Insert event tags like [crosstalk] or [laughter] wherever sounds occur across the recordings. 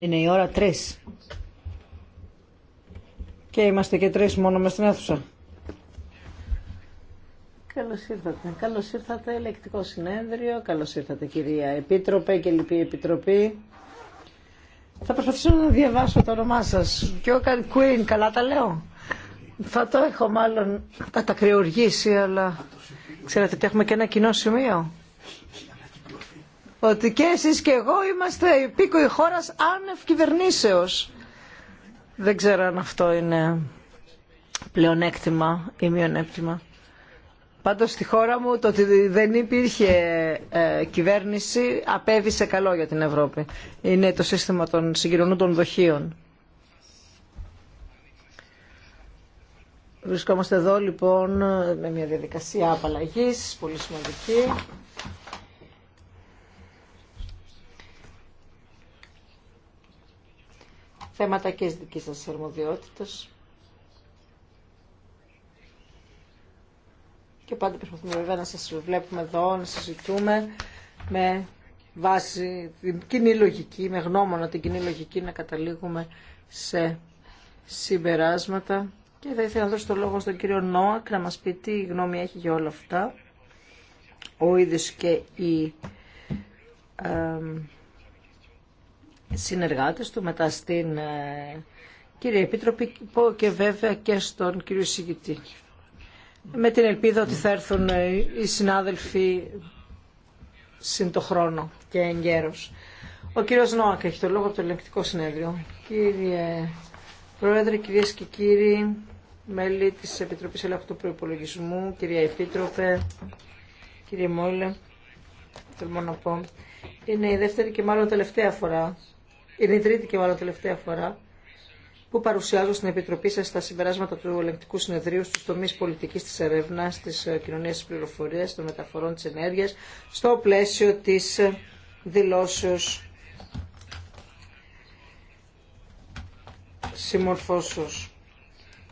Είναι η ώρα 3. Και είμαστε και τρεις μόνο μες στην αίθουσα. Καλώς ήρθατε. Καλώς ήρθατε ελεκτικό συνέδριο. Καλώς ήρθατε κυρία Επίτροπε και λοιπή Επιτροπή. Θα προσπαθήσω να διαβάσω το όνομά σας. Κιόκαν Κουίν, καλά τα λέω. Θα το έχω μάλλον κατακριουργήσει, αλλά ξέρετε ότι έχουμε και ένα κοινό σημείο ότι και εσείς και εγώ είμαστε υπήκοοι χώρας άνευ κυβερνήσεως. Δεν ξέρω αν αυτό είναι πλεονέκτημα ή μειονέκτημα. Πάντως στη χώρα μου το ότι δεν υπήρχε ε, κυβέρνηση απέβησε καλό για την Ευρώπη. Είναι το σύστημα των των δοχείων. Βρισκόμαστε εδώ λοιπόν με μια διαδικασία απαλλαγής, πολύ σημαντική. θέματα και δική σας αρμοδιότητας. Και πάντα προσπαθούμε βέβαια να σας βλέπουμε εδώ, να συζητούμε με βάση την κοινή λογική, με γνώμονα την κοινή λογική να καταλήγουμε σε συμπεράσματα. Και θα ήθελα να δώσω το λόγο στον κύριο Νόακ να μας πει τι γνώμη έχει για όλα αυτά. Ο ίδιος και η συνεργάτες του, μετά στην ε, κυρία Επίτροπη και βέβαια και στον κύριο Συγητή. Με την ελπίδα ότι θα έρθουν ε, οι συνάδελφοι συν και εγκαίρως. Ο κύριος Νόακ έχει το λόγο από το ελεγκτικό συνέδριο. Κύριε Πρόεδρε, κυρίες και κύριοι, μέλη της Επιτροπής Ελέγχου του Προϋπολογισμού, κυρία Επίτροπε, κύριε Μόιλε, θέλω να πω, είναι η δεύτερη και μάλλον τελευταία φορά είναι η τρίτη και μάλλον τελευταία φορά που παρουσιάζω στην Επιτροπή σας τα συμπεράσματα του ελεγκτικού συνεδρίου στους τομείς πολιτικής της Ερευνά τη ε, Κοινωνία τη Πληροφορία των μεταφορών της ενέργειας, στο πλαίσιο της ε, δηλώσεω συμμορφώσεως.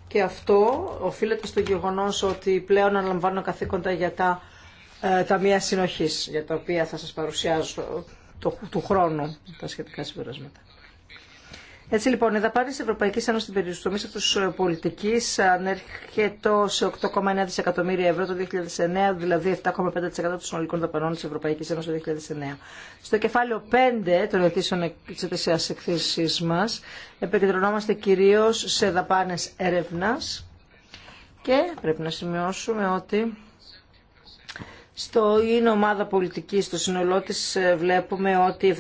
Και αυτό οφείλεται στο γεγονό ότι πλέον αναλαμβάνω καθήκοντα για τα ε, ταμεία συνοχής, για τα οποία θα σα παρουσιάσω του χρόνου τα σχετικά συμπεράσματα. Έτσι λοιπόν, η δαπάνη τη Ευρωπαϊκή Ένωση στην περίπτωση του ε, πολιτικής πολιτική ανέρχεται σε 8,9 δισεκατομμύρια ευρώ το 2009, δηλαδή 7,5% των συνολικών δαπανών τη Ευρωπαϊκή Ένωση το 2009. Στο κεφάλαιο 5 των αιτήσεων τη ετησία εκθέσή μα, επικεντρωνόμαστε κυρίω σε δαπάνε έρευνα και πρέπει να σημειώσουμε ότι στο είναι ομάδα πολιτικής, στο σύνολό τη ε, βλέπουμε ότι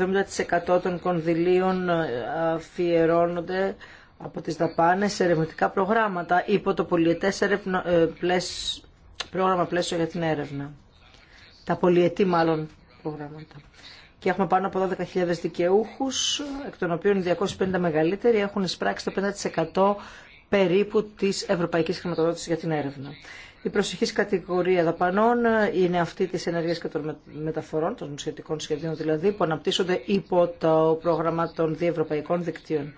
70% των κονδυλίων ε, αφιερώνονται από τις δαπάνες σε ερευνητικά προγράμματα υπό το πολιετέ ε, πρόγραμμα πλαίσιο για την έρευνα. Τα πολιετή μάλλον προγράμματα. Και έχουμε πάνω από 12.000 δικαιούχου, εκ των οποίων 250 μεγαλύτεροι έχουν εισπράξει το 5% περίπου της ευρωπαϊκής χρηματοδότησης για την έρευνα. Η προσεχής κατηγορία δαπανών είναι αυτή της ενέργειας και των μεταφορών, των σχετικών σχεδίων δηλαδή, που αναπτύσσονται υπό το πρόγραμμα των διευρωπαϊκών δικτύων.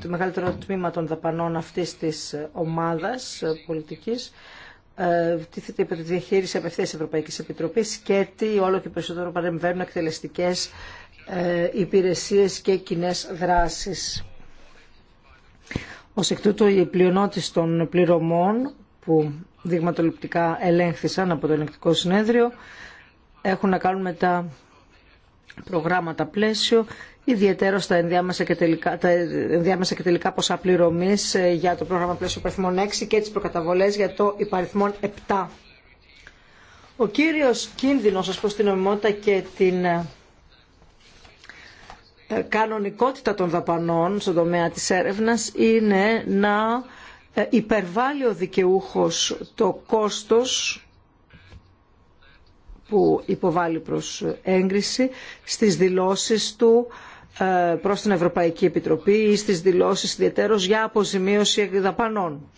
Το μεγαλύτερο τμήμα των δαπανών αυτής της ομάδας ε, πολιτικής ε, τίθεται υπό τη διαχείριση απευθείας Ευρωπαϊκής Επιτροπής και τι όλο και περισσότερο παρεμβαίνουν εκτελεστικές ε, υπηρεσίες και κοινέ δράσεις. Ω εκ τούτου, η πλειονότηση των πληρωμών που δειγματοληπτικά ελέγχθησαν από το ελεγκτικό συνέδριο έχουν να κάνουν με τα προγράμματα πλαίσιο, ιδιαίτερα στα ενδιάμεσα και τελικά, τα ενδιάμεσα και τελικά ποσά πληρωμή ε, για το πρόγραμμα πλαίσιο υπαριθμών 6 και τις προκαταβολές για το υπαριθμών 7. Ο κύριος κίνδυνος ως πω, στην νομιμότητα και την ε, ε, κανονικότητα των δαπανών στον τομέα της έρευνας είναι να ε, υπερβάλλει ο δικαιούχος το κόστος που υποβάλλει προς έγκριση στις δηλώσεις του ε, προς την Ευρωπαϊκή Επιτροπή ή στις δηλώσεις ιδιαίτερως για αποζημίωση δαπανών.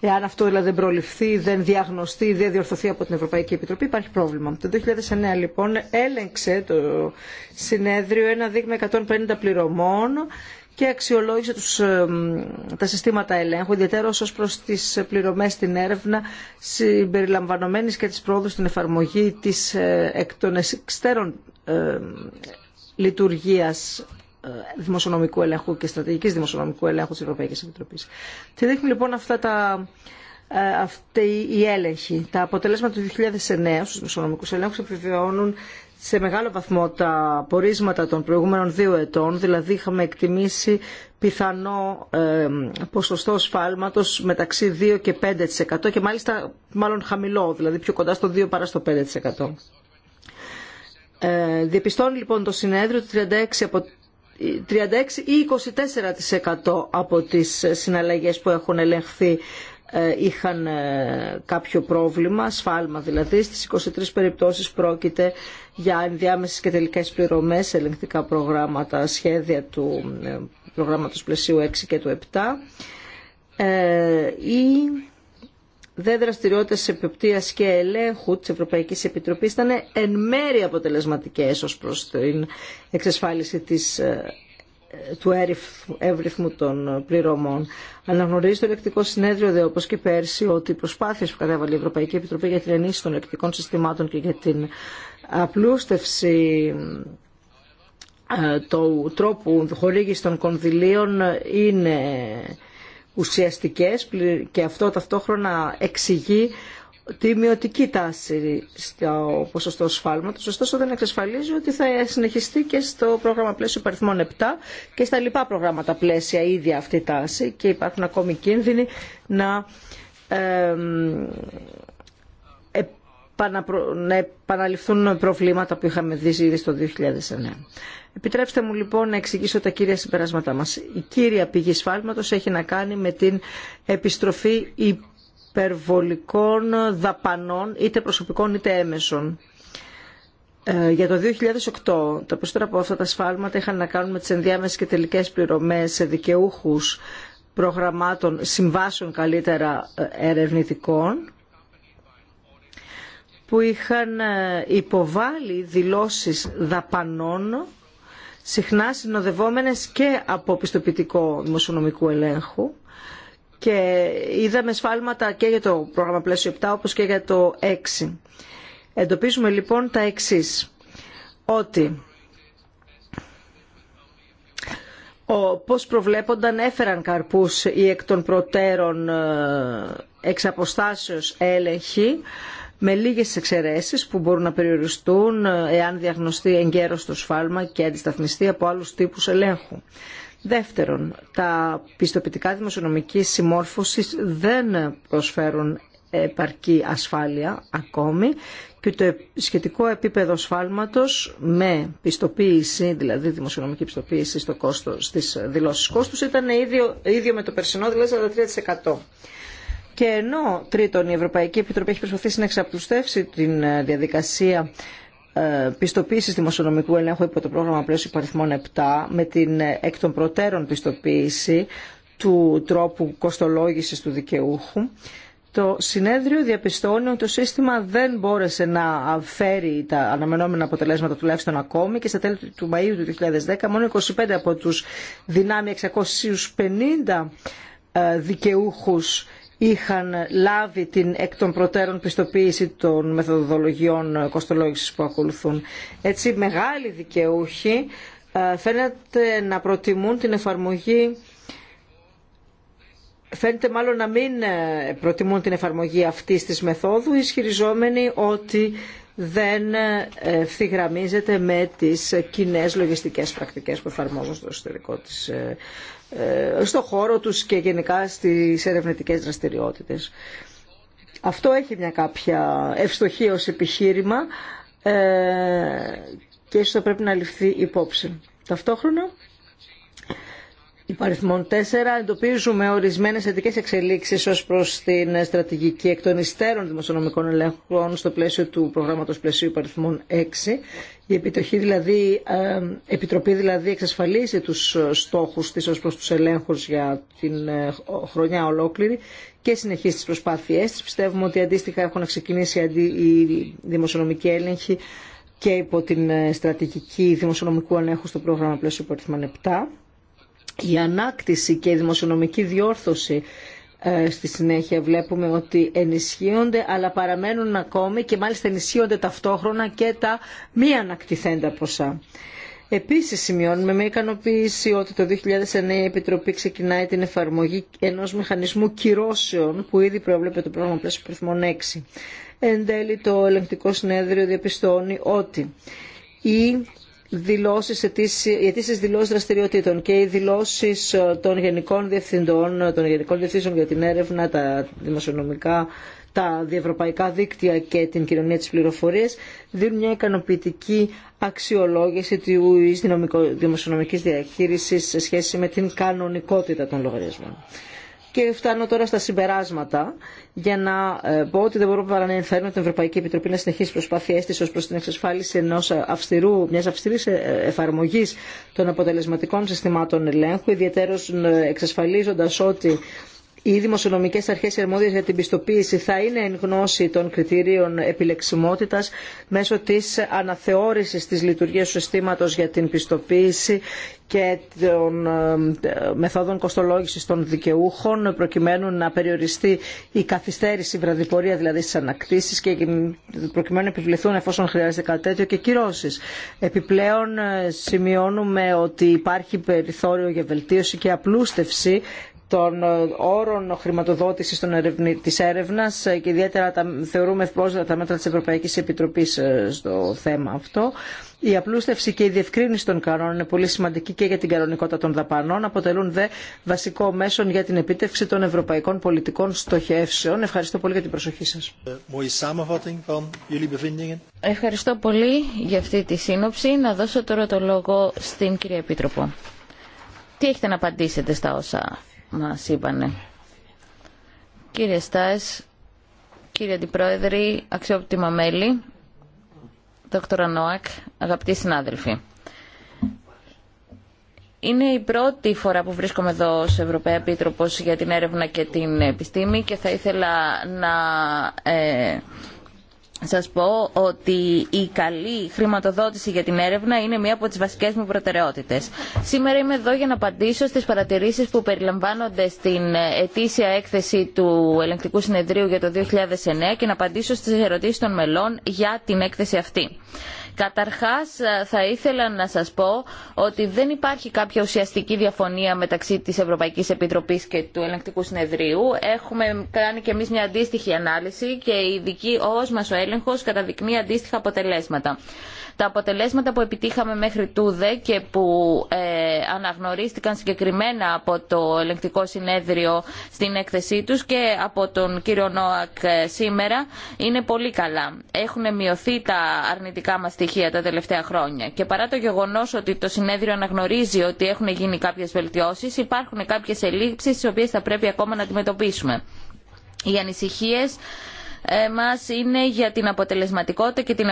Εάν αυτό δηλαδή δεν προληφθεί, δεν διαγνωστεί, δεν διορθωθεί από την Ευρωπαϊκή Επιτροπή, υπάρχει πρόβλημα. Το 2009 λοιπόν έλεγξε το συνέδριο ένα δείγμα 150 πληρωμών και αξιολόγησε τους, ε, τα συστήματα ελέγχου, ιδιαίτερα ως προς τις πληρωμές στην έρευνα, συμπεριλαμβανομένης και της πρόοδου στην εφαρμογή της ε, εκ των εξτέρων ε, λειτουργίας ε, δημοσιονομικού ελέγχου και στρατηγικής δημοσιονομικού ελέγχου της Ευρωπαϊκής Επιτροπής. Τι δείχνουν λοιπόν αυτά τα, αυτή η έλεγχη. Τα αποτελέσματα του 2009 στους δημοσιονομικούς ελέγχους επιβεβαιώνουν σε μεγάλο βαθμό τα πορίσματα των προηγούμενων δύο ετών, δηλαδή είχαμε εκτιμήσει πιθανό ε, ποσοστό σφάλματος μεταξύ 2 και 5% και μάλιστα μάλλον χαμηλό, δηλαδή πιο κοντά στο 2 παρά στο 5%. Ε, λοιπόν το συνέδριο ότι 36 από 36 ή 24% από τις συναλλαγές που έχουν ελεγχθεί ε, είχαν ε, κάποιο πρόβλημα, σφάλμα δηλαδή. Στις 23 περιπτώσεις πρόκειται για ενδιάμεσες και τελικές πληρωμές, ελεγκτικά προγράμματα, σχέδια του ε, προγράμματος πλαισίου 6 και του 7. Οι δε δραστηριότητες επιπτίας και ελέγχου της Ευρωπαϊκής Επιτροπής ήταν εν μέρη αποτελεσματικές ως προς την εξασφάλιση της του εύρυθμου των πληρωμών. Αναγνωρίζει το Ελεκτικό Συνέδριο, δε, όπως και πέρσι, ότι οι προσπάθειες που κατέβαλε η Ευρωπαϊκή Επιτροπή για την ενίσχυση των ελεκτικών συστημάτων και για την απλούστευση ε, του τρόπου χορήγηση των κονδυλίων είναι ουσιαστικές και αυτό ταυτόχρονα εξηγεί τη μειωτική τάση στο ποσοστό σφάλματος, ωστόσο δεν εξασφαλίζει ότι θα συνεχιστεί και στο πρόγραμμα πλαίσιο παριθμών 7 και στα λοιπά προγράμματα πλαίσια η ίδια αυτή τάση και υπάρχουν ακόμη κίνδυνοι να, ε, να επαναληφθούν προβλήματα που είχαμε δει ήδη στο 2009. Επιτρέψτε μου λοιπόν να εξηγήσω τα κύρια συμπεράσματά μας. Η κύρια πηγή σφάλματος έχει να κάνει με την επιστροφή υπερβολικών δαπανών είτε προσωπικών είτε έμεσων. Ε, για το 2008 τα περισσότερα από αυτά τα σφάλματα είχαν να κάνουν με τις ενδιάμεσες και τελικές πληρωμές σε δικαιούχους προγραμμάτων συμβάσεων καλύτερα ε, ερευνητικών που είχαν ε, υποβάλει δηλώσεις δαπανών συχνά συνοδευόμενες και από πιστοποιητικό δημοσιονομικού ελέγχου και είδαμε σφάλματα και για το πρόγραμμα πλαίσιο 7 όπως και για το 6. Εντοπίζουμε λοιπόν τα εξής, ότι πώς προβλέπονταν έφεραν καρπούς ή εκ των προτέρων ε, εξ αποστάσεως έλεγχοι με λίγες εξαιρέσεις που μπορούν να περιοριστούν ε, εάν διαγνωστεί εγκαίρος το σφάλμα και αντισταθμιστεί από άλλους τύπους ελέγχου. Δεύτερον, τα πιστοποιητικά δημοσιονομικής συμμόρφωσης δεν προσφέρουν επαρκή ασφάλεια ακόμη και το σχετικό επίπεδο σφάλματος με πιστοποίηση, δηλαδή δημοσιονομική πιστοποίηση στο κόστος, στις δηλώσεις κόστους ήταν ίδιο, ίδιο με το περσινό, δηλαδή 43%. Και ενώ τρίτον η Ευρωπαϊκή Επιτροπή έχει προσπαθήσει να εξαπλουστεύσει την ε, διαδικασία ε, πιστοποίησης δημοσιονομικού ελέγχου υπό το πρόγραμμα πλαίσιο υπαριθμών 7 με την ε, εκ των προτέρων πιστοποίηση του τρόπου κοστολόγησης του δικαιούχου. Το συνέδριο διαπιστώνει ότι το σύστημα δεν μπόρεσε να φέρει τα αναμενόμενα αποτελέσματα τουλάχιστον ακόμη και στα τέλη του Μαΐου του 2010 μόνο 25 από τους δυνάμει 650 ε, δικαιούχους είχαν λάβει την εκ των προτέρων πιστοποίηση των μεθοδολογιών κοστολόγησης που ακολουθούν. Έτσι, μεγάλοι δικαιούχοι ε, φαίνεται να προτιμούν την εφαρμογή Φαίνεται μάλλον να μην ε, προτιμούν την εφαρμογή αυτής της μεθόδου ισχυριζόμενοι ότι δεν ε, ευθυγραμμίζεται με τις κοινέ λογιστικές πρακτικές που εφαρμόζουν στο εσωτερικό της, ε, ε, χώρο τους και γενικά στις ερευνητικές δραστηριότητες. Αυτό έχει μια κάποια ευστοχή ως επιχείρημα και ίσως θα πρέπει να ληφθεί υπόψη. Ταυτόχρονα Υπαριθμών 4 εντοπίζουμε ορισμένες θετικές εξελίξεις ως προς την στρατηγική εκ των υστέρων δημοσιονομικών ελέγχων στο πλαίσιο του προγράμματος πλαισίου υπαριθμών 6. Δηλαδή, η επιτροπή δηλαδή, επιτροπή δηλαδή εξασφαλίζει τους στόχους της ως προς τους ελέγχους για την ε, χρονιά ολόκληρη και συνεχίζει τις προσπάθειές Πιστεύουμε ότι αντίστοιχα έχουν ξεκινήσει οι δημοσιονομικοί έλεγχοι και υπό την ε, στρατηγική δημοσιονομικού ελέγχου στο πρόγραμμα πλαίσιο υπαριθμών 7 η ανάκτηση και η δημοσιονομική διόρθωση ε, στη συνέχεια βλέπουμε ότι ενισχύονται αλλά παραμένουν ακόμη και μάλιστα ενισχύονται ταυτόχρονα και τα μη ανακτηθέντα ποσά. Επίσης σημειώνουμε με ικανοποίηση ότι το 2009 η Επιτροπή ξεκινάει την εφαρμογή ενός μηχανισμού κυρώσεων που ήδη προβλέπεται το πρόγραμμα πλαίσιο 6. Εν τέλει το ελεγκτικό συνέδριο διαπιστώνει ότι η δηλώσεις, αιτήσεις δηλώσεις δραστηριοτήτων και οι δηλώσεις ε, των γενικών διευθυντών, ε, των γενικών διευθύνσεων για την έρευνα, τα δημοσιονομικά, τα διευρωπαϊκά δίκτυα και την κοινωνία της πληροφορίας δίνουν μια ικανοποιητική αξιολόγηση της δημοσιονομικής διαχείρισης σε σχέση με την κανονικότητα των λογαριασμών και φτάνω τώρα στα συμπεράσματα για να ε, πω ότι δεν μπορούμε παρά να ενθαρρύνουμε την Ευρωπαϊκή Επιτροπή να συνεχίσει προσπάθειές της ως προς την εξασφάλιση ενός αυστηρού, μιας αυστηρής ε, ε, εφαρμογής των αποτελεσματικών συστημάτων ελέγχου, ιδιαίτερως εξασφαλίζοντας ότι οι δημοσιονομικές αρχές αρμόδιες για την πιστοποίηση θα είναι εν γνώση των κριτηρίων επιλεξιμότητας μέσω της αναθεώρησης της λειτουργίας του συστήματος για την πιστοποίηση και των ε, μεθόδων κοστολόγησης των δικαιούχων προκειμένου να περιοριστεί η καθυστέρηση η βραδιπορία δηλαδή στις ανακτήσεις και προκειμένου να επιβληθούν εφόσον χρειάζεται κάτι τέτοιο και κυρώσεις. Επιπλέον ε, σημειώνουμε ότι υπάρχει περιθώριο για βελτίωση και απλούστευση των όρων χρηματοδότηση τη έρευνα ε, και ιδιαίτερα τα, θεωρούμε τα μέτρα τη Ευρωπαϊκή Επιτροπή ε, στο θέμα αυτό. Η απλούστευση και η διευκρίνηση των κανόνων είναι πολύ σημαντική και για την κανονικότητα των δαπανών. Αποτελούν δε βασικό μέσο για την επίτευξη των ευρωπαϊκών πολιτικών στοχεύσεων. Ευχαριστώ πολύ για την προσοχή σα. Ευχαριστώ πολύ για αυτή τη σύνοψη. Να δώσω τώρα το λόγο στην κυρία Επίτροπο. Τι έχετε να απαντήσετε στα όσα μας είπανε. Κύριε Στάες, κύριε Αντιπρόεδρε, αξιόπτημα μέλη, δόκτωρα Νόακ, αγαπητοί συνάδελφοι. Είναι η πρώτη φορά που βρίσκομαι εδώ ως Ευρωπαία Επίτροπος για την έρευνα και την επιστήμη και θα ήθελα να ε, σας πω ότι η καλή χρηματοδότηση για την έρευνα είναι μία από τις βασικές μου προτεραιότητες. Σήμερα είμαι εδώ για να απαντήσω στις παρατηρήσεις που περιλαμβάνονται στην ετήσια έκθεση του Ελεγκτικού Συνεδρίου για το 2009 και να απαντήσω στις ερωτήσεις των μελών για την έκθεση αυτή. Καταρχάς ε, θα ήθελα να σας πω ότι δεν υπάρχει κάποια ουσιαστική διαφωνία μεταξύ της Ευρωπαϊκής Επιτροπής και του Ελεγκτικού Συνεδρίου. Έχουμε κάνει και εμείς μια αντίστοιχη ανάλυση και η ειδική ως μας ο έλεγχος καταδεικνύει αντίστοιχα αποτελέσματα. Τα αποτελέσματα που επιτύχαμε μέχρι τούδε και που ε, αναγνωρίστηκαν συγκεκριμένα από το ελεγκτικό συνέδριο στην έκθεσή τους και από τον κύριο Νόακ ε, σήμερα είναι πολύ καλά. Έχουν μειωθεί τα αρνητικά μας στοιχεία τα τελευταία χρόνια και παρά το γεγονός ότι το συνέδριο αναγνωρίζει ότι έχουν γίνει κάποιες βελτιώσεις υπάρχουν κάποιες ελλείψεις τις οποίες θα πρέπει ακόμα να αντιμετωπίσουμε. Οι ανησυχίες ε, μας είναι για την αποτελεσματικότητα και την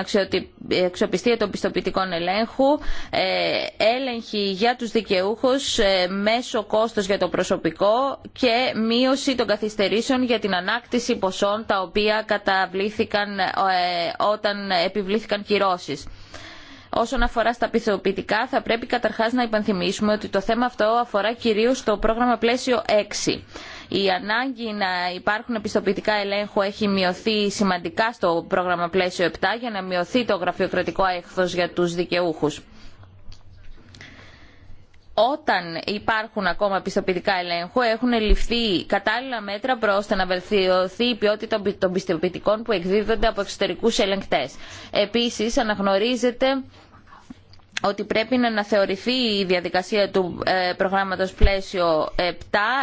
αξιοπιστία των πιστοποιητικών ελέγχου, ε, έλεγχη για τους δικαιούχους, ε, μέσο κόστος για το προσωπικό και μείωση των καθυστερήσεων για την ανάκτηση ποσών τα οποία καταβλήθηκαν όταν επιβλήθηκαν κυρώσεις. Όσον αφορά στα πιστοποιητικά, θα πρέπει καταρχάς να υπενθυμίσουμε ότι το θέμα αυτό αφορά κυρίως το πρόγραμμα πλαίσιο 6 η ανάγκη να υπάρχουν επιστοποιητικά ελέγχου έχει μειωθεί σημαντικά στο πρόγραμμα πλαίσιο 7 για να μειωθεί το γραφειοκρατικό έκθος για τους δικαιούχους όταν υπάρχουν ακόμα πιστοποιητικά ελέγχου έχουν ληφθεί κατάλληλα μέτρα ώστε να βελτιωθεί η ποιότητα των πιστοποιητικών που εκδίδονται από εξωτερικούς ελεγκτές. Επίσης αναγνωρίζεται ότι πρέπει να αναθεωρηθεί η διαδικασία του ε, προγράμματος πλαίσιο 7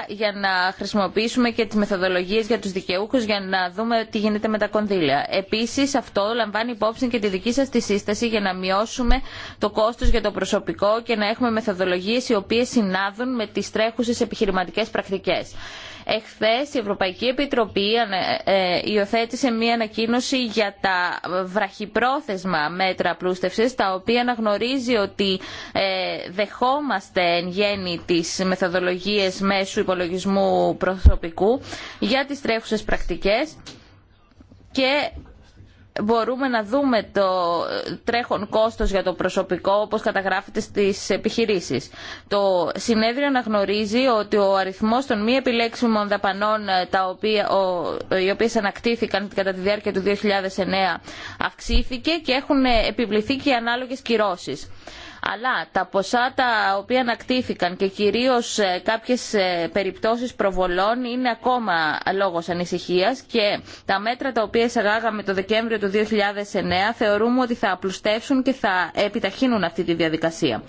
για να χρησιμοποιήσουμε και τις μεθοδολογίες για τους δικαιούχους για να δούμε τι γίνεται με τα κονδύλια. Επίσης αυτό λαμβάνει υπόψη και τη δική σας τη σύσταση για να μειώσουμε το κόστος για το προσωπικό και να έχουμε μεθοδολογίες οι οποίες συνάδουν με τις τρέχουσες επιχειρηματικές πρακτικές. Εχθές η Ευρωπαϊκή Επιτροπή ε, υιοθέτησε μία ανακοίνωση για τα βραχυπρόθεσμα μέτρα πλούστευσης, τα οποία αναγνωρίζει ότι ε, δεχόμαστε εν γέννη τις μεθοδολογίες μέσου υπολογισμού προσωπικού για τις τρέχουσες πρακτικές και μπορούμε να δούμε το τρέχον κόστος για το προσωπικό όπως καταγράφεται στις επιχειρήσεις. Το συνέδριο αναγνωρίζει ότι ο αριθμός των μη επιλέξιμων δαπανών τα οποία, ο, οι οποίες ανακτήθηκαν κατά τη διάρκεια του 2009 αυξήθηκε και έχουν επιβληθεί και ανάλογες κυρώσεις. Αλλά τα ποσά τα οποία ανακτήθηκαν και κυρίως ε, κάποιες ε, περιπτώσεις προβολών είναι ακόμα λόγος ανησυχίας και τα μέτρα τα οποία εισαγάγαμε το Δεκέμβριο του 2009 θεωρούμε ότι θα απλουστεύσουν και θα επιταχύνουν αυτή τη διαδικασία.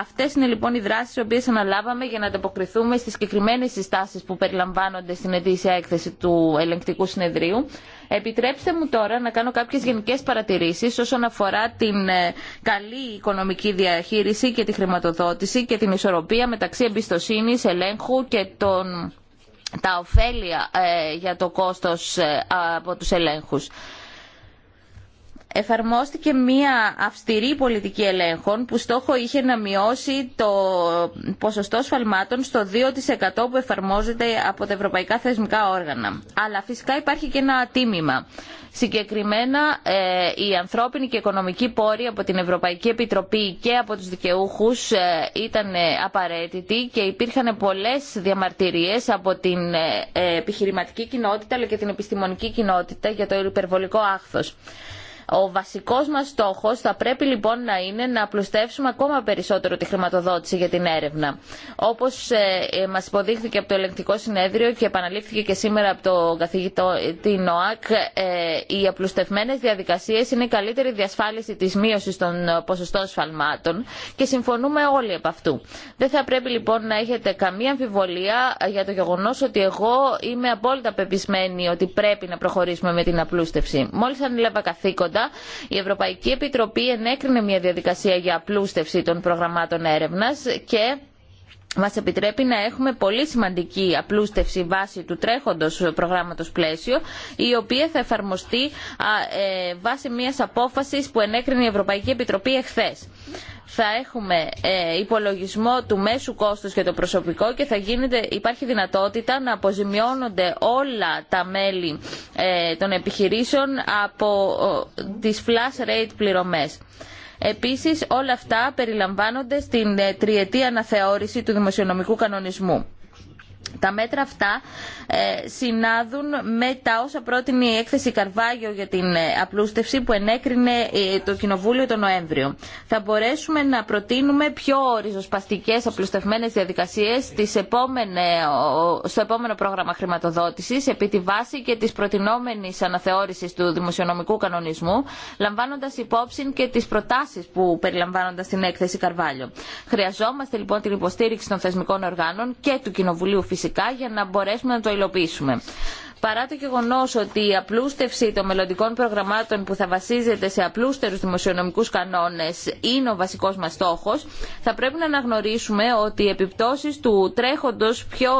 Αυτές είναι λοιπόν οι δράσει οι οποίε αναλάβαμε για να ανταποκριθούμε στι συγκεκριμένε συστάσεις που περιλαμβάνονται στην ετήσια έκθεση του ελεγκτικού συνεδρίου. Επιτρέψτε μου τώρα να κάνω κάποιες γενικές παρατηρήσεις όσον αφορά την ε, καλή οικονομική διαχείριση και τη χρηματοδότηση και την ισορροπία μεταξύ εμπιστοσύνης, ελέγχου και τα ωφέλεια ε, για το κόστος ε, από τους ελέγχους εφαρμόστηκε μία αυστηρή πολιτική ελέγχων που στόχο είχε να μειώσει το ποσοστό σφαλμάτων στο 2% που εφαρμόζεται από τα ευρωπαϊκά θεσμικά όργανα. Αλλά φυσικά υπάρχει και ένα ατίμημα. Συγκεκριμένα ε, η ανθρώπινη και οικονομική πόρη από την Ευρωπαϊκή Επιτροπή και από τους δικαιούχους ε, ήταν ε, απαραίτητη και υπήρχαν πολλές διαμαρτυρίες από την επιχειρηματική κοινότητα αλλά και την επιστημονική κοινότητα για το υπερβολικό άχθος. Ο βασικό μα στόχο θα πρέπει λοιπόν να είναι να απλουστεύσουμε ακόμα περισσότερο τη χρηματοδότηση για την έρευνα. Όπως ε, ε, μα υποδείχθηκε από το ελεγκτικό συνέδριο και επαναλήφθηκε και σήμερα από τον καθηγητό ε, την ΟΑΚ, οι απλουστευμένε διαδικασίε είναι η καλύτερη διασφάλιση τη μείωση των ποσοστών σφαλμάτων και συμφωνούμε όλοι από αυτού. Δεν θα πρέπει λοιπόν να έχετε καμία αμφιβολία για το γεγονό ότι εγώ είμαι απόλυτα πεπισμένη ότι πρέπει να προχωρήσουμε με την απλούστευση. Μόλις ανέλαβα καθήκοντα, η Ευρωπαϊκή Επιτροπή ενέκρινε μια διαδικασία για απλούστευση των προγραμμάτων έρευνας και μας επιτρέπει να έχουμε πολύ σημαντική απλούστευση βάσει του τρέχοντος προγράμματος πλαίσιο, η οποία θα εφαρμοστεί ε, βάσει μιας απόφασης που ενέκρινε η Ευρωπαϊκή Επιτροπή εχθές. Θα έχουμε ε, υπολογισμό του μέσου κόστους και το προσωπικό και θα γίνεται, υπάρχει δυνατότητα να αποζημιώνονται όλα τα μέλη ε, των επιχειρήσεων από τις flash rate πληρωμές. Επίσης όλα αυτά περιλαμβάνονται στην ε, τριετή αναθεώρηση του δημοσιονομικού κανονισμού τα μέτρα αυτά ε, συνάδουν με τα όσα πρότεινε η έκθεση Καρβάγιο για την ε, απλούστευση που ενέκρινε ε, το Κοινοβούλιο τον Νοέμβριο. Θα μπορέσουμε να προτείνουμε πιο ριζοσπαστικέ απλουστευμένες διαδικασίες στο επόμενο πρόγραμμα χρηματοδότησης επί τη βάση και της προτινόμενης αναθεώρησης του δημοσιονομικού κανονισμού λαμβάνοντας υπόψη και τις προτάσεις που περιλαμβάνονται στην έκθεση Καρβάλιο. Χρειαζόμαστε λοιπόν την υποστήριξη των θεσμικών οργάνων και του Κοινοβουλίου φυσικά για να μπορέσουμε να το υλοποιήσουμε. Παρά το γεγονό ότι η απλούστευση των μελλοντικών προγραμμάτων που θα βασίζεται σε απλούστερου δημοσιονομικού κανόνε είναι ο βασικό μα στόχο, θα πρέπει να αναγνωρίσουμε ότι οι επιπτώσει του τρέχοντο πιο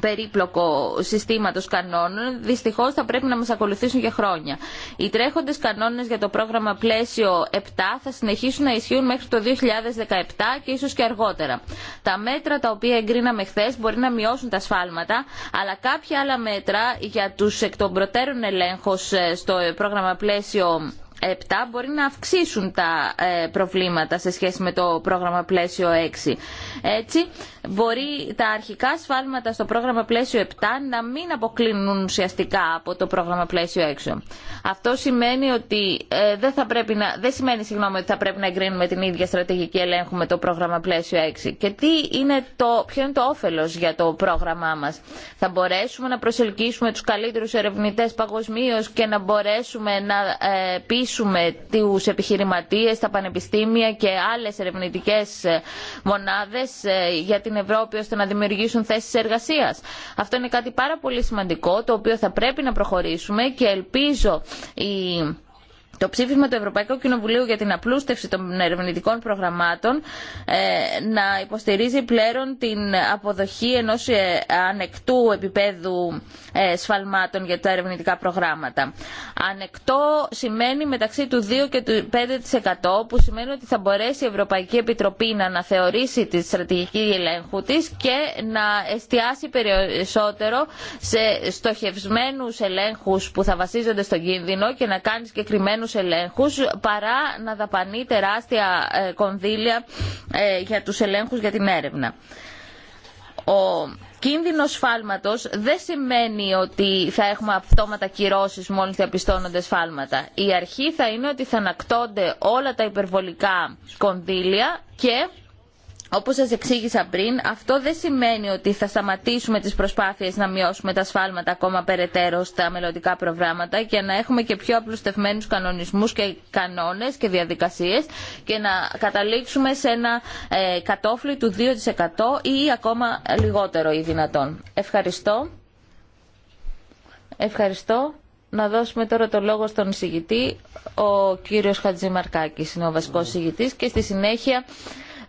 περίπλοκο συστήματο κανόνων, δυστυχώ θα πρέπει να μα ακολουθήσουν για χρόνια. Οι τρέχοντε κανόνε για το πρόγραμμα πλαίσιο 7 θα συνεχίσουν να ισχύουν μέχρι το 2017 και ίσω και αργότερα. Τα μέτρα τα οποία εγκρίναμε χθε μπορεί να μειώσουν τα σφάλματα, αλλά κάποια άλλα μέτρα για του εκ των προτέρων ελέγχου ε, στο πρόγραμμα πλαίσιο 7 μπορεί να αυξήσουν τα ε, προβλήματα σε σχέση με το πρόγραμμα πλαίσιο 6. Έτσι, μπορεί τα αρχικά σφάλματα στο πρόγραμμα πλαίσιο 7 να μην αποκλίνουν ουσιαστικά από το πρόγραμμα πλαίσιο 6. Αυτό σημαίνει ότι ε, δεν, θα πρέπει να, δεν σημαίνει συγγνώμη, ότι θα πρέπει να εγκρίνουμε την ίδια στρατηγική ελέγχου με το πρόγραμμα πλαίσιο 6. Και τι είναι το, ποιο είναι το όφελο για το πρόγραμμά μα. Θα μπορέσουμε να προσελκύσουμε του καλύτερου ερευνητέ παγκοσμίω και να μπορέσουμε να ε, πείσουμε του επιχειρηματίε, τα πανεπιστήμια και άλλε ερευνητικέ ε, μονάδε ε, για την Ευρώπη ώστε να δημιουργήσουν θέσεις εργασίας. Αυτό είναι κάτι πάρα πολύ σημαντικό το οποίο θα πρέπει να προχωρήσουμε και ελπίζω η το ψήφισμα του Ευρωπαϊκού Κοινοβουλίου για την απλούστευση των ερευνητικών προγραμμάτων ε, να υποστηρίζει πλέον την αποδοχή ενός ε, ανεκτού επίπεδου ε, σφαλμάτων για τα ερευνητικά προγράμματα. Ανεκτό σημαίνει μεταξύ του 2 και του 5% που σημαίνει ότι θα μπορέσει η Ευρωπαϊκή Επιτροπή να αναθεωρήσει τη στρατηγική ελέγχου της και να εστιάσει περισσότερο σε στοχευσμένους ελέγχους που θα βασίζονται στον κίνδυνο και να κάνει συγκεκριμένου αυξημένους παρά να δαπανεί τεράστια ε, κονδύλια ε, για τους ελέγχους για την έρευνα. Ο κίνδυνος σφάλματος δεν σημαίνει ότι θα έχουμε αυτόματα κυρώσεις μόλις διαπιστώνονται σφάλματα. Η αρχή θα είναι ότι θα ανακτώνται όλα τα υπερβολικά κονδύλια και όπως σας εξήγησα πριν, αυτό δεν σημαίνει ότι θα σταματήσουμε τις προσπάθειες να μειώσουμε τα σφάλματα ακόμα περαιτέρω στα μελλοντικά προγράμματα και να έχουμε και πιο απλουστευμένους κανονισμούς και κανόνες και διαδικασίες και να καταλήξουμε σε ένα ε, κατόφλι του 2% ή ακόμα λιγότερο ή δυνατόν. Ευχαριστώ. Ευχαριστώ. Να δώσουμε τώρα το λόγο στον εισηγητή. Ο κύριος Χατζημαρκάκης είναι ο βασικός εισηγητής και στη συνέχεια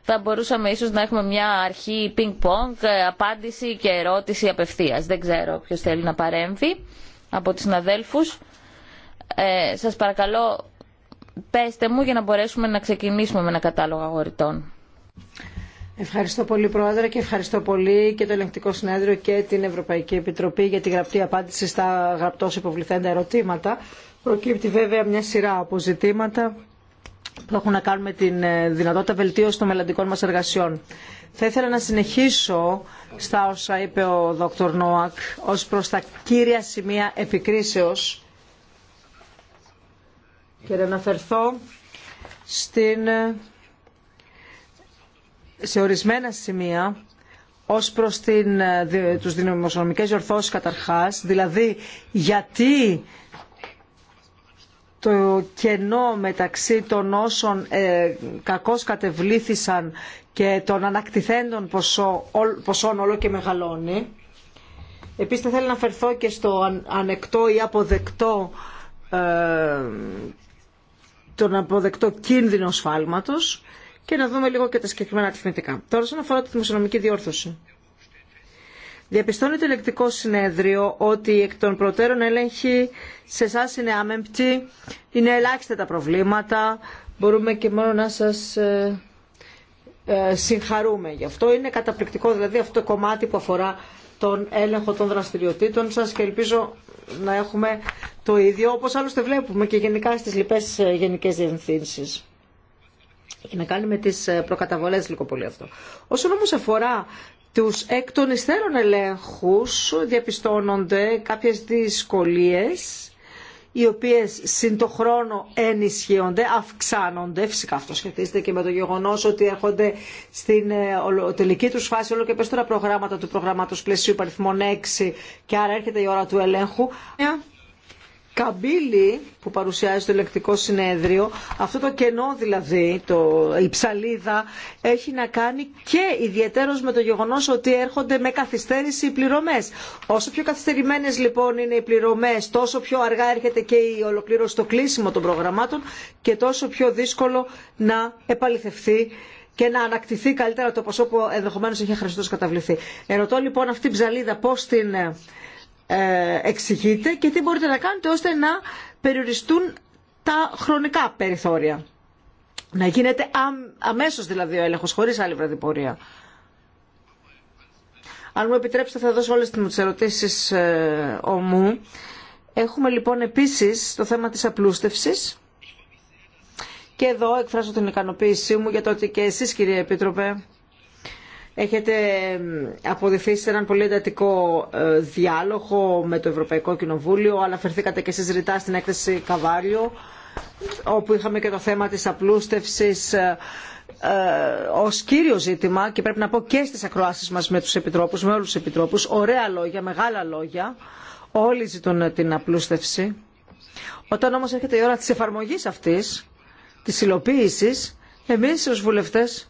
θα μπορούσαμε ίσως να έχουμε μια αρχή ping-pong, ε, απάντηση και ερώτηση απευθείας. Δεν ξέρω ποιος θέλει να παρέμβει από τις συναδέλφους. Ε, σας παρακαλώ, πέστε μου για να μπορέσουμε να ξεκινήσουμε με ένα κατάλογο αγορητών. Ευχαριστώ πολύ Πρόεδρε και ευχαριστώ πολύ και το Ελεγκτικό Συνέδριο και την Ευρωπαϊκή Επιτροπή για τη γραπτή απάντηση στα γραπτώς υποβληθέντα ερωτήματα. Προκύπτει βέβαια μια σειρά από που έχουν να κάνουν με τη ε, δυνατότητα βελτίωση των μελλοντικών μας εργασιών. Θα ήθελα να συνεχίσω στα όσα είπε ο Δ. Νόακ ως προς τα κύρια σημεία επικρίσεως και να αναφερθώ στην... Ε, σε ορισμένα σημεία ως προς την, ε, τους δημοσιονομικές διορθώσεις καταρχάς, δηλαδή γιατί το κενό μεταξύ των όσων ε, κακώς κατεβλήθησαν και των ανακτηθέντων ποσό, ποσών όλο και μεγαλώνει. Επίσης θα θέλω να φερθώ και στο ανεκτό ή αποδεκτό ε, τον αποδεκτό κίνδυνο σφάλματος και να δούμε λίγο και τα συγκεκριμένα αριθμητικά. Τώρα, σαν αφορά τη δημοσιονομική διόρθωση. Διαπιστώνει το ελεκτικό συνέδριο ότι εκ των προτέρων έλεγχη σε εσά είναι άμεμπτοι, είναι ελάχιστα τα προβλήματα, μπορούμε και μόνο να σας ε, ε, συγχαρούμε γι' αυτό. Είναι καταπληκτικό δηλαδή αυτό το κομμάτι που αφορά τον έλεγχο των δραστηριοτήτων σας και ελπίζω να έχουμε το ίδιο, όπως άλλωστε βλέπουμε και γενικά στις λοιπές ε, γενικές διευθύνσεις. Έχει να κάνει με τις προκαταβολές λίγο πολύ αυτό. Όσον όμως αφορά τους εκ των υστέρων ελέγχους διαπιστώνονται κάποιες δυσκολίες οι οποίες συν το χρόνο ενισχύονται, αυξάνονται. Φυσικά αυτό σχετίζεται και με το γεγονός ότι έρχονται στην ε, τελική τους φάση όλο και περισσότερα προγράμματα του προγράμματος πλαισίου παριθμών 6 και άρα έρχεται η ώρα του ελέγχου καμπύλη που παρουσιάζει το ηλεκτρικό συνέδριο, αυτό το κενό δηλαδή, το, η ψαλίδα, έχει να κάνει και ιδιαίτερο με το γεγονός ότι έρχονται με καθυστέρηση οι πληρωμές. Όσο πιο καθυστερημένες λοιπόν είναι οι πληρωμές, τόσο πιο αργά έρχεται και η ολοκλήρωση το κλείσιμο των προγραμμάτων και τόσο πιο δύσκολο να επαληθευθεί και να ανακτηθεί καλύτερα το ποσό που ενδεχομένως έχει χρησιμοποιηθεί. καταβληθεί. Ερωτώ λοιπόν αυτή η ψαλίδα πώς την ε, ε, εξηγείτε και τι μπορείτε να κάνετε ώστε να περιοριστούν τα χρονικά περιθώρια. Να γίνεται αμέσως δηλαδή ο έλεγχος, χωρίς άλλη βραδιπορία. Αν μου επιτρέψετε θα δώσω όλες τις ερωτήσεις ε, ομού. Έχουμε λοιπόν επίσης το θέμα της απλούστευσης. Και εδώ εκφράζω την ικανοποίησή μου για το ότι και εσείς κύριε Επίτροπε Έχετε αποδειχθεί σε έναν πολύ εντατικό ε, διάλογο με το Ευρωπαϊκό Κοινοβούλιο, αλλά φερθήκατε και εσείς ρητά στην έκθεση Καβάλιο, όπου είχαμε και το θέμα της απλούστευσης ε, ε, ω κύριο ζήτημα και πρέπει να πω και στις ακροάσεις μας με τους επιτρόπους, με όλους τους επιτρόπους, ωραία λόγια, μεγάλα λόγια, όλοι ζητούν την απλούστευση. Όταν όμως έρχεται η ώρα της εφαρμογής αυτής, της υλοποίησης, εμείς ως βουλευτές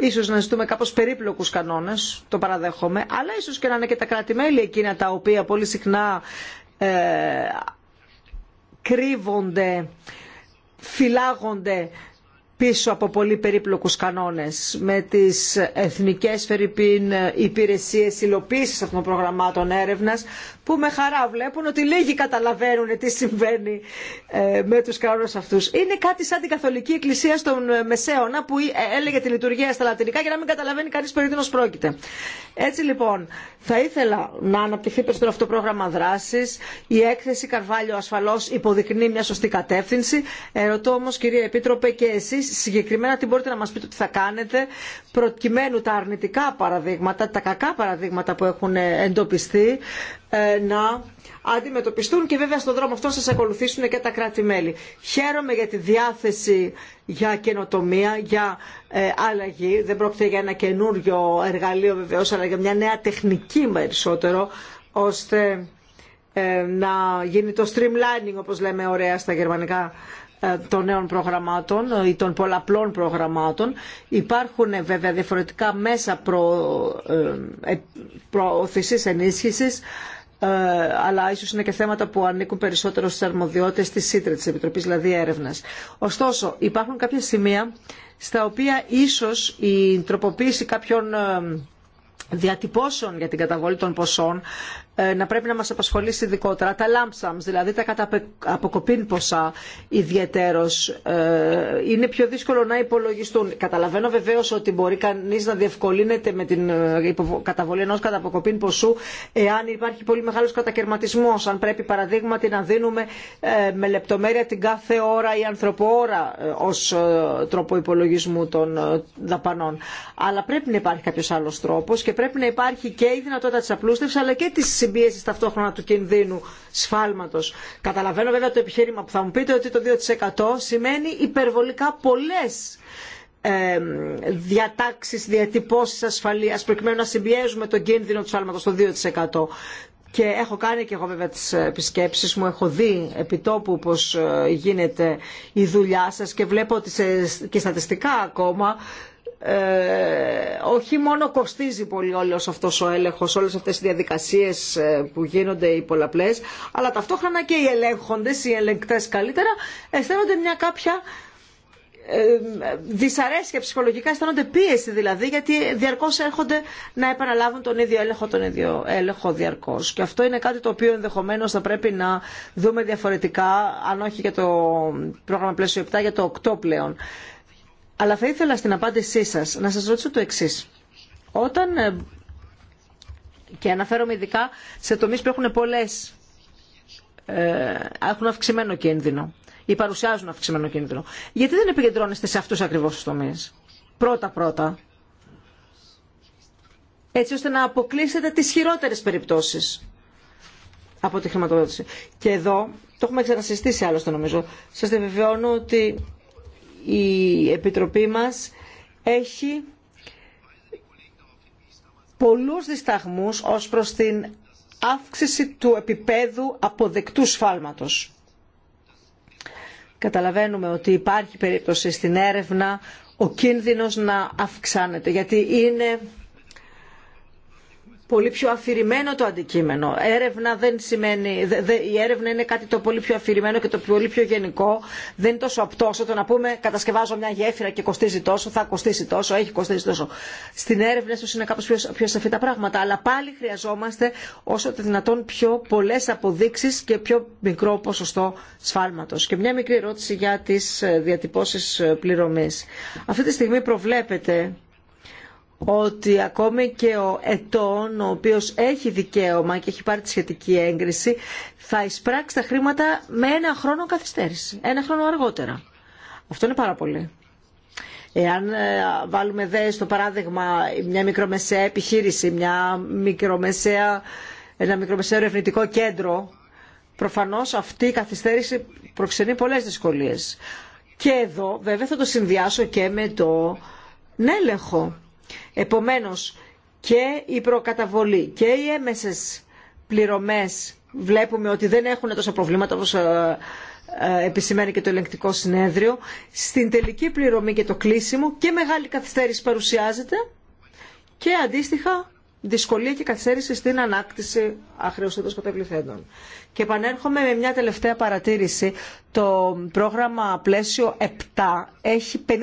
Ίσως να ζητούμε κάπως περίπλοκους κανόνες, το παραδέχομαι, αλλά ίσως και να είναι και τα κράτη-μέλη εκείνα τα οποία πολύ συχνά ε, κρύβονται, φυλάγονται πίσω από πολύ περίπλοκους κανόνες με τις εθνικές φερρυπίν ε, υπηρεσίες υλοποίησης αυτών των προγραμμάτων έρευνας που με χαρά βλέπουν ότι λίγοι καταλαβαίνουν τι συμβαίνει ε, με τους κανόνες αυτούς. Είναι κάτι σαν την Καθολική Εκκλησία στον ε, Μεσαίωνα που ε, έλεγε τη λειτουργία στα λατινικά για να μην καταλαβαίνει κανείς περί τίνος πρόκειται. Έτσι λοιπόν, θα ήθελα να αναπτυχθεί περισσότερο αυτό το πρόγραμμα δράσης. Η έκθεση Καρβάλιο ασφαλώς υποδεικνύει μια σωστή κατεύθυνση. Ερωτώ όμως κυρία Επίτροπε και εσείς συγκεκριμένα τι μπορείτε να μας πείτε ότι θα κάνετε προκειμένου τα αρνητικά παραδείγματα, τα κακά παραδείγματα που έχουν εντοπιστεί ε, να αντιμετωπιστούν και βέβαια στον δρόμο αυτό σας ακολουθήσουν και τα κράτη-μέλη. Χαίρομαι για τη διάθεση για καινοτομία, για ε, αλλαγή. Δεν πρόκειται για ένα καινούριο εργαλείο βεβαίω, αλλά για μια νέα τεχνική περισσότερο, ώστε ε, να γίνει το streamlining, όπως λέμε ωραία στα γερμανικά, των νέων προγραμμάτων ή των πολλαπλών προγραμμάτων. Υπάρχουν βέβαια διαφορετικά μέσα προωθησής ενίσχυσης ε, αλλά ίσως είναι και θέματα που ανήκουν περισσότερο στις αρμοδιότητε τη ΣΥΤΡΕ, τη επιτροπή δηλαδή Έρευνας. Ωστόσο, υπάρχουν κάποια σημεία στα οποία ίσως η τροποποίηση κάποιων ε, διατυπώσεων για την καταβολή των ποσών ε, να πρέπει να μας απασχολήσει ειδικότερα. Τα λάμψαμς, δηλαδή τα κατά αποκοπήν ποσά ιδιαιτέρως, ε, είναι πιο δύσκολο να υπολογιστούν. Καταλαβαίνω βεβαίως ότι μπορεί κανείς να διευκολύνεται με την ε, καταβολή ενός καταποκοπήν ποσού εάν υπάρχει πολύ μεγάλος κατακαιρματισμός, αν πρέπει παραδείγματι να δίνουμε με λεπτομέρεια την κάθε ώρα ή ανθρωπόρα ως τρόπο υπολογισμού των δαπανών. Αλλά πρέπει να υπάρχει κάποιος άλλος τρόπος και πρέπει να υπάρχει και η δυνατότητα της απλούστευσης αλλά και της συμπίεση ταυτόχρονα του κινδύνου σφάλματος. Καταλαβαίνω βέβαια το επιχείρημα που θα μου πείτε ότι το 2% σημαίνει υπερβολικά πολλές ε, διατάξεις, διατυπώσεις ασφαλείας προκειμένου να συμπιέζουμε τον κίνδυνο του σφάλματος το 2%. Και έχω κάνει και εγώ βέβαια τις ε, επισκέψεις μου, έχω δει επιτόπου πως ε, γίνεται η δουλειά σας και βλέπω ότι και στατιστικά ακόμα ε, όχι μόνο κοστίζει πολύ όλος αυτός ο έλεγχος, όλες αυτές οι διαδικασίες ε, που γίνονται οι πολλαπλές, αλλά ταυτόχρονα και οι ελέγχοντες, οι ελεγκτές καλύτερα, αισθάνονται μια κάποια ε, δυσαρέσκεια ψυχολογικά, αισθάνονται πίεση δηλαδή, γιατί διαρκώς έρχονται να επαναλάβουν τον ίδιο έλεγχο, τον ίδιο έλεγχο διαρκώς. Και αυτό είναι κάτι το οποίο ενδεχομένως θα πρέπει να δούμε διαφορετικά, αν όχι για το πρόγραμμα πλαίσιο 7, για το 8 πλέον. Αλλά θα ήθελα στην απάντησή σας να σας ρωτήσω το εξής. Όταν, ε, και αναφέρομαι ειδικά σε τομείς που έχουν πολλές, ε, έχουν αυξημένο κίνδυνο ή παρουσιάζουν αυξημένο κίνδυνο. Γιατί δεν επικεντρώνεστε σε αυτούς ακριβώς τους τομείς. Πρώτα-πρώτα. Έτσι ώστε να αποκλείσετε τις χειρότερες περιπτώσεις από τη χρηματοδότηση. Και εδώ, το έχουμε ξανασυστήσει άλλωστε νομίζω, σας επιβεβαιώνω ότι η Επιτροπή μας έχει πολλούς δισταγμούς ως προς την αύξηση του επίπεδου αποδεκτού σφάλματος. Καταλαβαίνουμε ότι υπάρχει περίπτωση στην έρευνα ο κίνδυνος να αυξάνεται, γιατί είναι πολύ πιο αφηρημένο το αντικείμενο. Έρευνα δεν σημαίνει, δε, η έρευνα είναι κάτι το πολύ πιο αφηρημένο και το πολύ πιο γενικό. Δεν είναι τόσο απτό όσο το να πούμε κατασκευάζω μια γέφυρα και κοστίζει τόσο, θα κοστίσει τόσο, έχει κοστίσει τόσο. Στην έρευνα ίσω είναι κάπω πιο, πιο σαφή τα πράγματα. Αλλά πάλι χρειαζόμαστε όσο το δυνατόν πιο πολλέ αποδείξει και πιο μικρό ποσοστό σφάλματο. Και μια μικρή ερώτηση για τι ε, διατυπώσει ε, πληρωμή. Αυτή τη στιγμή προβλέπεται ότι ακόμη και ο ετών ο οποίος έχει δικαίωμα και έχει πάρει τη σχετική έγκριση θα εισπράξει τα χρήματα με ένα χρόνο καθυστέρηση, ένα χρόνο αργότερα. Αυτό είναι πάρα πολύ. Εάν ε, βάλουμε δε στο παράδειγμα μια μικρομεσαία επιχείρηση, μια μικρομεσαία, ένα μικρομεσαίο ερευνητικό κέντρο, προφανώς αυτή η καθυστέρηση προξενεί πολλές δυσκολίες. Και εδώ βέβαια θα το συνδυάσω και με το νέλεχο Επομένως και η προκαταβολή και οι έμεσες πληρωμές βλέπουμε ότι δεν έχουν τόσα προβλήματα όπως ε, ε, επισημαίνει και το ελεγκτικό συνέδριο. Στην τελική πληρωμή και το κλείσιμο και μεγάλη καθυστέρηση παρουσιάζεται και αντίστοιχα δυσκολία και καθυστέρηση στην ανάκτηση αχρεωστήτως καταβληθέντων. Και επανέρχομαι με μια τελευταία παρατήρηση. Το πρόγραμμα πλαίσιο 7 έχει 55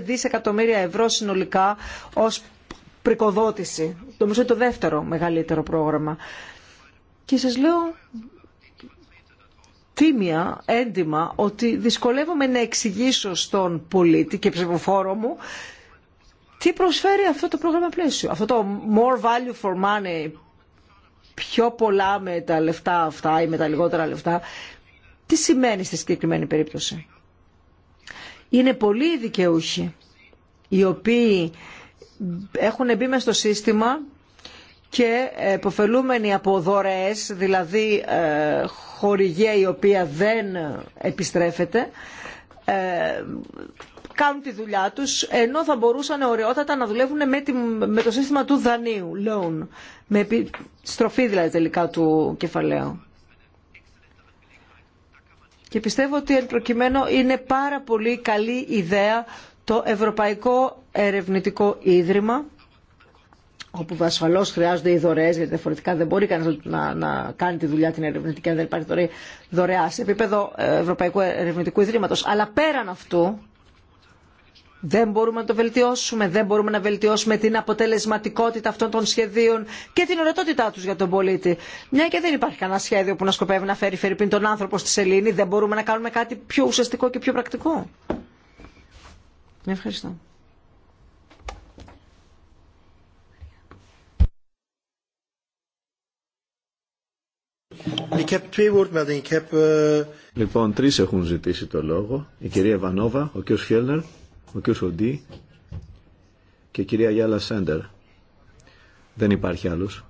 δισεκατομμύρια ευρώ συνολικά ως πρικοδότηση. Νομίζω είναι το δεύτερο μεγαλύτερο πρόγραμμα. Και σας λέω τίμια, έντιμα, ότι δυσκολεύομαι να εξηγήσω στον πολίτη και ψηφοφόρο μου τι προσφέρει αυτό το πρόγραμμα πλαίσιο, αυτό το more value for money, πιο πολλά με τα λεφτά αυτά ή με τα λιγότερα λεφτά, τι σημαίνει στη συγκεκριμένη περίπτωση. Είναι πολλοί οι δικαιούχοι οι οποίοι έχουν μπει στο σύστημα και υποφελούμενοι από δωρεές, δηλαδή ε, χορηγία η οποία δεν επιστρέφεται, ε, κάνουν τη δουλειά του, ενώ θα μπορούσαν ωραιότατα να δουλεύουν με, το σύστημα του δανείου, loan, με στροφή δηλαδή τελικά του κεφαλαίου. Και πιστεύω ότι εν προκειμένου είναι πάρα πολύ καλή ιδέα το Ευρωπαϊκό Ερευνητικό Ίδρυμα, όπου ασφαλώ χρειάζονται οι δωρεέ, γιατί διαφορετικά δεν μπορεί κανεί να, να κάνει τη δουλειά την ερευνητική αν δεν υπάρχει δωρεά σε επίπεδο ε, Ευρωπαϊκού Ερευνητικού Ιδρύματο. Αλλά πέραν αυτού, δεν μπορούμε να το βελτιώσουμε, δεν μπορούμε να βελτιώσουμε την αποτελεσματικότητα αυτών των σχεδίων και την ορετότητά του για τον πολίτη. Μια και δεν υπάρχει κανένα σχέδιο που να σκοπεύει να φέρει φερειπίν τον άνθρωπο στη σελήνη, δεν μπορούμε να κάνουμε κάτι πιο ουσιαστικό και πιο πρακτικό. Ευχαριστώ. Ε, λοιπόν, τρεις έχουν ζητήσει το λόγο. Η κυρία Βανόβα, ο κ. Φιέλνερ ο κ. Σοντή και η κυρία Γιάλα Σέντερ. Δεν υπάρχει άλλος.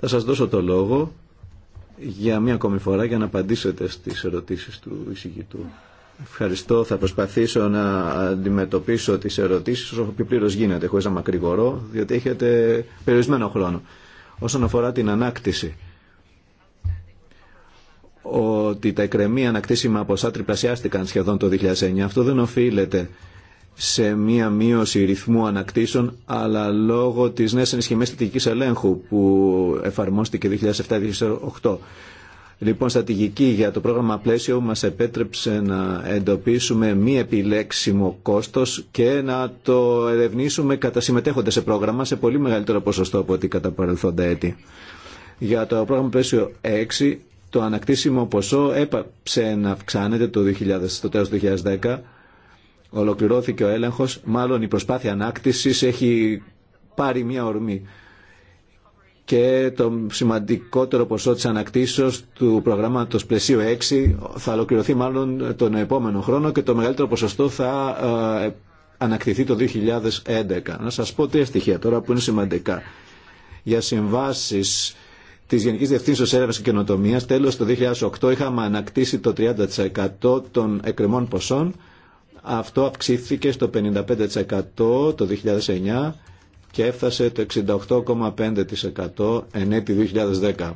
Θα σας δώσω το λόγο για μία ακόμη φορά για να απαντήσετε στις ερωτήσεις του εισηγητού. Ευχαριστώ. Θα προσπαθήσω να αντιμετωπίσω τις ερωτήσεις όσο πιο πλήρω γίνεται, χωρίς να μακρηγορώ, διότι έχετε περιορισμένο χρόνο. Όσον αφορά την ανάκτηση, ότι τα εκκρεμία ανακτήσιμα από τριπλασιάστηκαν σχεδόν το 2009. Αυτό δεν οφείλεται σε μία μείωση ρυθμού ανακτήσεων, αλλά λόγω της νέας ενισχυμένης στρατηγικής ελέγχου που εφαρμόστηκε 2007-2008. Λοιπόν, στρατηγική για το πρόγραμμα πλαίσιο μας επέτρεψε να εντοπίσουμε μη επιλέξιμο κόστος και να το ερευνήσουμε κατά συμμετέχοντα σε πρόγραμμα σε πολύ μεγαλύτερο ποσοστό από ό,τι κατά παρελθόντα έτη. Για το πρόγραμμα πλαίσιο 6, το ανακτήσιμο ποσό έπαψε να αυξάνεται το, 2000, το τέλος του 2010 ολοκληρώθηκε ο έλεγχος, μάλλον η προσπάθεια ανάκτησης έχει πάρει μια ορμή και το σημαντικότερο ποσό της ανακτήσεως του προγράμματος πλαισίου 6 θα ολοκληρωθεί μάλλον τον επόμενο χρόνο και το μεγαλύτερο ποσοστό θα ε, ανακτηθεί το 2011. Να σας πω τρία στοιχεία τώρα που είναι σημαντικά. Για συμβάσεις της Γενικής Διευθύνσεως Έρευνας και Καινοτομίας τέλος το 2008 είχαμε ανακτήσει το 30% των εκκρεμών ποσών αυτό αυξήθηκε στο 55% το 2009 και έφτασε το 68,5% εν έτη 2010.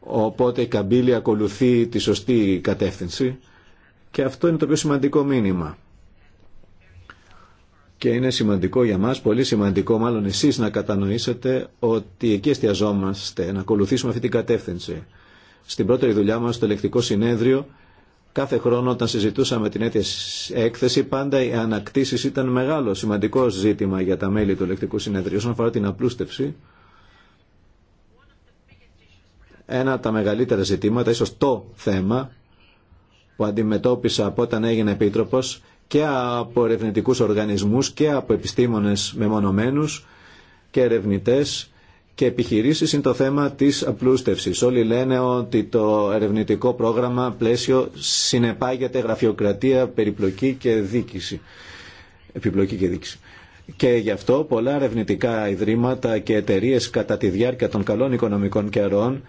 Οπότε η καμπύλη ακολουθεί τη σωστή κατεύθυνση και αυτό είναι το πιο σημαντικό μήνυμα. Και είναι σημαντικό για μας, πολύ σημαντικό μάλλον εσείς να κατανοήσετε ότι εκεί εστιαζόμαστε, να ακολουθήσουμε αυτή την κατεύθυνση. Στην πρώτη δουλειά μας στο ελεκτικό συνέδριο Κάθε χρόνο όταν συζητούσαμε την έκθεση πάντα οι ανακτήσεις ήταν μεγάλο σημαντικό ζήτημα για τα μέλη του ελεκτικού συνεδρίου. Όσον αφορά την απλούστευση, ένα από τα μεγαλύτερα ζητήματα, ίσως το θέμα που αντιμετώπισα από όταν έγινε επίτροπος και από ερευνητικού οργανισμούς και από επιστήμονες μεμονωμένους και ερευνητές και επιχειρήσεις είναι το θέμα της απλούστευσης. Όλοι λένε ότι το ερευνητικό πρόγραμμα πλαίσιο συνεπάγεται γραφειοκρατία, περιπλοκή και δίκηση. Επιπλοκή και δίκηση. Και γι' αυτό πολλά ερευνητικά ιδρύματα και εταιρείε κατά τη διάρκεια των καλών οικονομικών καιρών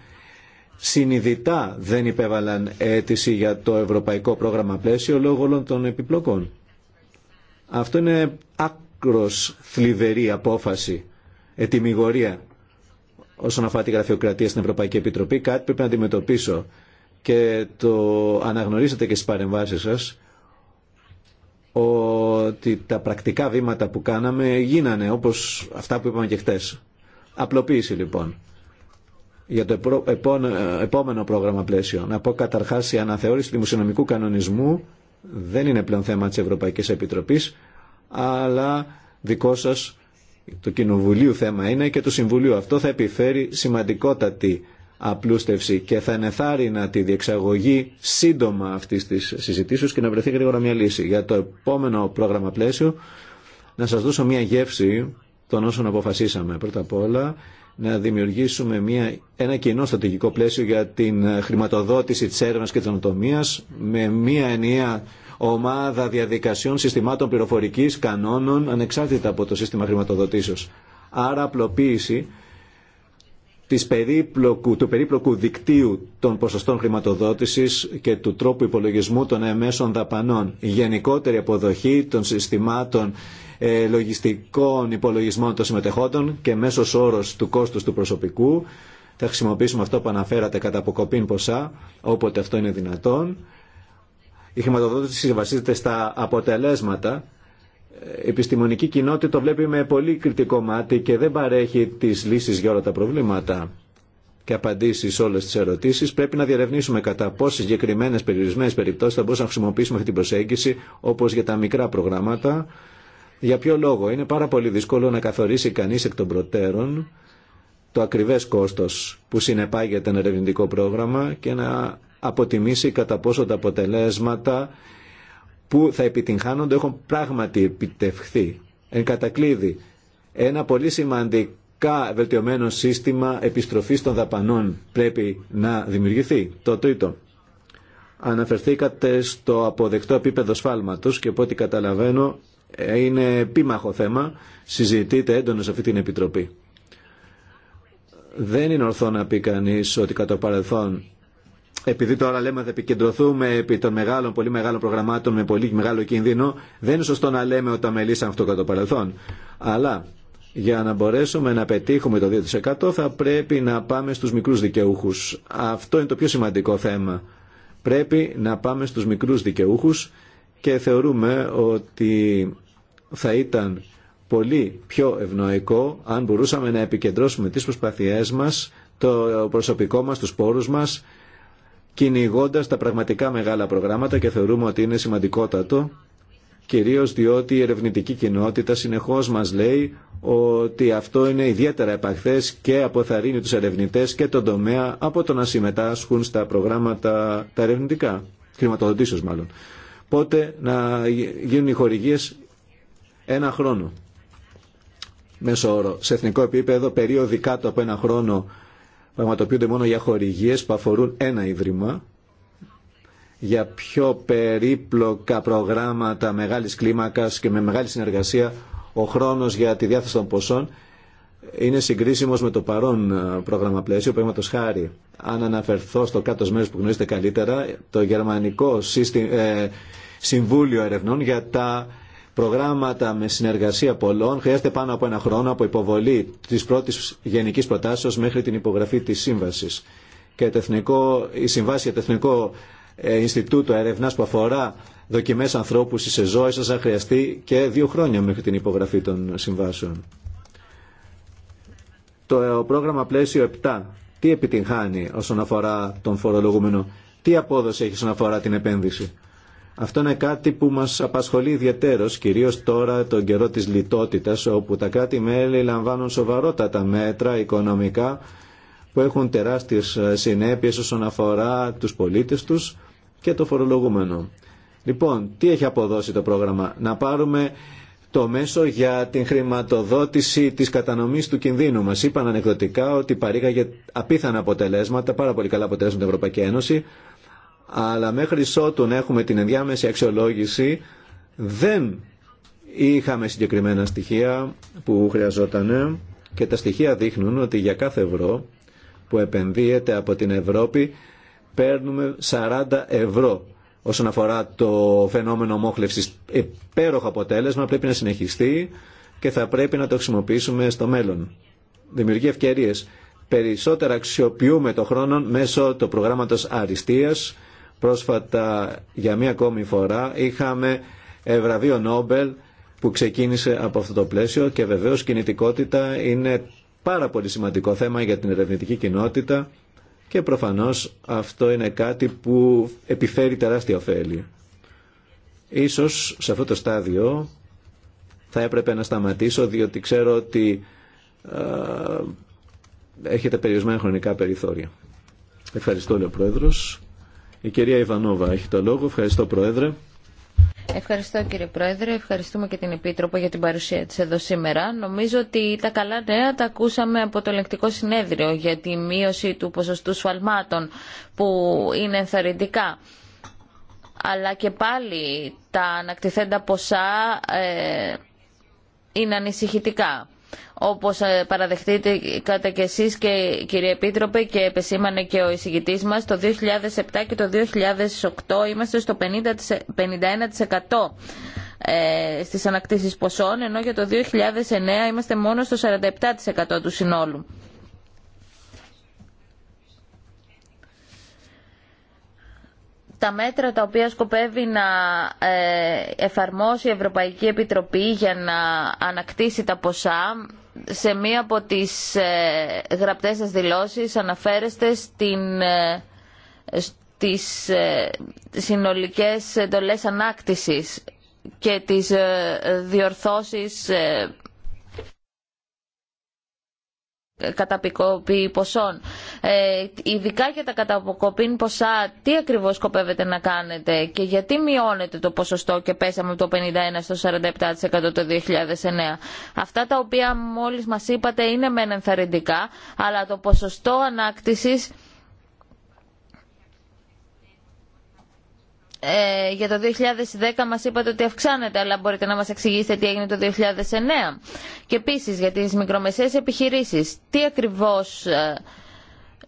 συνειδητά δεν υπέβαλαν αίτηση για το ευρωπαϊκό πρόγραμμα πλαίσιο λόγω όλων των επιπλοκών. Αυτό είναι άκρος θλιβερή απόφαση, ετοιμιγορία όσον αφορά τη γραφειοκρατία στην Ευρωπαϊκή Επιτροπή, κάτι πρέπει να αντιμετωπίσω. Και το αναγνωρίσατε και στις παρεμβάσεις σας ότι τα πρακτικά βήματα που κάναμε γίνανε όπως αυτά που είπαμε και χτες. Απλοποίηση λοιπόν για το επόμενο πρόγραμμα πλαίσιο. Να πω καταρχάς η αναθεώρηση του δημοσιονομικού κανονισμού δεν είναι πλέον θέμα της Ευρωπαϊκής Επιτροπής αλλά δικό σας το Κοινοβουλίου θέμα είναι και το Συμβουλίου. Αυτό θα επιφέρει σημαντικότατη απλούστευση και θα να τη διεξαγωγή σύντομα αυτής της συζητήσεως και να βρεθεί γρήγορα μια λύση. Για το επόμενο πρόγραμμα πλαίσιο να σας δώσω μια γεύση των όσων αποφασίσαμε. Πρώτα απ' όλα να δημιουργήσουμε μια, ένα κοινό στρατηγικό πλαίσιο για την χρηματοδότηση της έρευνας και της ανοτομίας με μια ενιαία ομάδα διαδικασιών συστημάτων πληροφορική κανόνων ανεξάρτητα από το σύστημα χρηματοδοτήσεω. Άρα απλοποίηση της περίπλοκου, του περίπλοκου δικτύου των ποσοστών χρηματοδότησης και του τρόπου υπολογισμού των εμέσων δαπανών. γενικότερη αποδοχή των συστημάτων ε, λογιστικών υπολογισμών των συμμετεχόντων και μέσος όρος του κόστους του προσωπικού. Θα χρησιμοποιήσουμε αυτό που αναφέρατε κατά αποκοπήν ποσά, όποτε αυτό είναι δυνατόν. Η χρηματοδότηση βασίζεται στα αποτελέσματα. Η επιστημονική κοινότητα το βλέπει με πολύ κριτικό μάτι και δεν παρέχει τις λύσεις για όλα τα προβλήματα και απαντήσει σε όλε τι ερωτήσει, πρέπει να διερευνήσουμε κατά πόσε συγκεκριμένε περιορισμένε περιπτώσει θα μπορούσαμε να χρησιμοποιήσουμε αυτή την προσέγγιση, όπω για τα μικρά προγράμματα. Για ποιο λόγο είναι πάρα πολύ δύσκολο να καθορίσει κανεί εκ των προτέρων το ακριβέ κόστο που συνεπάγεται ένα ερευνητικό πρόγραμμα και να αποτιμήσει κατά πόσο τα αποτελέσματα που θα επιτυγχάνονται έχουν πράγματι επιτευχθεί. Εν κατακλείδη, ένα πολύ σημαντικά βελτιωμένο σύστημα επιστροφής των δαπανών πρέπει να δημιουργηθεί. Το τρίτο. Αναφερθήκατε στο αποδεκτό επίπεδο σφάλματος και από ό,τι καταλαβαίνω είναι επίμαχο θέμα, Συζητείτε έντονο σε αυτή την Επιτροπή. Δεν είναι ορθό να πει κανείς ότι κατά παρελθόν επειδή τώρα λέμε θα επικεντρωθούμε επί των μεγάλων, πολύ μεγάλων προγραμμάτων με πολύ μεγάλο κίνδυνο, δεν είναι σωστό να λέμε ότι τα μελήσαμε αυτό κατά το παρελθόν. Αλλά για να μπορέσουμε να πετύχουμε το 2% θα πρέπει να πάμε στους μικρούς δικαιούχους. Αυτό είναι το πιο σημαντικό θέμα. Πρέπει να πάμε στους μικρούς δικαιούχους και θεωρούμε ότι θα ήταν πολύ πιο ευνοϊκό αν μπορούσαμε να επικεντρώσουμε τις προσπαθίες μας, το προσωπικό μας, τους πόρους μας κυνηγώντα τα πραγματικά μεγάλα προγράμματα και θεωρούμε ότι είναι σημαντικότατο, κυρίως διότι η ερευνητική κοινότητα συνεχώς μας λέει ότι αυτό είναι ιδιαίτερα επαχθές και αποθαρρύνει τους ερευνητές και τον τομέα από το να συμμετάσχουν στα προγράμματα τα ερευνητικά, χρηματοδοτήσεως μάλλον. Πότε να γίνουν οι χορηγίες ένα χρόνο. Μεσω όρο. Σε εθνικό επίπεδο, περίοδοι κάτω από ένα χρόνο πραγματοποιούνται μόνο για χορηγίες που αφορούν ένα ίδρυμα, για πιο περίπλοκα προγράμματα μεγάλης κλίμακας και με μεγάλη συνεργασία ο χρόνος για τη διάθεση των ποσών είναι συγκρίσιμος με το παρόν ε, πρόγραμμα πλαίσιο, παραδείγματο χάρη. Αν αναφερθώ στο κάτω μέρος που γνωρίζετε καλύτερα, το Γερμανικό ε, Συμβούλιο Ερευνών για τα προγράμματα με συνεργασία πολλών χρειάζεται πάνω από ένα χρόνο από υποβολή της πρώτης γενικής προτάσεως μέχρι την υπογραφή της σύμβασης. Και η συμβάση για το ε, Ινστιτούτο Ερευνάς που αφορά δοκιμές ανθρώπου σε ζώες θα χρειαστεί και δύο χρόνια μέχρι την υπογραφή των συμβάσεων. Το ε, πρόγραμμα πλαίσιο 7 τι επιτυγχάνει όσον αφορά τον φορολογούμενο, τι απόδοση έχει όσον αφορά την επένδυση. Αυτό είναι κάτι που μας απασχολεί ιδιαίτερος, κυρίως τώρα τον καιρό της λιτότητας, όπου τα κράτη-μέλη λαμβάνουν σοβαρότατα μέτρα οικονομικά που έχουν τεράστιες ε, συνέπειες όσον αφορά τους πολίτες τους και το φορολογούμενο. Λοιπόν, τι έχει αποδώσει το πρόγραμμα. Να πάρουμε το μέσο για την χρηματοδότηση της κατανομής του κινδύνου μας. Είπαν ανεκδοτικά ότι παρήγαγε απίθανα αποτελέσματα, πάρα πολύ καλά αποτελέσματα την Ευρωπαϊκή Ένωση, αλλά μέχρι ότου έχουμε την ενδιάμεση αξιολόγηση δεν είχαμε συγκεκριμένα στοιχεία που χρειαζόταν και τα στοιχεία δείχνουν ότι για κάθε ευρώ που επενδύεται από την Ευρώπη παίρνουμε 40 ευρώ όσον αφορά το φαινόμενο μόχλευσης. Υπέροχο αποτέλεσμα πρέπει να συνεχιστεί και θα πρέπει να το χρησιμοποιήσουμε στο μέλλον. Δημιουργεί ευκαιρίες. Περισσότερα αξιοποιούμε το χρόνο μέσω του προγράμματος αριστείας Πρόσφατα για μία ακόμη φορά είχαμε βραβείο Νόμπελ που ξεκίνησε από αυτό το πλαίσιο και βεβαίως κινητικότητα είναι πάρα πολύ σημαντικό θέμα για την ερευνητική κοινότητα και προφανώς αυτό είναι κάτι που επιφέρει τεράστια ωφέλη. Ίσως σε αυτό το στάδιο θα έπρεπε να σταματήσω διότι ξέρω ότι έχετε περιορισμένα χρονικά περιθώρια. Ευχαριστώ, λέει Πρόεδρος. Η κυρία Ιβανόβα έχει το λόγο. Ευχαριστώ Πρόεδρε. Ευχαριστώ κύριε Πρόεδρε, ευχαριστούμε και την Επίτροπο για την παρουσία της εδώ σήμερα. Νομίζω ότι τα καλά νέα τα ακούσαμε από το ελεκτικό συνέδριο για τη μείωση του ποσοστού σφαλμάτων που είναι ενθαρρυντικά. Αλλά και πάλι τα ανακτηθέντα ποσά ε, είναι ανησυχητικά όπως κατά ε, και εσείς και κύριε Επίτροπε και επεσήμανε και ο εισηγητής μας το 2007 και το 2008 είμαστε στο 50, 51% ε, στις ανακτήσεις ποσών, ενώ για το 2009 είμαστε μόνο στο 47% του συνόλου. τα μέτρα τα οποία σκοπεύει να ε, εφαρμόσει η Ευρωπαϊκή Επιτροπή για να ανακτήσει τα ποσά σε μία από τις ε, γραπτές σας δηλώσεις αναφέρεστε στην, ε, στις συνολικές εντολές ανάκτησης και τις διορθώσεις ποσών. Ε, ειδικά για τα καταποκοπήν ποσά, τι ακριβώς σκοπεύετε να κάνετε και γιατί μειώνετε το ποσοστό και πέσαμε από το 51% στο 47% το 2009. Αυτά τα οποία μόλις μας είπατε είναι μεν ενθαρρυντικά, αλλά το ποσοστό ανάκτησης Ε, για το 2010 μας είπατε ότι αυξάνεται, αλλά μπορείτε να μας εξηγήσετε τι έγινε το 2009. Και επίσης για τις μικρομεσαίες επιχειρήσεις, τι ακριβώς ε,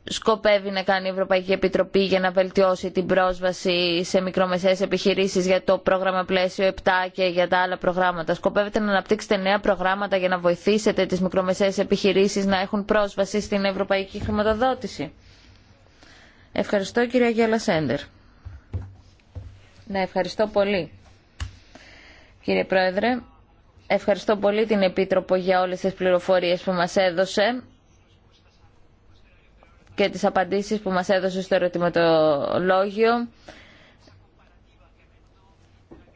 σκοπεύει να κάνει η Ευρωπαϊκή Επιτροπή για να βελτιώσει την πρόσβαση σε μικρομεσαίες επιχειρήσεις για το πρόγραμμα πλαίσιο 7 και για τα άλλα προγράμματα. Σκοπεύετε να αναπτύξετε νέα προγράμματα για να βοηθήσετε τις μικρομεσαίες επιχειρήσεις να έχουν πρόσβαση στην ευρωπαϊκή χρηματοδότηση. Ευχαριστώ κυρία Γιάλα Σέντερ. Ναι, ευχαριστώ πολύ. Κύριε Πρόεδρε, ευχαριστώ πολύ την Επίτροπο για όλες τις πληροφορίες που μας έδωσε και τις απαντήσεις που μας έδωσε στο ερωτηματολόγιο.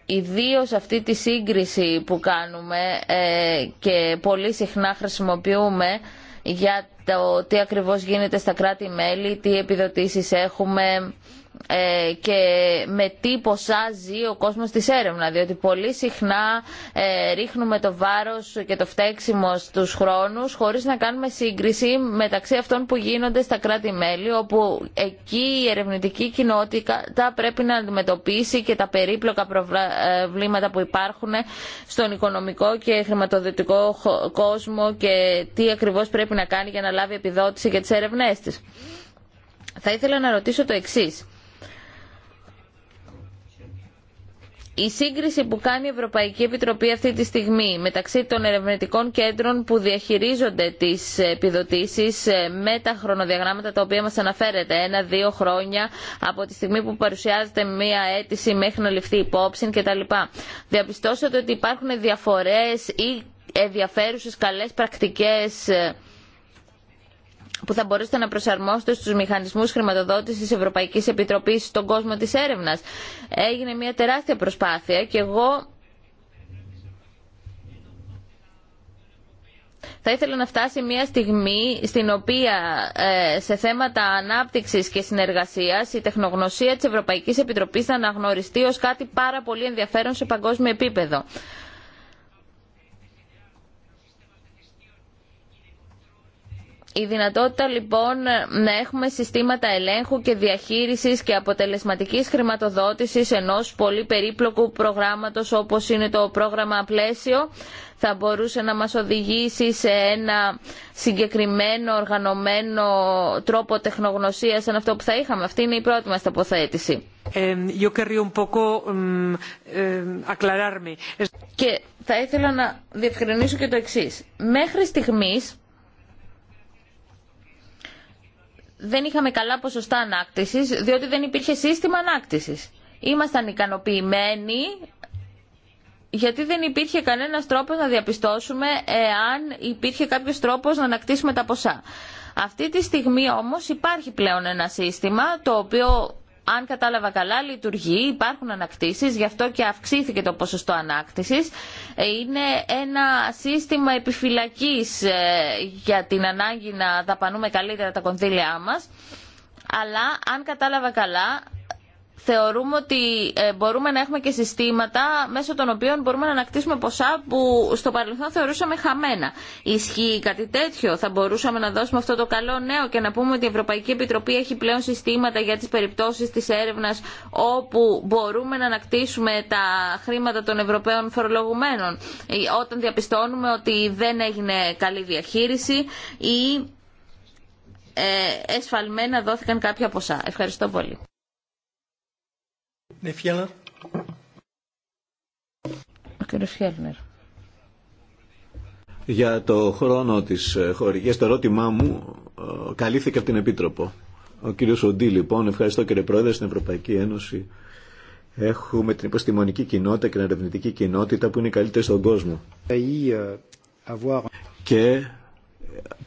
Ιδίως αυτή τη σύγκριση που κάνουμε ε, και πολύ συχνά χρησιμοποιούμε για το τι ακριβώς γίνεται στα κράτη-μέλη, τι επιδοτήσεις έχουμε, ε, και με τι ποσά ζει ο κόσμος της έρευνα διότι πολύ συχνά ε, ρίχνουμε το βάρος και το φταίξιμο στους χρόνους χωρίς να κάνουμε σύγκριση μεταξύ αυτών που γίνονται στα κράτη-μέλη όπου εκεί η ερευνητική κοινότητα πρέπει να αντιμετωπίσει και τα περίπλοκα προβλήματα ε, που υπάρχουν στον οικονομικό και χρηματοδοτικό κόσμο και τι ακριβώς πρέπει να κάνει για να λάβει επιδότηση για τις έρευνές της. Θα ήθελα να ρωτήσω το εξής η σύγκριση που κάνει η Ευρωπαϊκή Επιτροπή αυτή τη στιγμή μεταξύ των ερευνητικών κέντρων που διαχειρίζονται τις επιδοτήσεις ε, με τα χρονοδιαγράμματα τα οποία μας αναφέρεται ένα-δύο χρόνια από τη στιγμή που παρουσιάζεται μία αίτηση μέχρι να ληφθεί υπόψη κτλ. Διαπιστώσατε ότι υπάρχουν διαφορές ή ενδιαφέρουσες καλές πρακτικές ε, που θα μπορέσετε να προσαρμόσετε στους μηχανισμούς χρηματοδότησης της Ευρωπαϊκής Επιτροπής στον κόσμο της έρευνας. Έγινε μια τεράστια προσπάθεια και εγώ θα ήθελα να φτάσει μια στιγμή στην οποία ε, σε θέματα ανάπτυξης και συνεργασίας η τεχνογνωσία της Ευρωπαϊκής Επιτροπής θα αναγνωριστεί ως κάτι πάρα πολύ ενδιαφέρον σε παγκόσμιο επίπεδο. Η δυνατότητα λοιπόν να έχουμε συστήματα ελέγχου και διαχείρισης και αποτελεσματικής χρηματοδότησης ενός πολύ περίπλοκου προγράμματος όπως είναι το πρόγραμμα πλαίσιο θα μπορούσε να μας οδηγήσει σε ένα συγκεκριμένο οργανωμένο τρόπο τεχνογνωσίας σαν αυτό που θα είχαμε. Αυτή είναι η πρώτη μας τοποθέτηση. και θα ήθελα να διευκρινίσω και το εξής. Μέχρι στιγμής δεν είχαμε καλά ποσοστά ανάκτηση, διότι δεν υπήρχε σύστημα ανάκτησης. Ήμασταν ικανοποιημένοι γιατί δεν υπήρχε κανένας τρόπος να διαπιστώσουμε εάν υπήρχε κάποιος τρόπος να ανακτήσουμε τα ποσά. Αυτή τη στιγμή όμως υπάρχει πλέον ένα σύστημα το οποίο αν κατάλαβα καλά, λειτουργεί, υπάρχουν ανακτήσεις, γι' αυτό και αυξήθηκε το ποσοστό ανάκτηση. Είναι ένα σύστημα επιφυλακής ε, για την ανάγκη να δαπανούμε καλύτερα τα κονδύλια μας. Αλλά, αν κατάλαβα καλά, θεωρούμε ότι ε, μπορούμε να έχουμε και συστήματα μέσω των οποίων μπορούμε να ανακτήσουμε ποσά που στο παρελθόν θεωρούσαμε χαμένα. Ισχύει κάτι τέτοιο. Θα μπορούσαμε να δώσουμε αυτό το καλό νέο και να πούμε ότι η Ευρωπαϊκή Επιτροπή έχει πλέον συστήματα για τις περιπτώσεις της έρευνας όπου μπορούμε να ανακτήσουμε τα χρήματα των Ευρωπαίων φορολογουμένων ε, όταν διαπιστώνουμε ότι δεν έγινε καλή διαχείριση ή ε, εσφαλμένα δόθηκαν κάποια ποσά. Ευχαριστώ πολύ. Ναι, Για το χρόνο τη ε, χορηγίας, το ερώτημά μου ε, καλύφθηκε από την Επίτροπο. Ο κύριος Οντή, λοιπόν, ευχαριστώ κύριε Πρόεδρε στην Ευρωπαϊκή Ένωση. Έχουμε την υποστημονική κοινότητα και την ερευνητική κοινότητα που είναι η καλύτερη στον κόσμο. Και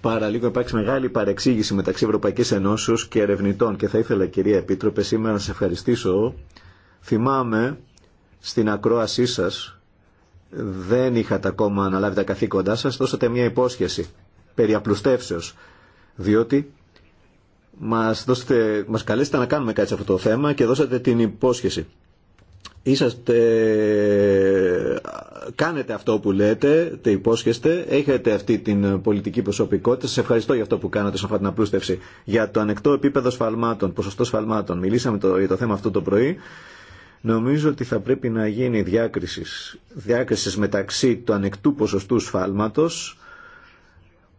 παραλίγο υπάρξει μεγάλη παρεξήγηση μεταξύ Ευρωπαϊκή Ενώσεω και ερευνητών. Και θα ήθελα κυρία Επίτροπε σήμερα να σα ευχαριστήσω Θυμάμαι στην ακρόασή σας δεν είχατε ακόμα αναλάβει τα καθήκοντά σας, δώσατε μια υπόσχεση περί απλουστεύσεως, διότι μας, δώσετε, μας καλέσετε να κάνουμε κάτι σε αυτό το θέμα και δώσατε την υπόσχεση. Είσαστε, κάνετε αυτό που λέτε, το υπόσχεστε, έχετε αυτή την πολιτική προσωπικότητα. Σας ευχαριστώ για αυτό που κάνατε σε αυτή την απλούστευση. Για το ανεκτό επίπεδο σφαλμάτων, ποσοστό σφαλμάτων. Μιλήσαμε το, για το θέμα αυτό το πρωί Νομίζω ότι θα πρέπει να γίνει διάκριση διάκρισης μεταξύ του ανεκτού ποσοστού σφάλματος,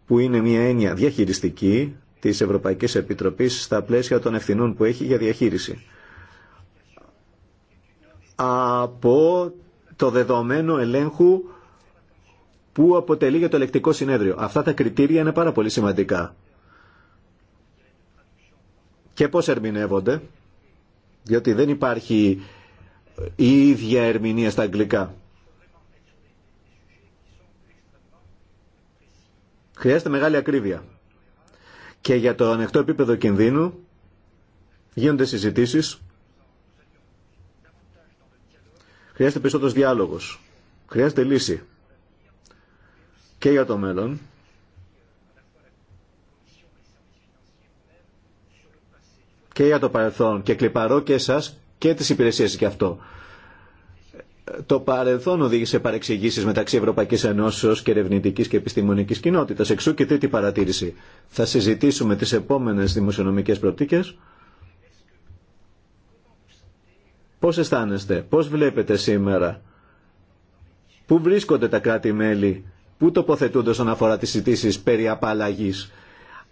που είναι μια έννοια διαχειριστική της Ευρωπαϊκής Επιτροπής στα πλαίσια των ευθυνών που έχει για διαχείριση. Από το δεδομένο ελέγχου που αποτελεί για το ελεκτικό συνέδριο. Αυτά τα κριτήρια είναι πάρα πολύ σημαντικά. Και πώς ερμηνεύονται, διότι δεν υπάρχει η ίδια ερμηνεία στα αγγλικά. Χρειάζεται μεγάλη ακρίβεια. Και για το ανεκτό επίπεδο κινδύνου γίνονται συζητήσεις. Χρειάζεται περισσότερος διάλογος. Χρειάζεται λύση. Και για το μέλλον. Και για το παρελθόν. Και κλειπαρώ και εσάς και τις υπηρεσίες και αυτό. Το παρελθόν οδήγησε παρεξηγήσει μεταξύ Ευρωπαϊκή Ενώσεω και ερευνητική και επιστημονική κοινότητα. Εξού και τρίτη παρατήρηση. Θα συζητήσουμε τι επόμενε δημοσιονομικέ προοπτικέ. Πώ αισθάνεστε, πώ βλέπετε σήμερα, πού βρίσκονται τα κράτη-μέλη, πού τοποθετούνται όσον αφορά τι συζητήσει περί απαλλαγή,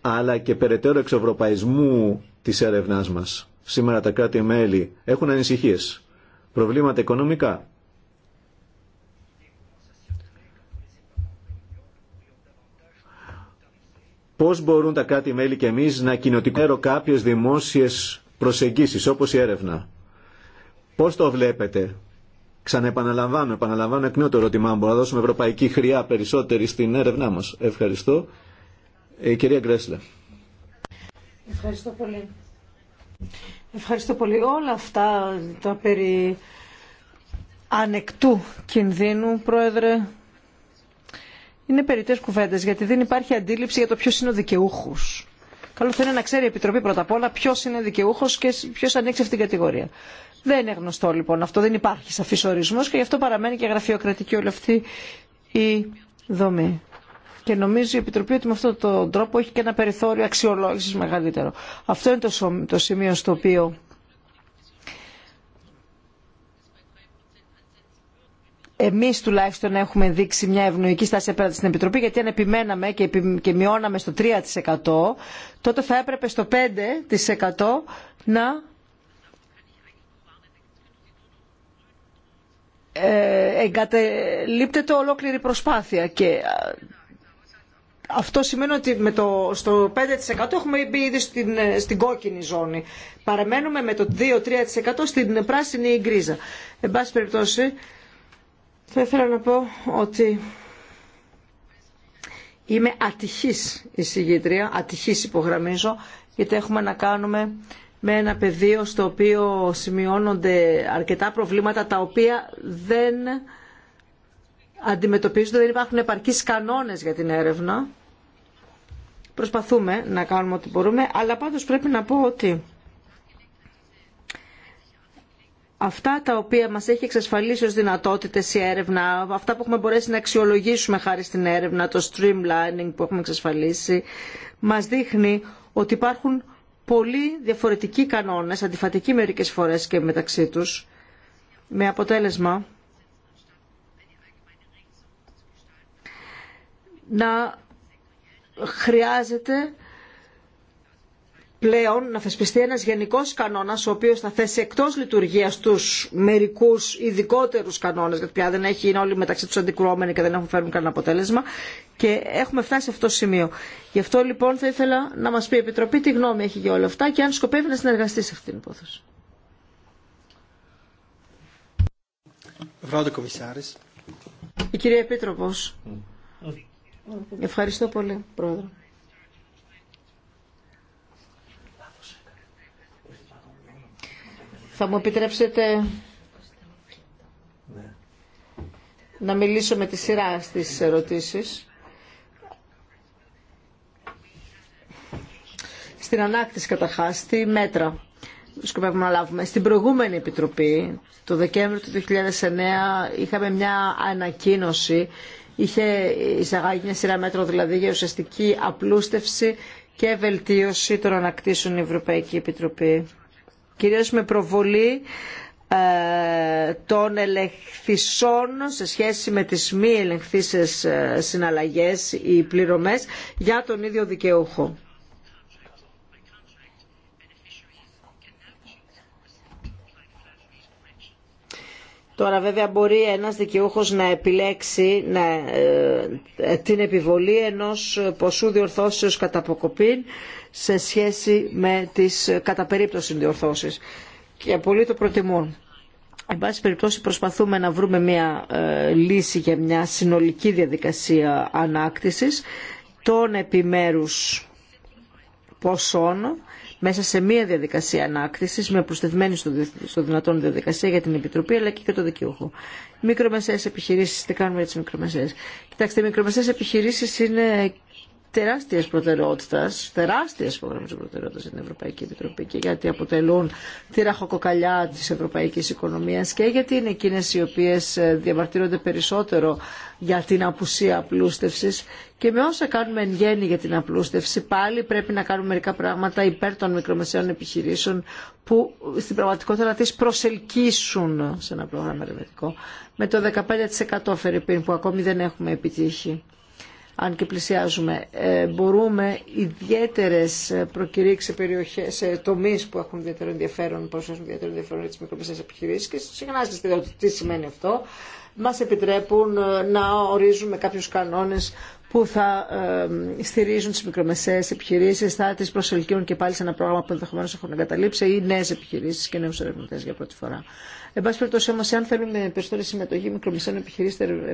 αλλά και περαιτέρω εξευρωπαϊσμού τη έρευνά μα. Σήμερα τα κράτη-μέλη έχουν ανησυχίες, προβλήματα οικονομικά. Πώς μπορούν τα κράτη-μέλη και εμείς να κοινοτικοποιήσουμε κάποιες δημόσιες προσεγγίσεις, όπως η έρευνα. Πώς το βλέπετε. Ξαναεπαναλαμβάνω, επαναλαμβάνω εκ νέου το ερώτημά μου. να δώσουμε ευρωπαϊκή χρειά περισσότερη στην έρευνά μας. Ευχαριστώ. Ε, η κυρία Γκρέσλε. Ευχαριστώ πολύ. Ευχαριστώ πολύ. Όλα αυτά τα περί ανεκτού κινδύνου, Πρόεδρε, είναι περιττές κουβέντες, γιατί δεν υπάρχει αντίληψη για το ποιος είναι ο δικαιούχος. Καλό θα είναι να ξέρει η Επιτροπή πρώτα απ' όλα ποιο είναι δικαιούχο και ποιος ανήκει αυτήν την κατηγορία. Δεν είναι γνωστό λοιπόν αυτό, δεν υπάρχει σαφής ορισμός και γι' αυτό παραμένει και γραφειοκρατική όλη αυτή η δομή και νομίζω η Επιτροπή ότι με αυτόν τον τρόπο έχει και ένα περιθώριο αξιολόγησης μεγαλύτερο. Αυτό είναι το σημείο στο οποίο εμείς τουλάχιστον έχουμε δείξει μια ευνοϊκή στάση απέναντι στην Επιτροπή, γιατί αν επιμέναμε και, μειώναμε στο 3%, τότε θα έπρεπε στο 5% να ε, εγκατελείπτεται ολόκληρη προσπάθεια και αυτό σημαίνει ότι με το, στο 5% έχουμε μπει ήδη στην, ε, στην κόκκινη ζώνη. Παραμένουμε με το 2-3% στην πράσινη ή γκρίζα. Εν πάση περιπτώσει, θα ήθελα να πω ότι είμαι ατυχής εισηγήτρια, ατυχής υπογραμμίζω, γιατί έχουμε να κάνουμε με ένα πεδίο στο οποίο σημειώνονται αρκετά προβλήματα τα οποία δεν αντιμετωπίζονται, δεν υπάρχουν επαρκείς κανόνες για την έρευνα. Προσπαθούμε να κάνουμε ό,τι μπορούμε, αλλά πάντως πρέπει να πω ότι αυτά τα οποία μας έχει εξασφαλίσει ως δυνατότητες η έρευνα, αυτά που έχουμε μπορέσει να αξιολογήσουμε χάρη στην έρευνα, το streamlining που έχουμε εξασφαλίσει, μας δείχνει ότι υπάρχουν πολύ διαφορετικοί κανόνες, αντιφατικοί μερικές φορές και μεταξύ τους, με αποτέλεσμα να χρειάζεται πλέον να θεσπιστεί ένας γενικός κανόνας ο οποίος θα θέσει εκτός λειτουργίας τους μερικούς ειδικότερους κανόνες γιατί πια δεν έχει, είναι όλοι μεταξύ τους αντικρουόμενοι και δεν έχουν φέρουν κανένα αποτέλεσμα και έχουμε φτάσει σε αυτό το σημείο. Γι' αυτό λοιπόν θα ήθελα να μας πει η Επιτροπή τι γνώμη έχει για όλα αυτά και αν σκοπεύει να συνεργαστεί σε αυτήν την υπόθεση. Η κυρία Επίτροπος. Mm. Ευχαριστώ πολύ, Πρόεδρε. Θα μου επιτρέψετε να μιλήσω με τη σειρά στις ερωτήσεις. Στην ανάκτηση καταρχάς, τι μέτρα σκοπεύουμε να λάβουμε. Στην προηγούμενη επιτροπή, το Δεκέμβριο του 2009, είχαμε μια ανακοίνωση είχε εισαγάγει μια σειρά μέτρων δηλαδή για ουσιαστική απλούστευση και βελτίωση των ανακτήσεων η Ευρωπαϊκή Επιτροπή. Κυρίως με προβολή ε, των ελεγχθησών σε σχέση με τις μη ελεγχθήσεις ε, συναλλαγές ή πληρωμές για τον ίδιο δικαιούχο. Τώρα βέβαια μπορεί ένας δικαιούχος να επιλέξει να, ε, ε, την επιβολή ενός ποσού διορθώσεως κατά αποκοπή σε σχέση με τις ε, κατά περίπτωση διορθώσεις. Και πολλοί το προτιμούν. Εν πάση περιπτώσει προσπαθούμε να βρούμε μια λύση για μια συνολική διαδικασία ανάκτησης των επιμέρους ποσών μέσα σε μία διαδικασία ανάκτηση, με προστευμένη στο δυνατόν διαδικασία για την Επιτροπή αλλά και για το δικαιούχο. Μικρομεσαίε επιχειρήσει, τι κάνουμε για τι μικρομεσαίε. Κοιτάξτε, οι μικρομεσαίε επιχειρήσει είναι τεράστια προτεραιότητα, τεράστια προγράμματα προτεραιότητα για την Ευρωπαϊκή Επιτροπή και γιατί αποτελούν τη ραχοκοκαλιά τη ευρωπαϊκή οικονομία και γιατί είναι εκείνε οι οποίε ε, διαμαρτύρονται περισσότερο για την απουσία απλούστευση. Και με όσα κάνουμε εν γέννη για την απλούστευση, πάλι πρέπει να κάνουμε μερικά πράγματα υπέρ των μικρομεσαίων επιχειρήσεων που στην πραγματικότητα να τι προσελκύσουν σε ένα πρόγραμμα ερευνητικό. Με το 15% Φερρυπίν που ακόμη δεν έχουμε επιτύχει αν και πλησιάζουμε. Ε, μπορούμε ιδιαίτερε προκηρύξει σε περιοχέ, ε, τομεί που έχουν ιδιαίτερο ενδιαφέρον, προσφέρουν ιδιαίτερο ενδιαφέρον για τι μικρομεσαίε επιχειρήσει και συχνά το τι σημαίνει αυτό. Μα επιτρέπουν ε, να ορίζουμε κάποιου κανόνε που θα ε, στηρίζουν τι μικρομεσαίες επιχειρήσει, θα τι προσελκύουν και πάλι σε ένα πρόγραμμα που ενδεχομένω έχουν εγκαταλείψει ή νέε επιχειρήσει και νέου ερευνητέ για πρώτη φορά. Εν πάση περιπτώσει όμω, αν θέλουμε περισσότερη συμμετοχή μικρομεσαίων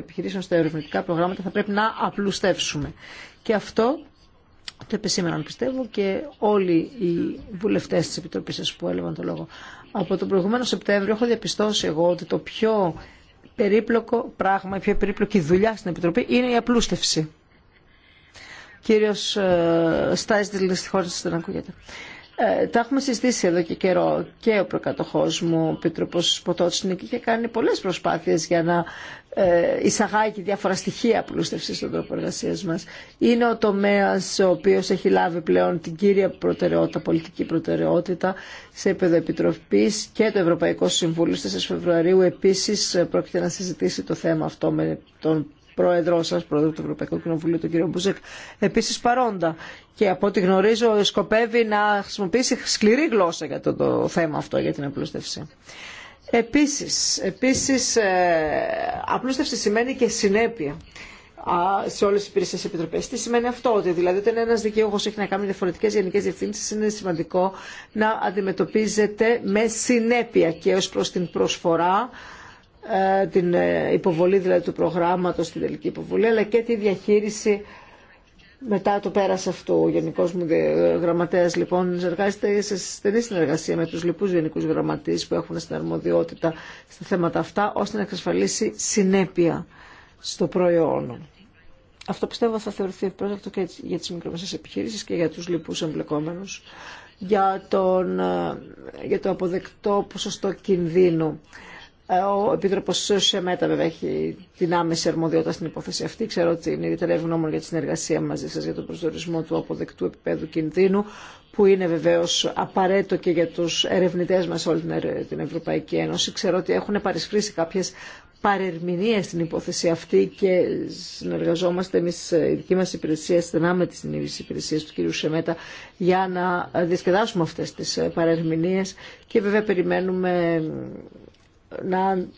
επιχειρήσεων στα ερευνητικά προγράμματα, θα πρέπει να απλουστεύσουμε. Και αυτό το επισήμεναν πιστεύω και όλοι οι βουλευτέ τη Επιτροπής σας που έλαβαν το λόγο. Από τον προηγούμενο Σεπτέμβριο έχω διαπιστώσει εγώ ότι το πιο περίπλοκο πράγμα, η πιο περίπλοκη δουλειά στην Επιτροπή είναι η απλούστευση κύριος ε, Στάις χώρα δεν ακούγεται. Ε, τα έχουμε συζητήσει εδώ και καιρό και ο προκατοχό μου, ο Πίτροπος Ποτότσινικ, είχε κάνει πολλέ προσπάθειε για να ε, εισαγάγει διάφορα στοιχεία πλουστευση στον τρόπο εργασία μας. Είναι ο τομέα ο οποίο έχει λάβει πλέον την κύρια προτεραιότητα, πολιτική προτεραιότητα σε επίπεδο επιτροπή και το Ευρωπαϊκό Συμβούλιο στις 4 Φεβρουαρίου επίση, ε, πρόκειται να συζητήσει το θέμα αυτό με τον πρόεδρό σα, πρόεδρο του Ευρωπαϊκού Κοινοβουλίου, τον κύριο Μπουζέκ. επίση παρόντα. Και από ό,τι γνωρίζω, σκοπεύει να χρησιμοποιήσει σκληρή γλώσσα για το, θέμα αυτό, για την απλούστευση. Επίσης, επίσης ε, απλούστευση σημαίνει και συνέπεια σε όλε τι υπηρεσίε επιτροπέ. Τι σημαίνει αυτό, ότι δηλαδή όταν ένα δικαιούχο έχει να κάνει διαφορετικέ γενικέ διευθύνσει, είναι σημαντικό να αντιμετωπίζεται με συνέπεια και ω προ την προσφορά ε, την ε, υποβολή δηλαδή του προγράμματος, την τελική υποβολή, αλλά και τη διαχείριση μετά το πέρας αυτού. Ο Γενικός μου Γραμματέας λοιπόν εργάζεται σε στενή συνεργασία με τους λοιπούς γενικούς γραμματείς που έχουν στην αρμοδιότητα στα θέματα αυτά, ώστε να εξασφαλίσει συνέπεια στο προϊόν. Αυτό πιστεύω θα θεωρηθεί ευπρόσδεκτο και για τις μικρομεσαίες επιχειρήσεις και για τους λοιπούς εμπλεκόμενους για, τον, ε, για το αποδεκτό ποσοστό κινδύνου. Ε, ο Επίτροπο Σεμέτα, βέβαια, έχει την άμεση αρμοδιότητα στην υπόθεση αυτή. Ξέρω ότι είναι ιδιαίτερα ευγνώμων για τη συνεργασία μαζί σα για τον προσδιορισμό του αποδεκτού επίπεδου κινδύνου, που είναι βεβαίω απαραίτητο και για του ερευνητέ μα όλη την Ευρωπαϊκή Ένωση. Ξέρω ότι έχουν παρισφρήσει κάποιε παρερμηνίε στην υπόθεση αυτή και συνεργαζόμαστε εμεί, ε, η δική μα υπηρεσία, στενά με τι υπηρεσίε του κ. Σεμέτα για να διασκεδάσουμε αυτέ τι ε, παρερμηνίε και βέβαια περιμένουμε να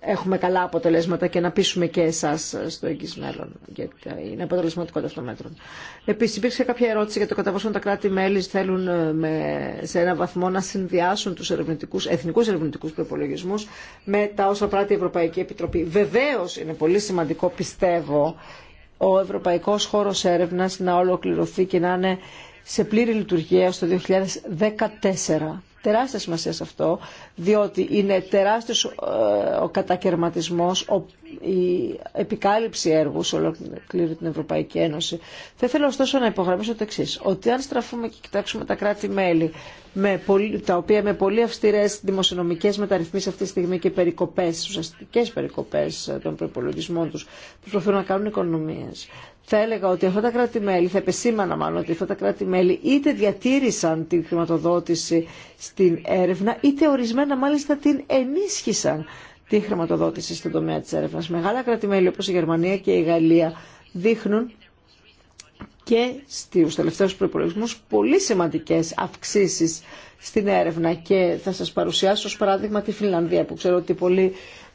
έχουμε καλά αποτελέσματα και να πείσουμε και εσά στο εγγύ μέλλον για την αποτελεσματικότητα αυτών των μέτρων. Επίση, υπήρξε κάποια ερώτηση για το κατά πόσο τα κράτη-μέλη θέλουν ε, με, σε έναν βαθμό να συνδυάσουν του εθνικού ερευνητικού προπολογισμού με τα όσα πράττει η Ευρωπαϊκή Επιτροπή. Βεβαίω, είναι πολύ σημαντικό, πιστεύω, ο ευρωπαϊκό χώρο έρευνα να ολοκληρωθεί και να είναι σε πλήρη λειτουργία στο 2014 τεράστια σημασία σε αυτό, διότι είναι τεράστιος ε, ο κατακαιρματισμός, η επικάλυψη έργου σε ολόκληρη την Ευρωπαϊκή Ένωση. Θα ήθελα ωστόσο να υπογραμμίσω το εξή, ότι αν στραφούμε και κοιτάξουμε τα κράτη-μέλη, τα οποία με πολύ αυστηρές δημοσιονομικές μεταρρυθμίσεις αυτή τη στιγμή και περικοπές, ουσιαστικέ περικοπές των προπολογισμών τους, προσπαθούν να κάνουν οικονομίες θα έλεγα ότι αυτά τα κράτη-μέλη, θα επεσήμανα μάλλον ότι αυτά τα κράτη-μέλη είτε διατήρησαν την χρηματοδότηση στην έρευνα, είτε ορισμένα μάλιστα την ενίσχυσαν τη χρηματοδότηση στον τομέα της έρευνας. Μεγάλα κράτη-μέλη όπως η Γερμανία και η Γαλλία δείχνουν και στους τελευταίους προπολογισμού πολύ σημαντικές αυξήσεις στην έρευνα και θα σας παρουσιάσω ως παράδειγμα τη Φιλανδία που ξέρω ότι πολλοί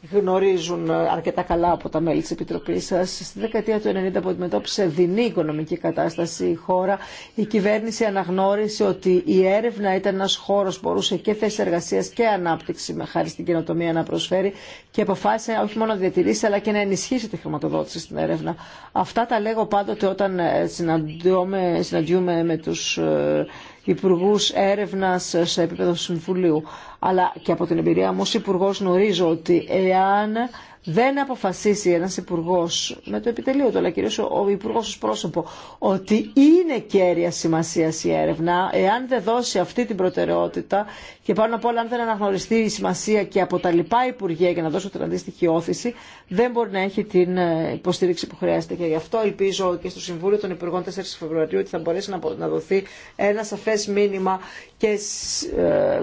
γνωρίζουν αρκετά καλά από τα μέλη της Επιτροπής σας. Στη δεκαετία του 1990 που αντιμετώπισε δεινή οικονομική κατάσταση η χώρα, η κυβέρνηση αναγνώρισε ότι η έρευνα ήταν ένας χώρος που μπορούσε και θέση εργασίας και ανάπτυξη με χάρη στην καινοτομία να προσφέρει και αποφάσισε όχι μόνο να διατηρήσει αλλά και να ενισχύσει τη χρηματοδότηση στην έρευνα. Αυτά τα λέγω πάντοτε όταν συναντιούμε, συναντιούμε με τους ε, υπουργού έρευνα σε επίπεδο Συμβουλίου. Αλλά και από την εμπειρία μου ως υπουργό γνωρίζω ότι εάν δεν αποφασίσει ένας υπουργό με το επιτελείο του, αλλά κυρίως ο υπουργό ως πρόσωπο, ότι είναι κέρια σημασία η έρευνα, εάν δεν δώσει αυτή την προτεραιότητα και πάνω απ' όλα, αν δεν αναγνωριστεί η σημασία και από τα λοιπά Υπουργεία για να δώσω την αντίστοιχη όθηση, δεν μπορεί να έχει την ε, υποστήριξη που χρειάζεται. Και γι' αυτό ελπίζω και στο Συμβούλιο των Υπουργών 4 Φεβρουαρίου ότι θα μπορέσει να δοθεί ένα σαφέ μήνυμα και ε,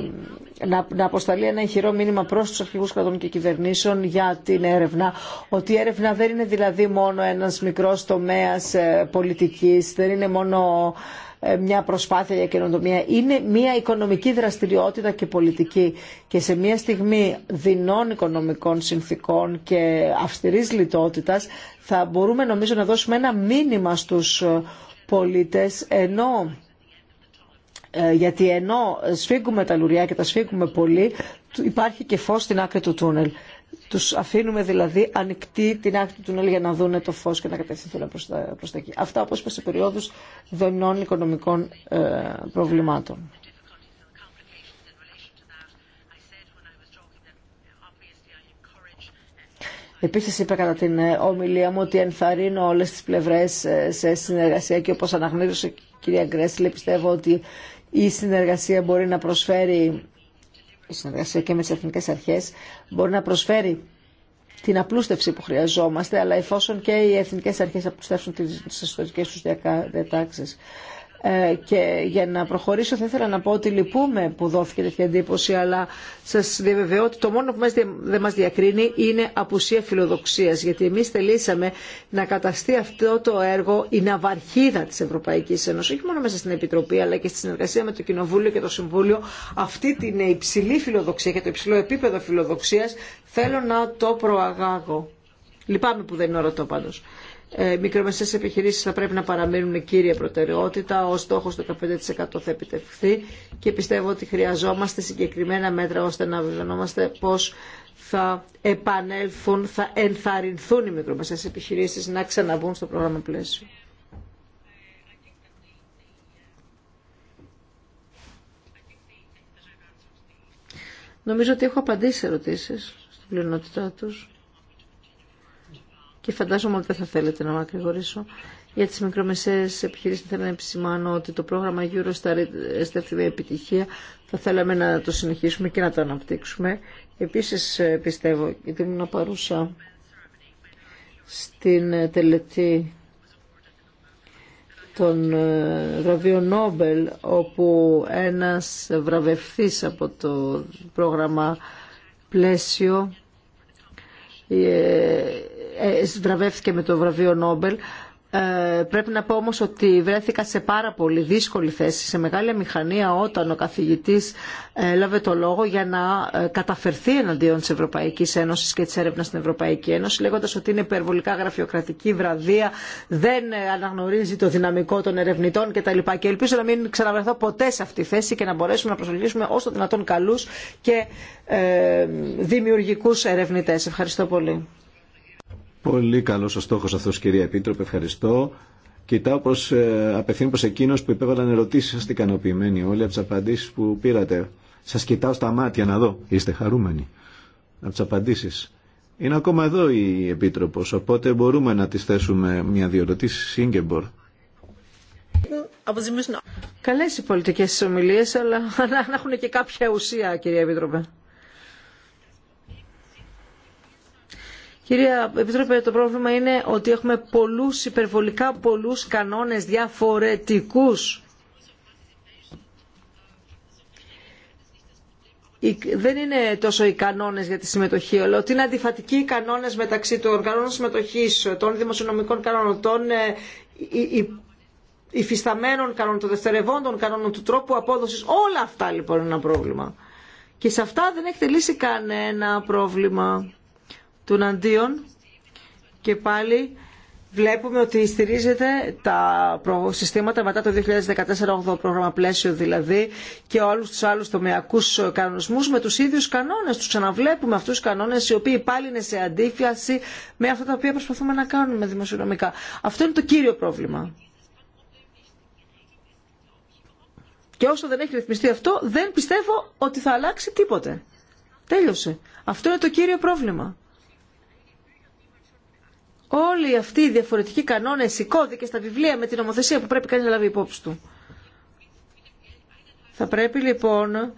να αποσταλεί ένα ηχηρό μήνυμα προ του αρχηγού κρατών και κυβερνήσεων για την έρευνα. Ότι η έρευνα δεν είναι δηλαδή μόνο ένα μικρό τομέα ε, πολιτική, δεν είναι μόνο ε, μια προσπάθεια για καινοτομία. Είναι μια οικονομική δραστηριότητα και πολιτική. Και σε μια στιγμή δεινών οικονομικών συνθήκων και αυστηρής λιτότητας θα μπορούμε νομίζω να δώσουμε ένα μήνυμα στους ε, πολίτες ενώ ε, γιατί ενώ σφίγγουμε τα λουριά και τα σφίγγουμε πολύ, υπάρχει και φως στην άκρη του τούνελ. Του αφήνουμε δηλαδή ανοιχτή την άκρη του τουνέλ για να δούνε το φως και να κατευθυνθούν προς τα, προς τα εκεί. Αυτά όπως είπα σε περιόδους δονών οικονομικών ε, προβλημάτων. Επίσης είπα κατά την ε, ομιλία μου ότι ενθαρρύνω όλες τις πλευρές ε, σε συνεργασία και όπως αναγνώρισε η κυρία Γκρέσλη πιστεύω ότι η συνεργασία μπορεί να προσφέρει η συνεργασία και με τις εθνικές αρχές μπορεί να προσφέρει την απλούστευση που χρειαζόμαστε, αλλά εφόσον και οι εθνικές αρχές απλουστεύσουν τις ιστορικές τους διατάξεις. Ε, και για να προχωρήσω θα ήθελα να πω ότι λυπούμε που δόθηκε τέτοια εντύπωση αλλά σας διαβεβαιώ ότι το μόνο που μας, δεν μας διακρίνει είναι απουσία φιλοδοξίας γιατί εμείς θελήσαμε να καταστεί αυτό το έργο η ναυαρχίδα της Ευρωπαϊκής Ένωσης όχι μόνο μέσα στην Επιτροπή αλλά και στη συνεργασία με το Κοινοβούλιο και το Συμβούλιο αυτή την ε, υψηλή φιλοδοξία και το υψηλό επίπεδο φιλοδοξίας θέλω να το προαγάγω. Λυπάμαι που δεν είναι ορατό πάντως. Ε, μικρομεσαίες επιχειρήσεις θα πρέπει να παραμείνουν κύρια προτεραιότητα, ο στόχος του 15% θα επιτευχθεί και πιστεύω ότι χρειαζόμαστε συγκεκριμένα μέτρα ώστε να βεβαιωνόμαστε πώς θα επανέλθουν, θα ενθαρρυνθούν οι μικρομεσαίες επιχειρήσεις να ξαναβούν στο πρόγραμμα πλαίσιο. Νομίζω ότι έχω απαντήσει ερωτήσεις στην πλειονότητά τους και φαντάζομαι ότι δεν θα θέλετε να μακρηγορήσω. Για τις μικρομεσαίες επιχειρήσεις θέλω να επισημάνω ότι το πρόγραμμα Euro με επιτυχία. Θα θέλαμε να το συνεχίσουμε και να το αναπτύξουμε. Επίσης πιστεύω, γιατί ήμουν παρούσα στην ε, τελετή των ε, βραβείων Νόμπελ, όπου ένας βραβευθής από το πρόγραμμα πλαίσιο βραβεύτηκε με το βραβείο Νόμπελ ε, πρέπει να πω όμως ότι βρέθηκα σε πάρα πολύ δύσκολη θέση, σε μεγάλη μηχανία όταν ο καθηγητής ε, έλαβε το λόγο για να ε, καταφερθεί εναντίον της Ευρωπαϊκής Ένωσης και της έρευνας στην Ευρωπαϊκή Ένωση λέγοντας ότι είναι υπερβολικά γραφειοκρατική βραδεία, δεν αναγνωρίζει το δυναμικό των ερευνητών κτλ. Και ελπίζω να μην ξαναβρεθώ ποτέ σε αυτή τη θέση και να μπορέσουμε να προσελκύσουμε όσο δυνατόν καλούς και ε, δημιουργικούς ερευνητές. Ευχαριστώ πολύ. Πολύ καλός ο στόχος αυτός κυρία Επίτροπε, ευχαριστώ. Κοιτάω πως ε, απευθύνω προς εκείνους που υπέβαλαν ερωτήσεις, είστε ικανοποιημένοι όλοι από τις απαντήσεις που πήρατε. Σας κοιτάω στα μάτια να δω, είστε χαρούμενοι από τις απαντήσεις. Είναι ακόμα εδώ η Επίτροπος, οπότε μπορούμε να τις θέσουμε μια-δυο ερωτήσεις, Σίγκεμπορ. Καλές οι πολιτικές ομιλίες, αλλά [laughs] να έχουν και κάποια ουσία, κυρία Επίτροπε. Κυρία Επίτροπε, το πρόβλημα είναι ότι έχουμε πολλούς, υπερβολικά πολλούς κανόνες διαφορετικούς. δεν είναι τόσο οι κανόνε για τη συμμετοχή, αλλά ότι είναι αντιφατικοί οι κανόνε μεταξύ των κανόνων συμμετοχή, των δημοσιονομικών κανόνων, των ε, υφισταμένων κανόνων, των δευτερευόντων κανόνων, του τρόπου απόδοση. Όλα αυτά λοιπόν είναι ένα πρόβλημα. Και σε αυτά δεν έχετε λύσει κανένα πρόβλημα των αντίων και πάλι βλέπουμε ότι στηρίζεται τα συστήματα μετά το 2014, πρόγραμμα πλαίσιο δηλαδή, και όλους τους άλλους τομεακούς κανονισμούς με τους ίδιους κανόνες. Τους ξαναβλέπουμε αυτούς τους κανόνες οι οποίοι πάλι είναι σε αντίφαση με αυτά τα οποία προσπαθούμε να κάνουμε δημοσιονομικά. Αυτό είναι το κύριο πρόβλημα. Και όσο δεν έχει ρυθμιστεί αυτό, δεν πιστεύω ότι θα αλλάξει τίποτε. Τέλειωσε. Αυτό είναι το κύριο πρόβλημα όλοι αυτοί οι διαφορετικοί κανόνες, οι κώδικες, τα βιβλία με την νομοθεσία που πρέπει κανεί να λάβει υπόψη του. Θα πρέπει λοιπόν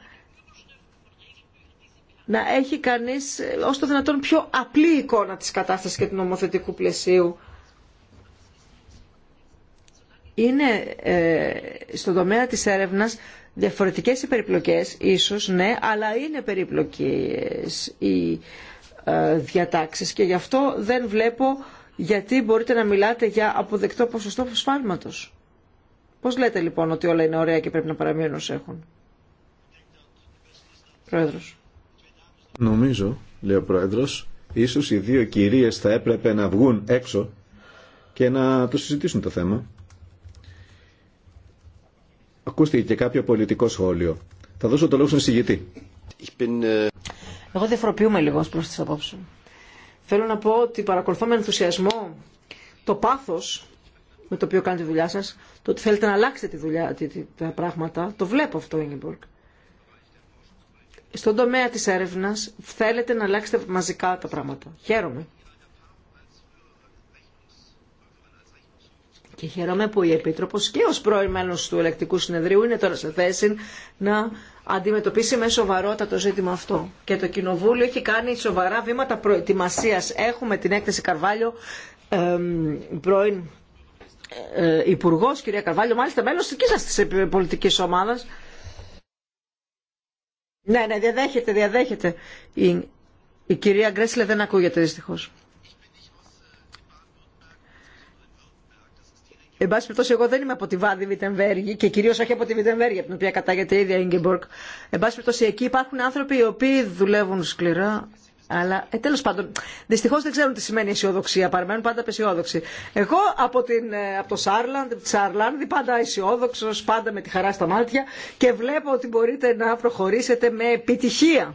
να έχει κανείς ε, ω το δυνατόν πιο απλή εικόνα της κατάσταση και του νομοθετικού πλαισίου. Είναι ε, στον τομέα της έρευνας διαφορετικές οι περιπλοκές, ίσως ναι, αλλά είναι περιπλοκές οι ε, διατάξεις και γι' αυτό δεν βλέπω γιατί μπορείτε να μιλάτε για αποδεκτό ποσοστό σφάλματος. Πώς λέτε λοιπόν ότι όλα είναι ωραία και πρέπει να παραμείνουν ως έχουν. Πρόεδρος. Νομίζω, λέει ο Πρόεδρος, ίσως οι δύο κυρίες θα έπρεπε να βγουν έξω και να το συζητήσουν το θέμα. Ακούστηκε και κάποιο πολιτικό σχόλιο. Θα δώσω το λόγο στον συγγητή. Ε, Εγώ διαφοροποιούμε λίγο προς τις απόψεις μου. Θέλω να πω ότι παρακολουθώ με ενθουσιασμό το πάθος με το οποίο κάνετε τη δουλειά σας, το ότι θέλετε να αλλάξετε τη δουλειά, τα πράγματα, το βλέπω αυτό, Ingeborg. Στον τομέα της έρευνας θέλετε να αλλάξετε μαζικά τα πράγματα. Χαίρομαι. Και χαίρομαι που η επίτροπο και ω πρώην μέλο του Ελεκτικού Συνεδρίου είναι τώρα σε θέση να αντιμετωπίσει με σοβαρότητα το ζήτημα αυτό. Και το Κοινοβούλιο έχει κάνει σοβαρά βήματα προετοιμασία. Έχουμε την έκθεση Καρβάλιο πρώην ε, ε, Υπουργό, κυρία Καρβάλιο, μάλιστα μέλος τη σα τη πολιτικής ομάδα. Ναι, ναι, διαδέχεται, διαδέχεται. Η, η κυρία Γκρέσλε δεν ακούγεται δυστυχώς. Εν πάση περιπτώσει, εγώ δεν είμαι από τη Βάδη Βιτεμβέργη και κυρίω όχι από τη Βιτεμβέργη, από την οποία κατάγεται η ίδια Ιγκεμπορκ. Εν πάση περιπτώσει, εκεί υπάρχουν άνθρωποι οι οποίοι δουλεύουν σκληρά. Αλλά ε, τέλο πάντων, δυστυχώ δεν ξέρουν τι σημαίνει αισιοδοξία. Παραμένουν πάντα απεσιόδοξοι. Εγώ από, την, ε, από το Σάρλαντ, από τη Σάρλανδη, πάντα αισιόδοξο, πάντα με τη χαρά στα μάτια και βλέπω ότι μπορείτε να προχωρήσετε με επιτυχία.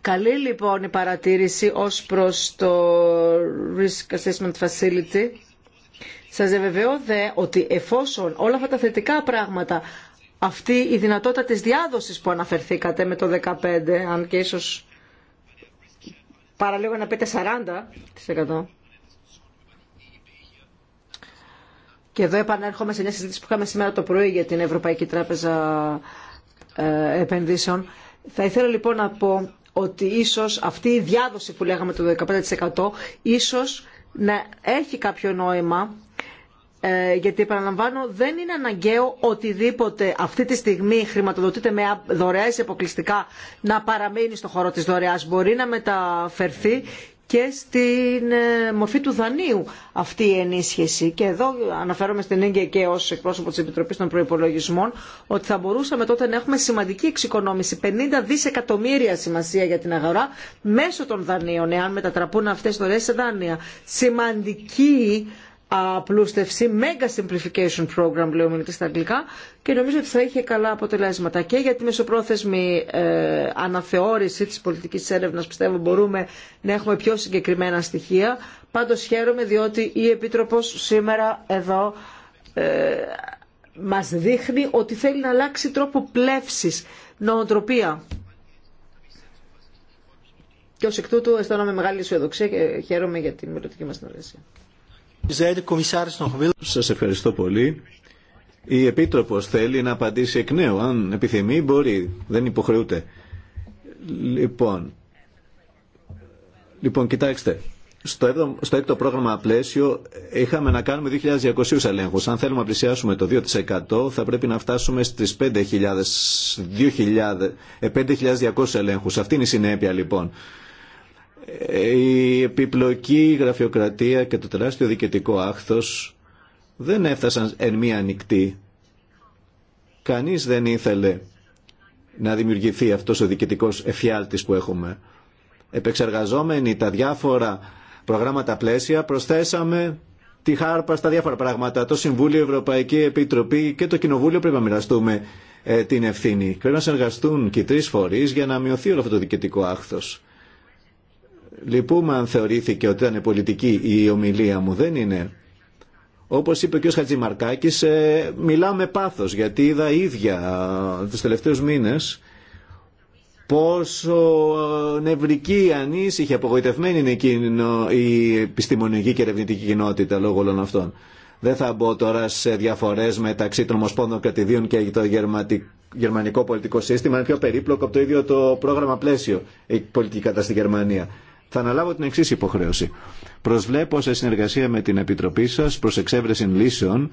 Καλή λοιπόν η παρατήρηση ω προς το Risk Assessment Facility Σα διαβεβαιώ δε ότι εφόσον όλα αυτά τα θετικά πράγματα, αυτή η δυνατότητα της διάδοσης που αναφερθήκατε με το 15, αν και ίσως παραλίγο να πείτε 40%. Και εδώ επανέρχομαι σε μια συζήτηση που είχαμε σήμερα το πρωί για την Ευρωπαϊκή Τράπεζα ε, Επενδύσεων. Θα ήθελα λοιπόν να πω ότι ίσως αυτή η διάδοση που λέγαμε το 15% ίσως να έχει κάποιο νόημα ε, γιατί επαναλαμβάνω δεν είναι αναγκαίο οτιδήποτε αυτή τη στιγμή χρηματοδοτείται με δωρεές αποκλειστικά να παραμείνει στο χώρο της δωρεάς. Μπορεί να μεταφερθεί και στην ε, μορφή του δανείου αυτή η ενίσχυση. Και εδώ αναφέρομαι στην ίδια και ω εκπρόσωπο τη Επιτροπή των Προπολογισμών ότι θα μπορούσαμε τότε να έχουμε σημαντική εξοικονόμηση, 50 δισεκατομμύρια σημασία για την αγορά μέσω των δανείων, εάν μετατραπούν αυτέ τι δωρεέ σε δάνεια. Σημαντική απλούστευση, mega simplification program λέει ο στα αγγλικά και νομίζω ότι θα είχε καλά αποτελέσματα και για τη μεσοπρόθεσμη ε, αναθεώρηση της πολιτικής έρευνας πιστεύω μπορούμε να έχουμε πιο συγκεκριμένα στοιχεία. Πάντως χαίρομαι διότι η Επίτροπος σήμερα εδώ ε, μας δείχνει ότι θέλει να αλλάξει τρόπο πλεύσης, νοοτροπία. Και ως εκ τούτου αισθάνομαι μεγάλη αισιοδοξία και χαίρομαι για την μελλοντική μας συνεργασία. Σας ευχαριστώ πολύ. Η Επίτροπος θέλει να απαντήσει εκ νέου. Αν επιθυμεί μπορεί, δεν υποχρεούται. Λοιπόν, λοιπόν κοιτάξτε, στο, στο έκτο πρόγραμμα πλαίσιο είχαμε να κάνουμε 2.200 ελέγχους. Αν θέλουμε να πλησιάσουμε το 2% θα πρέπει να φτάσουμε στις 5.200 ε, ελέγχους. Αυτή είναι η συνέπεια λοιπόν η επιπλοκή γραφειοκρατία και το τεράστιο διοικητικό άχθος δεν έφτασαν εν μία ανοιχτή. Κανείς δεν ήθελε να δημιουργηθεί αυτός ο διοικητικός εφιάλτης που έχουμε. Επεξεργαζόμενοι τα διάφορα προγράμματα πλαίσια προσθέσαμε τη χάρπα στα διάφορα πράγματα. Το Συμβούλιο, η Ευρωπαϊκή Επιτροπή και το Κοινοβούλιο πρέπει να μοιραστούμε ε, την ευθύνη. Πρέπει να συνεργαστούν και οι τρει φορεί για να μειωθεί όλο αυτό το διοικητικό άχθος. Λυπούμε αν θεωρήθηκε ότι ήταν πολιτική η ομιλία μου. Δεν είναι. Όπω είπε και ο κ. Χατζημαρκάκης, ε, μιλάω με πάθο γιατί είδα ίδια του τελευταίου μήνε πόσο ε, νευρική, ανήσυχη, απογοητευμένη είναι η επιστημονική και ερευνητική κοινότητα λόγω όλων αυτών. Δεν θα μπω τώρα σε διαφορέ μεταξύ των Ομοσπόνδων Κρατηδίων και το γερμανικό πολιτικό σύστημα. Είναι πιο περίπλοκο από το ίδιο το πρόγραμμα πλαίσιο η πολιτική κατάσταση στη Γερμανία θα αναλάβω την εξή υποχρέωση. Προσβλέπω σε συνεργασία με την Επιτροπή σας προ εξέβρεση λύσεων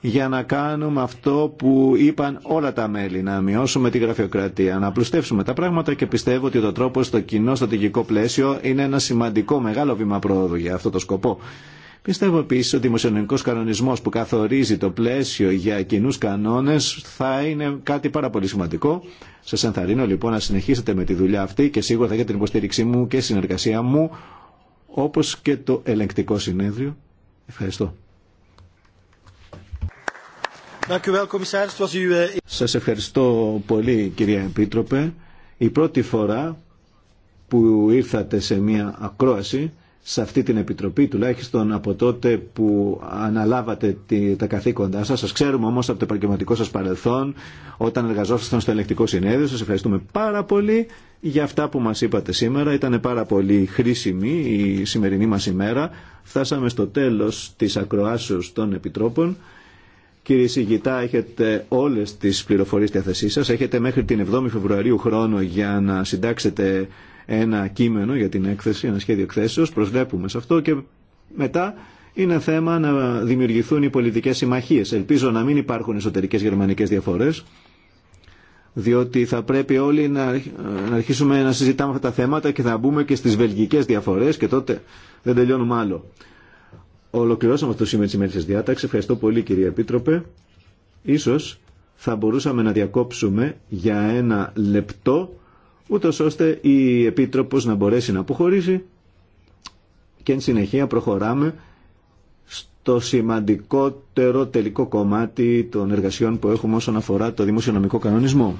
για να κάνουμε αυτό που είπαν όλα τα μέλη, να μειώσουμε τη γραφειοκρατία, να απλουστεύσουμε τα πράγματα και πιστεύω ότι ο τρόπο στο κοινό στρατηγικό πλαίσιο είναι ένα σημαντικό μεγάλο βήμα πρόοδου για αυτό το σκοπό. Πιστεύω επίση ότι ο δημοσιονομικό κανονισμό που καθορίζει το πλαίσιο για κοινού κανόνε θα είναι κάτι πάρα πολύ σημαντικό. Σα ενθαρρύνω λοιπόν να συνεχίσετε με τη δουλειά αυτή και σίγουρα θα έχετε την υποστήριξή μου και συνεργασία μου όπω και το ελεγκτικό συνέδριο. Ευχαριστώ. Eh, Σα ευχαριστώ πολύ κυρία Επίτροπε. Η πρώτη φορά που ήρθατε σε μια ακρόαση σε αυτή την Επιτροπή, τουλάχιστον από τότε που αναλάβατε τη, τα καθήκοντά σας. Σας ξέρουμε όμως από το επαγγελματικό σας παρελθόν, όταν εργαζόσασταν στο ελεκτικό συνέδριο. Σας ευχαριστούμε πάρα πολύ για αυτά που μας είπατε σήμερα. Ήταν πάρα πολύ χρήσιμη η σημερινή μας ημέρα. Φτάσαμε στο τέλος της ακροάσεως των Επιτρόπων. Κύριε Σιγητά, έχετε όλες τις πληροφορίες στη θέση σας. Έχετε μέχρι την 7η Φεβρουαρίου χρόνο για να συντάξετε ένα κείμενο για την έκθεση, ένα σχέδιο εκθέσεω. προσβλέπουμε σε αυτό και μετά είναι θέμα να δημιουργηθούν οι πολιτικέ συμμαχίε. Ελπίζω να μην υπάρχουν εσωτερικέ γερμανικέ διαφορέ, διότι θα πρέπει όλοι να, να αρχίσουμε να συζητάμε αυτά τα θέματα και θα μπούμε και στι βελγικές διαφορέ και τότε δεν τελειώνουμε άλλο. Ολοκληρώσαμε αυτό το τη της τη διάταξη. Ευχαριστώ πολύ κύριε Επίτροπε. Ίσως θα μπορούσαμε να διακόψουμε για ένα λεπτό ούτως ώστε η Επίτροπος να μπορέσει να αποχωρήσει και εν συνεχεία προχωράμε στο σημαντικότερο τελικό κομμάτι των εργασιών που έχουμε όσον αφορά το δημοσιονομικό κανονισμό.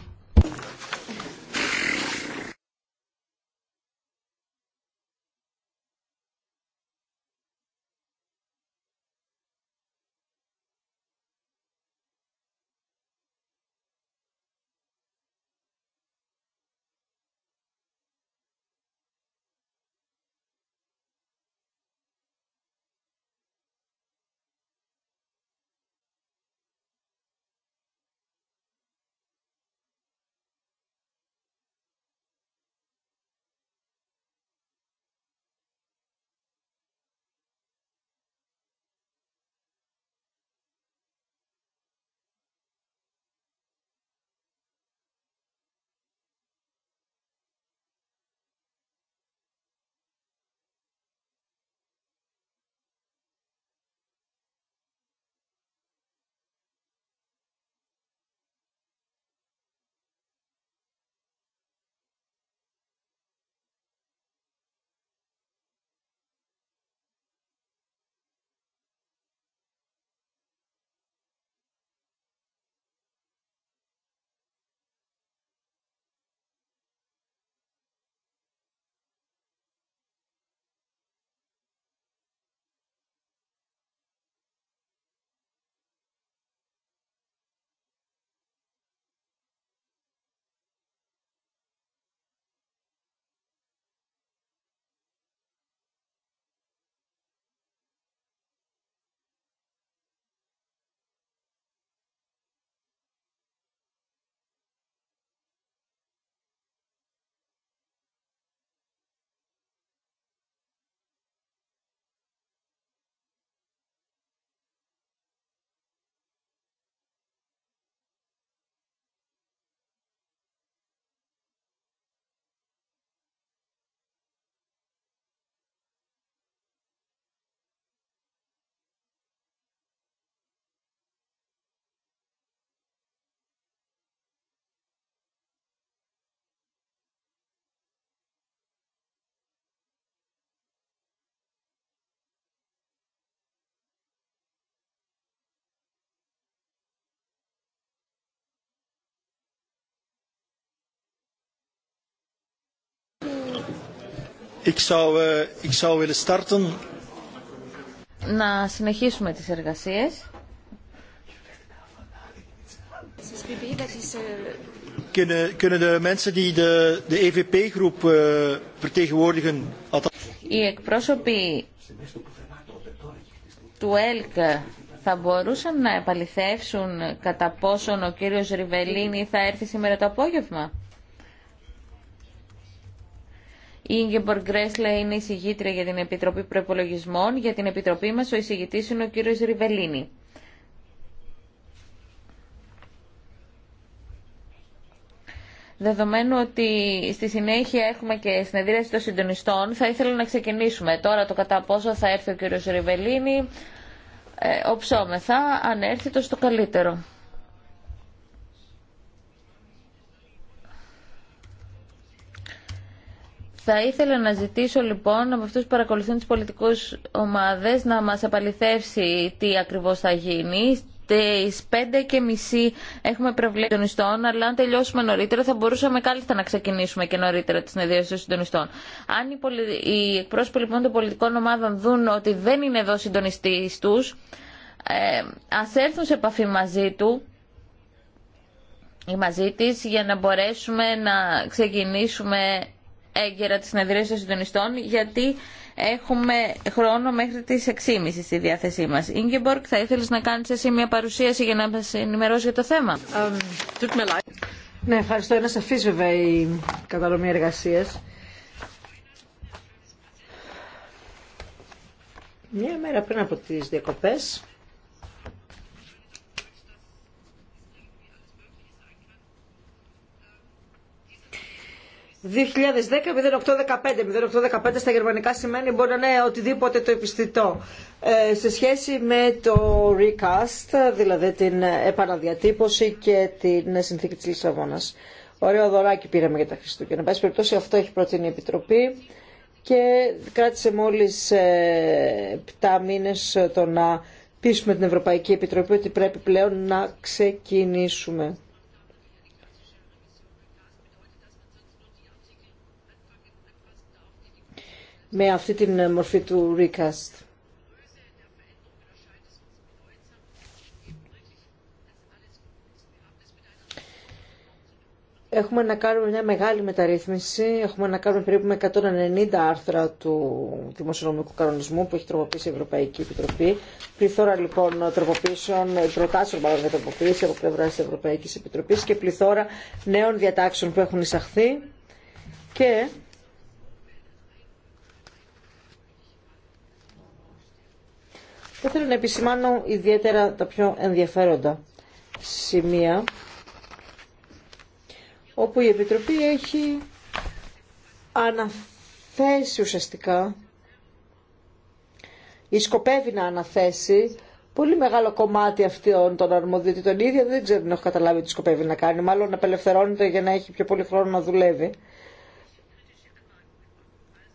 Eh, να συνεχίσουμε τις εργασίες. E eh, Οι εκπρόσωποι του ΕΛΚ θα μπορούσαν να επαληθεύσουν κατά πόσον ο κύριος Ριβελίνη θα έρθει σήμερα το απόγευμα. Η Ίγκεμπορ Γκρέσλε είναι η συγγήτρια για την Επιτροπή Προπολογισμών. Για την Επιτροπή μας ο εισηγητής είναι ο κύριος Ριβελίνη. Δεδομένου ότι στη συνέχεια έχουμε και συνεδρίαση των συντονιστών, θα ήθελα να ξεκινήσουμε τώρα το κατά πόσο θα έρθει ο κύριος Ριβελίνη. Ε, οψόμεθα, αν έρθει το στο καλύτερο. Θα ήθελα να ζητήσω λοιπόν από αυτούς που παρακολουθούν τις πολιτικές ομάδες να μας απαληθεύσει τι ακριβώς θα γίνει. Στις 5 και μισή έχουμε προβλέψει των ιστών, αλλά αν τελειώσουμε νωρίτερα θα μπορούσαμε κάλλιστα να ξεκινήσουμε και νωρίτερα τις συνεδρίες των συντονιστών. Αν οι, πολι... οι εκπρόσωποι λοιπόν των πολιτικών ομάδων δουν ότι δεν είναι εδώ συντονιστή τους, ε, ας έρθουν σε επαφή μαζί του ή μαζί της για να μπορέσουμε να ξεκινήσουμε έγκαιρα τη συνεδρία των συντονιστών, γιατί έχουμε χρόνο μέχρι τις 6.30 στη διάθεσή μας. Ίγκεμπορκ, θα ήθελες να κάνεις εσύ μια παρουσίαση για να μα ενημερώσει για το θέμα. Ναι, ευχαριστώ. Είναι σαφή, βέβαια η κατανομή εργασία. Μια μέρα πριν από τις διακοπές, 2010 08, 15 στα γερμανικά σημαίνει μπορεί να είναι οτιδήποτε το επιστητό. Ε, σε σχέση με το recast, δηλαδή την επαναδιατύπωση και την συνθήκη της Λισαβόνας. Ωραίο δωράκι πήραμε για τα Χριστούγεννα. πάση περιπτώσει αυτό έχει προτείνει η Επιτροπή και κράτησε μόλις 7 ε, μήνες ε, το να πείσουμε την Ευρωπαϊκή Επιτροπή ότι πρέπει πλέον να ξεκινήσουμε. με αυτή την ε, μορφή του recast. Έχουμε να κάνουμε μια μεγάλη μεταρρύθμιση. Έχουμε να κάνουμε περίπου 190 άρθρα του δημοσιονομικού κανονισμού που έχει τροποποιήσει η Ευρωπαϊκή Επιτροπή. Πληθώρα λοιπόν τροποποιήσεων, προτάσεων μάλλον για τροποποίηση από πλευρά τη Ευρωπαϊκή Επιτροπή και πληθώρα νέων διατάξεων που έχουν εισαχθεί. Και Θα θέλω να επισημάνω ιδιαίτερα τα πιο ενδιαφέροντα σημεία όπου η Επιτροπή έχει αναθέσει ουσιαστικά ή σκοπεύει να αναθέσει πολύ μεγάλο κομμάτι αυτών των αρμοδιοτήτων. Η ίδια δεν ξέρω αν έχω καταλάβει τι σκοπεύει να κάνει. τον ιδια δεν ξερω αν εχω καταλαβει απελευθερώνεται για να έχει πιο πολύ χρόνο να δουλεύει.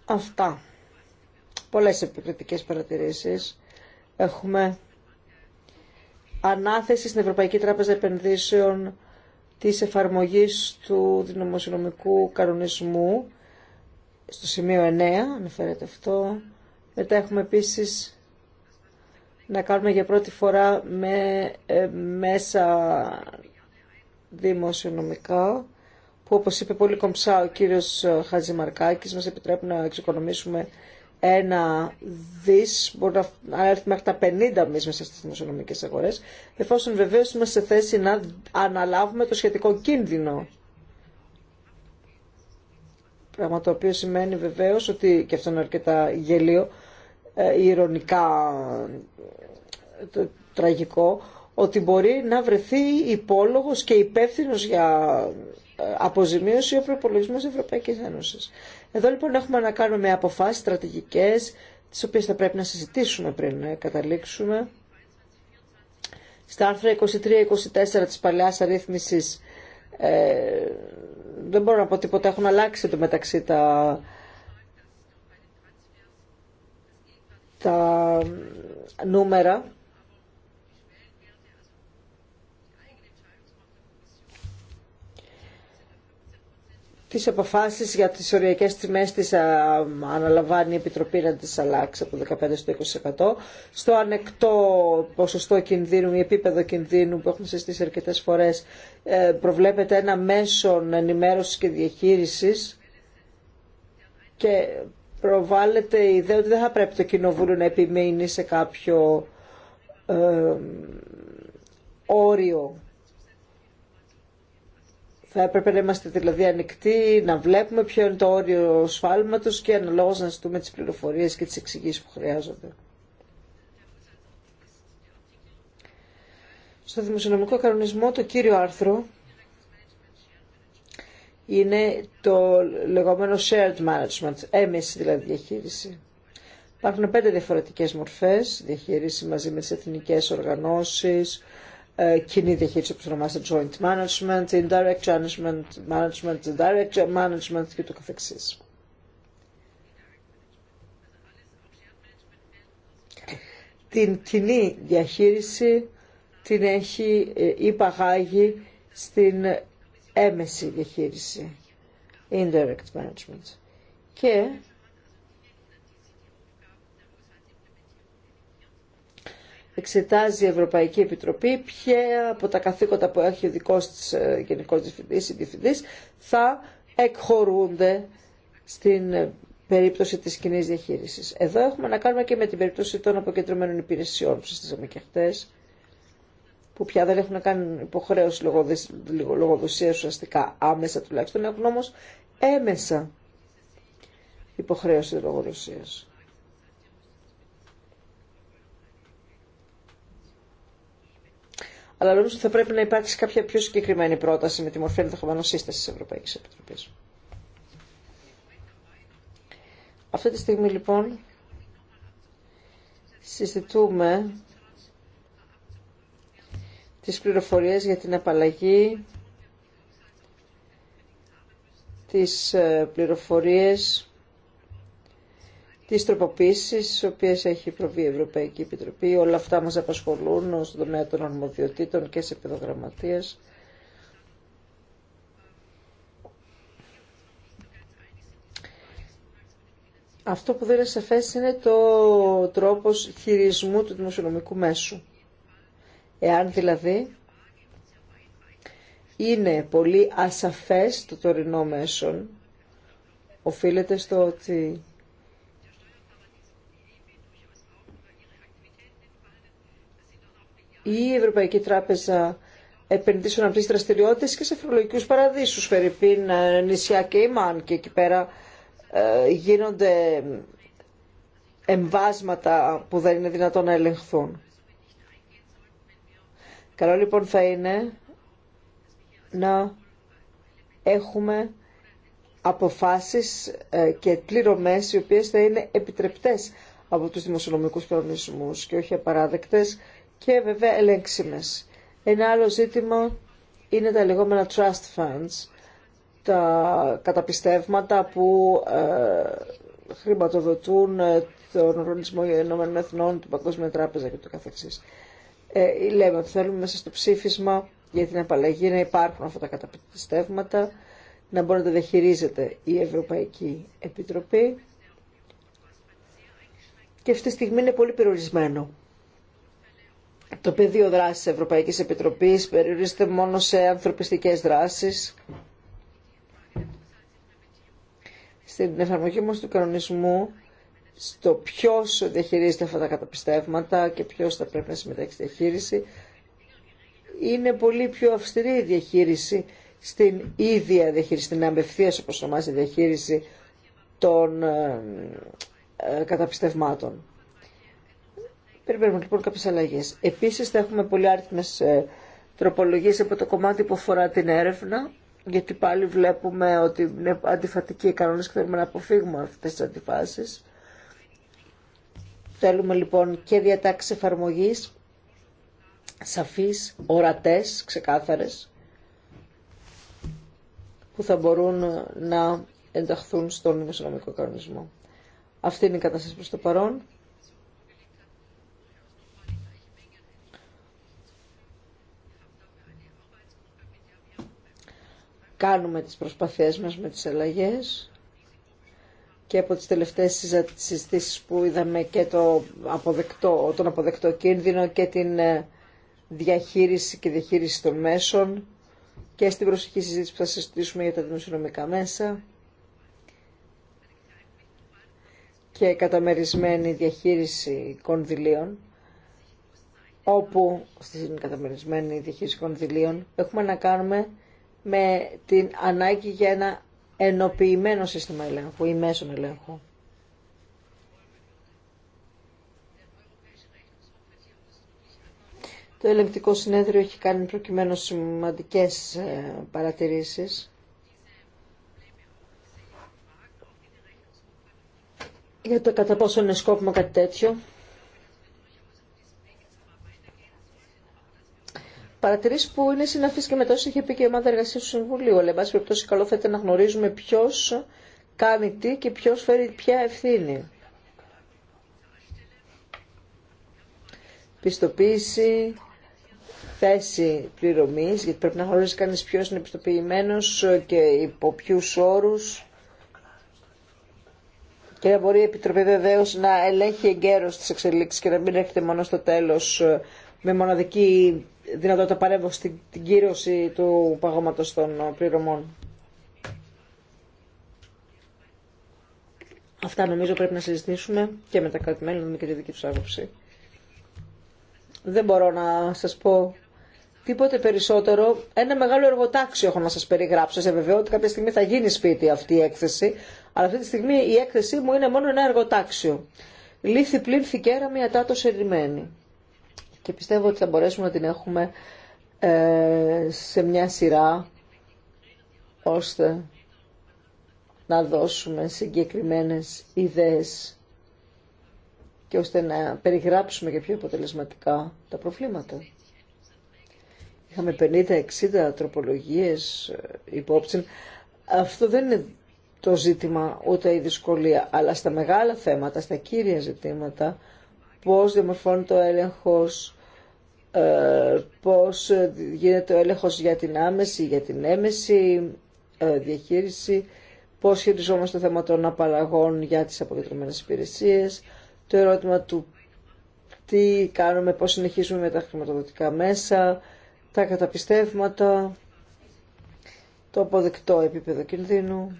Αυτά. Πολλές επικριτικές παρατηρήσεις. Έχουμε ανάθεση στην Ευρωπαϊκή Τράπεζα Επενδύσεων της εφαρμογής του δημοσιονομικού κανονισμού στο σημείο 9, αναφέρεται αυτό. Μετά έχουμε επίσης να κάνουμε για πρώτη φορά με ε, μέσα δημοσιονομικά που όπως είπε πολύ κομψά ο κύριος Χαζημαρκάκης, μας επιτρέπει να εξοικονομήσουμε ένα δις, μπορεί να έρθει μέχρι τα 50 μισή μέσα στις δημοσιονομικέ αγορέ, εφόσον βεβαίω είμαστε σε θέση να αναλάβουμε το σχετικό κίνδυνο. Πράγμα το οποίο σημαίνει βεβαίω ότι, και αυτό είναι αρκετά γελίο, ε, ηρωνικά το, τραγικό, ότι μπορεί να βρεθεί υπόλογος και υπεύθυνο για ε, αποζημίωση ο προπολογισμό Ευρωπαϊκή Ένωση. Εδώ λοιπόν έχουμε να κάνουμε αποφάσεις στρατηγικές, τις οποίες θα πρέπει να συζητήσουμε πριν ε, καταλήξουμε. Στα άρθρα 23-24 της παλαιάς αρρύθμισης ε, δεν μπορώ να πω τίποτα, έχουν αλλάξει το μεταξύ τα νούμερα τις αποφάσεις για τις οριακέ τιμές τις αναλαμβάνει η Επιτροπή να τις αλλάξει από 15% στο 20%. Στο ανεκτό ποσοστό κινδύνου ή επίπεδο κινδύνου που έχουμε συστήσει αρκετές φορές ε, προβλέπεται ένα μέσον ενημέρωσης και διαχείρισης και προβάλλεται η ιδέα ότι δεν θα πρέπει το Κοινοβούλιο να επιμείνει σε κάποιο ε, όριο θα έπρεπε να είμαστε δηλαδή ανοιχτοί, να βλέπουμε ποιο είναι το όριο σφάλματος και αναλόγως να ζητούμε τις πληροφορίες και τις εξηγήσεις που χρειάζονται. Στο δημοσιονομικό κανονισμό το κύριο άρθρο είναι το λεγόμενο shared management, έμεση δηλαδή διαχείριση. Υπάρχουν πέντε διαφορετικές μορφές διαχείριση μαζί με τις εθνικές οργανώσεις, ε, κοινή διαχείριση το ονομάζεται joint management, indirect management, management, direct management και το καθεξής. Την κοινή διαχείριση την έχει ε, υπαγάγει στην έμεση διαχείριση, indirect management. Και εξετάζει η Ευρωπαϊκή Επιτροπή ποια από τα καθήκοντα που έχει ο δικός της ε, Γενικός Διευθυντής ή θα εκχωρούνται στην ε, περίπτωση της κοινή διαχείρισης. Εδώ έχουμε να κάνουμε και με την περίπτωση των αποκεντρωμένων υπηρεσιών που συζητήσαμε και που πια δεν έχουν κάνει υποχρέωση λογοδοσία ουσιαστικά άμεσα τουλάχιστον, έχουν όμως έμεσα υποχρέωση λογοδοσίας. αλλά νομίζω ότι θα πρέπει να υπάρξει κάποια πιο συγκεκριμένη πρόταση με τη μορφή ενδεχομένω σύσταση τη Ευρωπαϊκή Επιτροπή. Αυτή τη στιγμή λοιπόν συζητούμε τις πληροφορίες για την απαλλαγή, τις ε, πληροφορίες τις τροποποίησεις τι οποίε έχει προβεί η Ευρωπαϊκή Επιτροπή. Όλα αυτά μας απασχολούν στον τομέα των αρμοδιοτήτων και σε παιδογραμματίες. Αυτό που δεν είναι σαφές είναι το τρόπος χειρισμού του δημοσιονομικού μέσου. Εάν δηλαδή είναι πολύ ασαφές το τωρινό μέσον, οφείλεται στο ότι η Ευρωπαϊκή Τράπεζα επενδύσεων από τι δραστηριότητε και σε φορολογικού παραδείσους, Φερρυπίν, νησιά και Ιμάν. Και εκεί πέρα ε, γίνονται εμβάσματα που δεν είναι δυνατόν να ελεγχθούν. Καλό λοιπόν θα είναι να έχουμε αποφάσεις ε, και πληρωμές οι οποίες θα είναι επιτρεπτές από τους δημοσιονομικούς κανονισμούς και όχι απαράδεκτες και βέβαια ελέγξιμες. Ένα άλλο ζήτημα είναι τα λεγόμενα trust funds, τα καταπιστεύματα που ε, χρηματοδοτούν ε, τον Οργανισμό Ηνωμένων Εθνών, την Παγκόσμια Τράπεζα και το καθεξής. Ε, λέμε ότι θέλουμε μέσα στο ψήφισμα για την απαλλαγή να υπάρχουν αυτά τα καταπιστεύματα, να μπορεί να τα διαχειρίζεται η Ευρωπαϊκή Επιτροπή. Και αυτή τη στιγμή είναι πολύ περιορισμένο το πεδίο δράσης Ευρωπαϊκής Επιτροπής περιορίζεται μόνο σε ανθρωπιστικές δράσεις. Στην εφαρμογή μας του κανονισμού, στο ποιος διαχειρίζεται αυτά τα καταπιστεύματα και ποιος θα πρέπει να συμμετέχει στη διαχείριση, είναι πολύ πιο αυστηρή η διαχείριση στην ίδια διαχείριση, στην απευθεία όπως ονομάζεται διαχείριση των ε, ε, καταπιστευμάτων. Περιμένουμε λοιπόν κάποιε αλλαγέ. Επίση θα έχουμε πολύ άριθμε τροπολογίε από το κομμάτι που αφορά την έρευνα, γιατί πάλι βλέπουμε ότι είναι αντιφατικοί οι κανόνε και θέλουμε να αποφύγουμε αυτέ τι αντιφάσει. Θέλουμε λοιπόν και διατάξει εφαρμογή σαφείς, ορατές, ξεκάθαρες, που θα μπορούν να ενταχθούν στον δημοσιονομικό κανονισμό. Αυτή είναι η κατάσταση προς το παρόν. κάνουμε τις προσπαθίες μας με τις αλλαγές και από τις τελευταίες συζητήσεις που είδαμε και το αποδεκτό, τον αποδεκτό κίνδυνο και την ε, διαχείριση και διαχείριση των μέσων και στην προσοχή συζήτηση που θα συζητήσουμε για τα δημοσιονομικά μέσα και καταμερισμένη διαχείριση κονδυλίων όπου στην καταμερισμένη διαχείριση κονδυλίων έχουμε να κάνουμε με την ανάγκη για ένα ενοποιημένο σύστημα ελέγχου ή μέσων ελέγχου. Το ελεγκτικό συνέδριο έχει κάνει προκειμένου σημαντικές ε, παρατηρήσεις. Για το κατά πόσο είναι σκόπιμο κάτι τέτοιο. παρατηρήσει που είναι συναφεί και με τόσο είχε πει και η ομάδα εργασία του Συμβουλίου. Αλλά, εν πάση περιπτώσει, καλό θα ήταν να γνωρίζουμε ποιο κάνει τι και ποιο φέρει ποια ευθύνη. Πιστοποίηση, θέση πληρωμή, γιατί πρέπει να γνωρίζει κανεί ποιο είναι πιστοποιημένο και υπό ποιου όρου. Και να μπορεί η Επιτροπή βεβαίω να ελέγχει εγκαίρω τι εξελίξει και να μην έρχεται μόνο στο τέλο με μοναδική δυνατότητα παρέμβαση στην την κύρωση του παγώματος των ε, πληρωμών. Αυτά νομίζω πρέπει να συζητήσουμε και με τα κρατημένα, να δούμε και τη δική τους άποψη. Δεν μπορώ να σας πω τίποτε περισσότερο. Ένα μεγάλο εργοτάξιο έχω να σας περιγράψω. Σε βεβαιότητα ότι κάποια στιγμή θα γίνει σπίτι αυτή η έκθεση, αλλά αυτή τη στιγμή η έκθεση μου είναι μόνο ένα εργοτάξιο. Λύθη πλήν θηκέρα μια τάτο ερημένη και πιστεύω ότι θα μπορέσουμε να την έχουμε ε, σε μια σειρά ώστε να δώσουμε συγκεκριμένες ιδέες και ώστε να περιγράψουμε και πιο αποτελεσματικά τα προβλήματα. Είχαμε 50-60 τροπολογίες ε, υπόψη. Αυτό δεν είναι το ζήτημα ούτε η δυσκολία, αλλά στα μεγάλα θέματα, στα κύρια ζητήματα, πώς διαμορφώνει το έλεγχος, ε, πώς γίνεται ο έλεγχος για την άμεση, για την έμεση ε, διαχείριση, πώς χειριζόμαστε το θέμα των απαλλαγών για τις αποκεντρωμένες υπηρεσίες, το ερώτημα του τι κάνουμε, πώς συνεχίζουμε με τα χρηματοδοτικά μέσα, τα καταπιστεύματα, το αποδεκτό επίπεδο κινδύνου.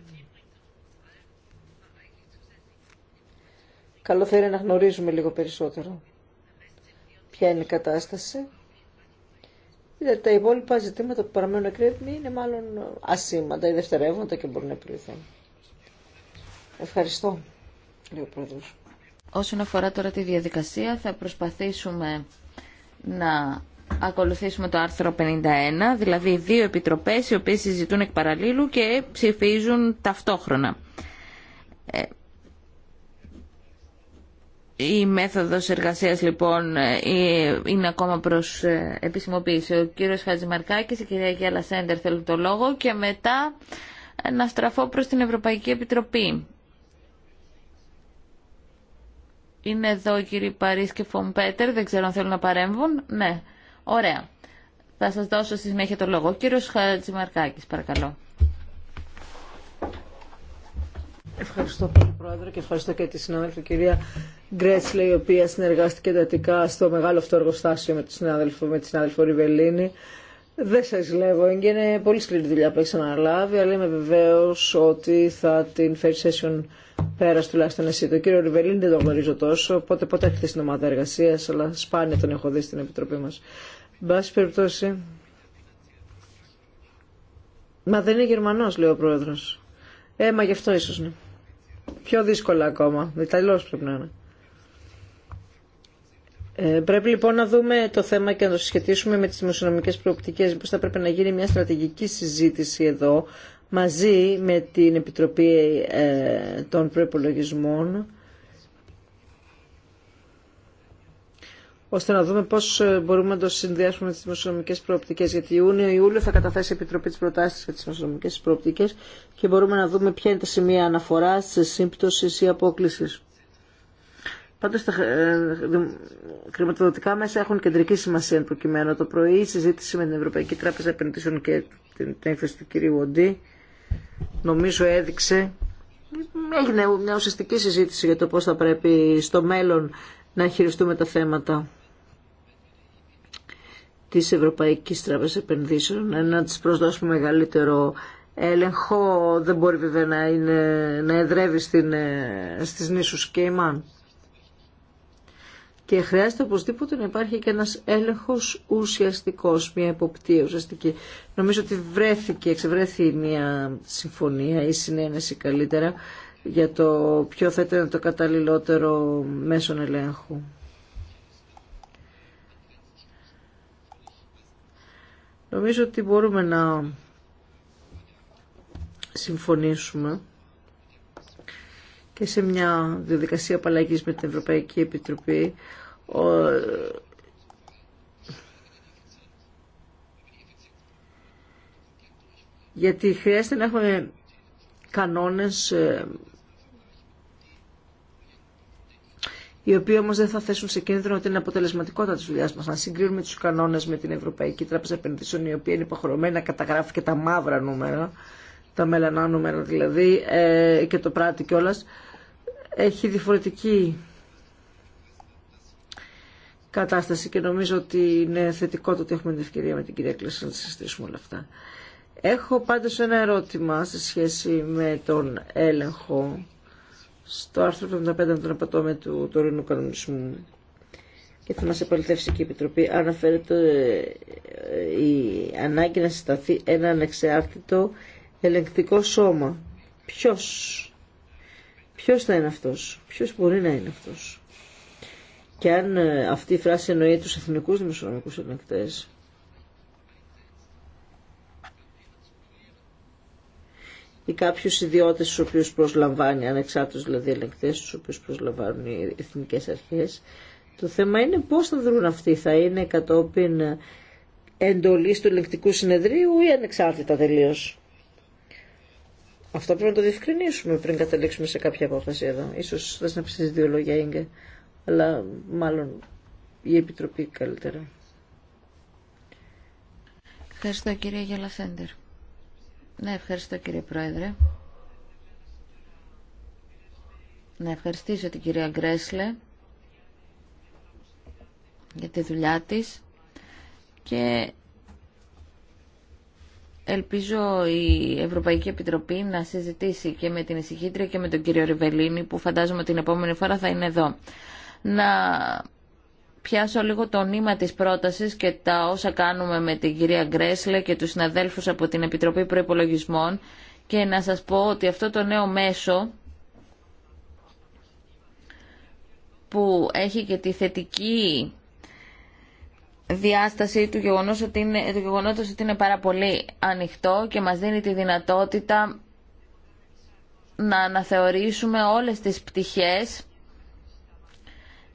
καλό θα είναι να γνωρίζουμε λίγο περισσότερο ποια είναι η κατάσταση. Δηλαδή τα υπόλοιπα ζητήματα που παραμένουν εκκρέμη είναι μάλλον ασήμαντα ή δευτερεύοντα και μπορούν να επιληθούν. Ευχαριστώ, λέει ο Όσον αφορά τώρα τη διαδικασία, θα προσπαθήσουμε να ακολουθήσουμε το άρθρο 51, δηλαδή δύο επιτροπές οι οποίες συζητούν εκ παραλίλου και ψηφίζουν ταυτόχρονα. Ε, η μέθοδος εργασίας λοιπόν ε, ε, είναι ακόμα προς ε, επισημοποίηση. Ο κύριος Χατζημαρκάκης, η κυρία Γιάλα Σέντερ θέλουν το λόγο και μετά να στραφώ προς την Ευρωπαϊκή Επιτροπή. Είναι εδώ οι κύριοι Παρίς και Φομπέτερ, δεν ξέρω αν θέλουν να παρέμβουν. Ναι, ωραία. Θα σας δώσω στη συνέχεια το λόγο. Ο κύριος Χατζημαρκάκης, παρακαλώ. Ευχαριστώ πολύ, Πρόεδρε, και ευχαριστώ και τη συνάδελφη κυρία Γκρέτσλε, η οποία συνεργάστηκε εντατικά στο μεγάλο αυτό εργοστάσιο με τη συνάδελφο, με τη συνάδελφο Ριβελίνη. Δεν σα λέω, είναι πολύ σκληρή δουλειά που έχει αναλάβει, αλλά είμαι βεβαίω ότι θα την φέρει session πέρα τουλάχιστον εσύ. Το κύριο Ριβελίνη δεν το γνωρίζω τόσο, οπότε ποτέ έρχεται στην ομάδα εργασία, αλλά σπάνια τον έχω δει στην επιτροπή μα. πάση περιπτώσει. Μα δεν είναι Γερμανό, λέει ο Πρόεδρο. Ε, μα γι' αυτό ίσως ναι. Πιο δύσκολα ακόμα. Ιταλό πρέπει να είναι. Ε, πρέπει λοιπόν να δούμε το θέμα και να το συσχετίσουμε με τις δημοσιονομικέ προοπτικές. Μήπω θα πρέπει να γίνει μια στρατηγική συζήτηση εδώ μαζί με την Επιτροπή ε, των Προϋπολογισμών ώστε να δούμε πώ ε, μπορούμε να το συνδυάσουμε με τι δημοσιονομικες προοπτικέ. προοπτικές. Γιατί Ιούνιο-Ιούλιο θα καταθέσει η Επιτροπή της προτάσει για τι δημοσιονομικές προοπτικές και μπορούμε να δούμε ποια είναι τα σημεία αναφοράς, σύμπτωσης ή απόκλησης. Πάντω τα χρηματοδοτικά ε, μέσα έχουν σύμπτώση ή απόκληση. Πάντοτε χρηματοδοτικά μέσα έχουν κεντρική σημασία με προκειμένου το πρωί, η αποκληση παντω τα χρηματοδοτικα μεσα εχουν κεντρικη σημασια εν προκειμενου το πρωι η συζητηση με την Ευρωπαϊκή Τράπεζα Επενδύσεων και την έκθεση του κ. Οντή νομίζω έδειξε, έγινε μια ουσιαστική συζήτηση για το πώ θα πρέπει στο μέλλον να χειριστούμε τα θέματα της Ευρωπαϊκής Τράπεζας Επενδύσεων, να της προσδώσουμε μεγαλύτερο έλεγχο, δεν μπορεί βέβαια να, είναι, να εδρεύει στην, ε, στις νήσους Κέιμαν. Και χρειάζεται οπωσδήποτε να υπάρχει και ένας έλεγχος ουσιαστικός, μια εποπτεία ουσιαστική. Νομίζω ότι βρέθηκε, εξευρέθη μια συμφωνία ή συνένεση καλύτερα για το ποιο θα ήταν το καταλληλότερο μέσον ελέγχου. Νομίζω ότι μπορούμε να συμφωνήσουμε και σε μια διαδικασία απαλλαγή με την Ευρωπαϊκή Επιτροπή γιατί χρειάζεται να έχουμε κανόνες ε, οι οποίοι όμω δεν θα θέσουν σε κίνδυνο την αποτελεσματικότητα τη δουλειά μα. Αν συγκρίνουμε του κανόνε με την Ευρωπαϊκή Τράπεζα Επενδύσεων, η οποία είναι υποχρεωμένη να καταγράφει και τα μαύρα νούμερα, τα μελανά νούμερα δηλαδή, ε, και το πράτη κιόλα, έχει διαφορετική κατάσταση και νομίζω ότι είναι θετικό το ότι έχουμε την ευκαιρία με την κυρία Κλέση να συζητήσουμε όλα αυτά. Έχω πάντως ένα ερώτημα σε σχέση με τον έλεγχο στο άρθρο 75 των απατώμε του τωρινού κανονισμού και θα μας επαληθεύσει και η Επιτροπή αναφέρεται ε, η ανάγκη να συσταθεί ένα ανεξάρτητο ελεγκτικό σώμα. Ποιος, ποιος θα είναι αυτός, ποιος μπορεί να είναι αυτός. Και αν ε, αυτή η φράση εννοεί τους εθνικούς δημοσιονομικούς ελεγκτές, ή κάποιους ιδιώτες στους οποίους προσλαμβάνει, ανεξάρτητος δηλαδή ελεγκτές στους οποίους προσλαμβάνουν οι εθνικές αρχές. Το θέμα είναι πώς θα δρουν αυτοί, θα είναι κατόπιν εντολής του ελεγκτικού συνεδρίου ή ανεξάρτητα τελείω. Αυτό πρέπει να το διευκρινίσουμε πριν καταλήξουμε σε κάποια απόφαση εδώ. Ίσως θες να πεις δύο λόγια, Ίγκε, αλλά μάλλον η Επιτροπή καλύτερα. Ευχαριστώ κυρία ναι, ευχαριστώ κύριε Πρόεδρε. Να ευχαριστήσω την κυρία Γκρέσλε για τη δουλειά της και ελπίζω η Ευρωπαϊκή Επιτροπή να συζητήσει και με την εισηγήτρια και με τον κύριο Ριβελίνη που φαντάζομαι την επόμενη φορά θα είναι εδώ. Να πιάσω λίγο το νήμα της πρότασης και τα όσα κάνουμε με την κυρία Γκρέσλε και τους συναδέλφους από την Επιτροπή Προϋπολογισμών και να σας πω ότι αυτό το νέο μέσο που έχει και τη θετική διάσταση του γεγονός ότι είναι, το ότι πάρα πολύ ανοιχτό και μας δίνει τη δυνατότητα να αναθεωρήσουμε όλες τις πτυχές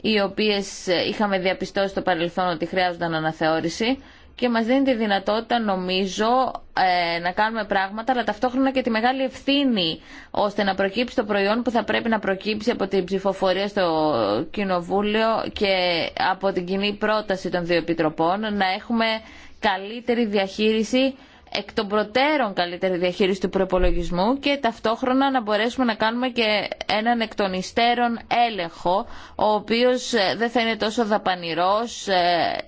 οι οποίες ε, είχαμε διαπιστώσει στο παρελθόν ότι χρειάζονταν αναθεώρηση και μας δίνει τη δυνατότητα νομίζω ε, να κάνουμε πράγματα αλλά ταυτόχρονα και τη μεγάλη ευθύνη ώστε να προκύψει το προϊόν που θα πρέπει να προκύψει από την ψηφοφορία στο Κοινοβούλιο και από την κοινή πρόταση των δύο επιτροπών να έχουμε καλύτερη διαχείριση εκ των προτέρων καλύτερη διαχείριση του προπολογισμού και ταυτόχρονα να μπορέσουμε να κάνουμε και έναν εκ των υστέρων έλεγχο, ο οποίος ε, δεν θα είναι τόσο δαπανηρός ε,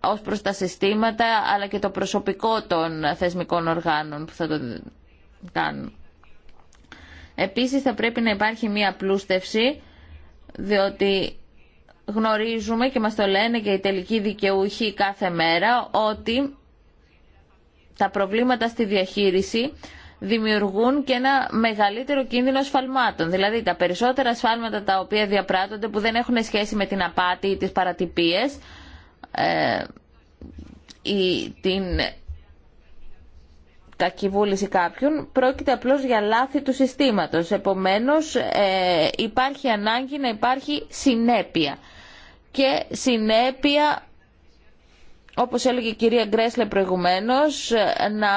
ως προς τα συστήματα, αλλά και το προσωπικό των θεσμικών οργάνων που θα το κάνουν. Επίσης θα πρέπει να υπάρχει μία πλούστευση, διότι γνωρίζουμε και μας το λένε και οι τελικοί δικαιούχοι κάθε μέρα ότι τα προβλήματα στη διαχείριση δημιουργούν και ένα μεγαλύτερο κίνδυνο ασφαλμάτων. Δηλαδή τα περισσότερα σφάλματα τα οποία διαπράττονται που δεν έχουν σχέση με την απάτη ή τις παρατυπίες ε, ή την κακυβούληση κάποιων πρόκειται απλώς για λάθη του συστήματος. Επομένως ε, υπάρχει ανάγκη να υπάρχει συνέπεια και συνέπεια όπως έλεγε η κυρία Γκρέσλε προηγουμένως, να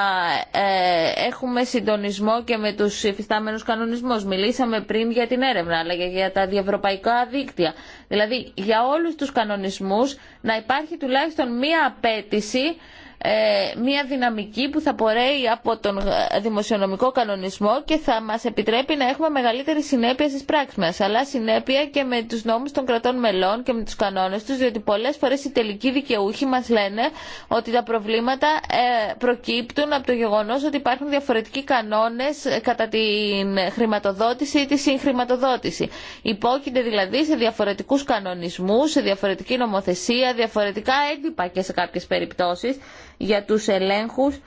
ε, έχουμε συντονισμό και με τους υφιστάμενους κανονισμούς. Μιλήσαμε πριν για την έρευνα, αλλά και για τα διευρωπαϊκά δίκτυα. Δηλαδή, για όλους τους κανονισμούς να υπάρχει τουλάχιστον μία απέτηση ε, μια δυναμική που θα πορεύει από τον ε, δημοσιονομικό κανονισμό και θα μας επιτρέπει να έχουμε μεγαλύτερη συνέπεια στις πράξεις μας, αλλά συνέπεια και με τους νόμους των κρατών μελών και με τους κανόνες τους, διότι πολλές φορές οι τελικοί δικαιούχοι μας λένε ότι τα προβλήματα ε, προκύπτουν από το γεγονός ότι υπάρχουν διαφορετικοί κανόνες κατά την χρηματοδότηση ή τη συγχρηματοδότηση. Υπόκειται δηλαδή σε διαφορετικούς κανονισμούς, σε διαφορετική νομοθεσία, διαφορετικά έντυπα και σε κάποιες περιπτώσεις για τους ελέγχους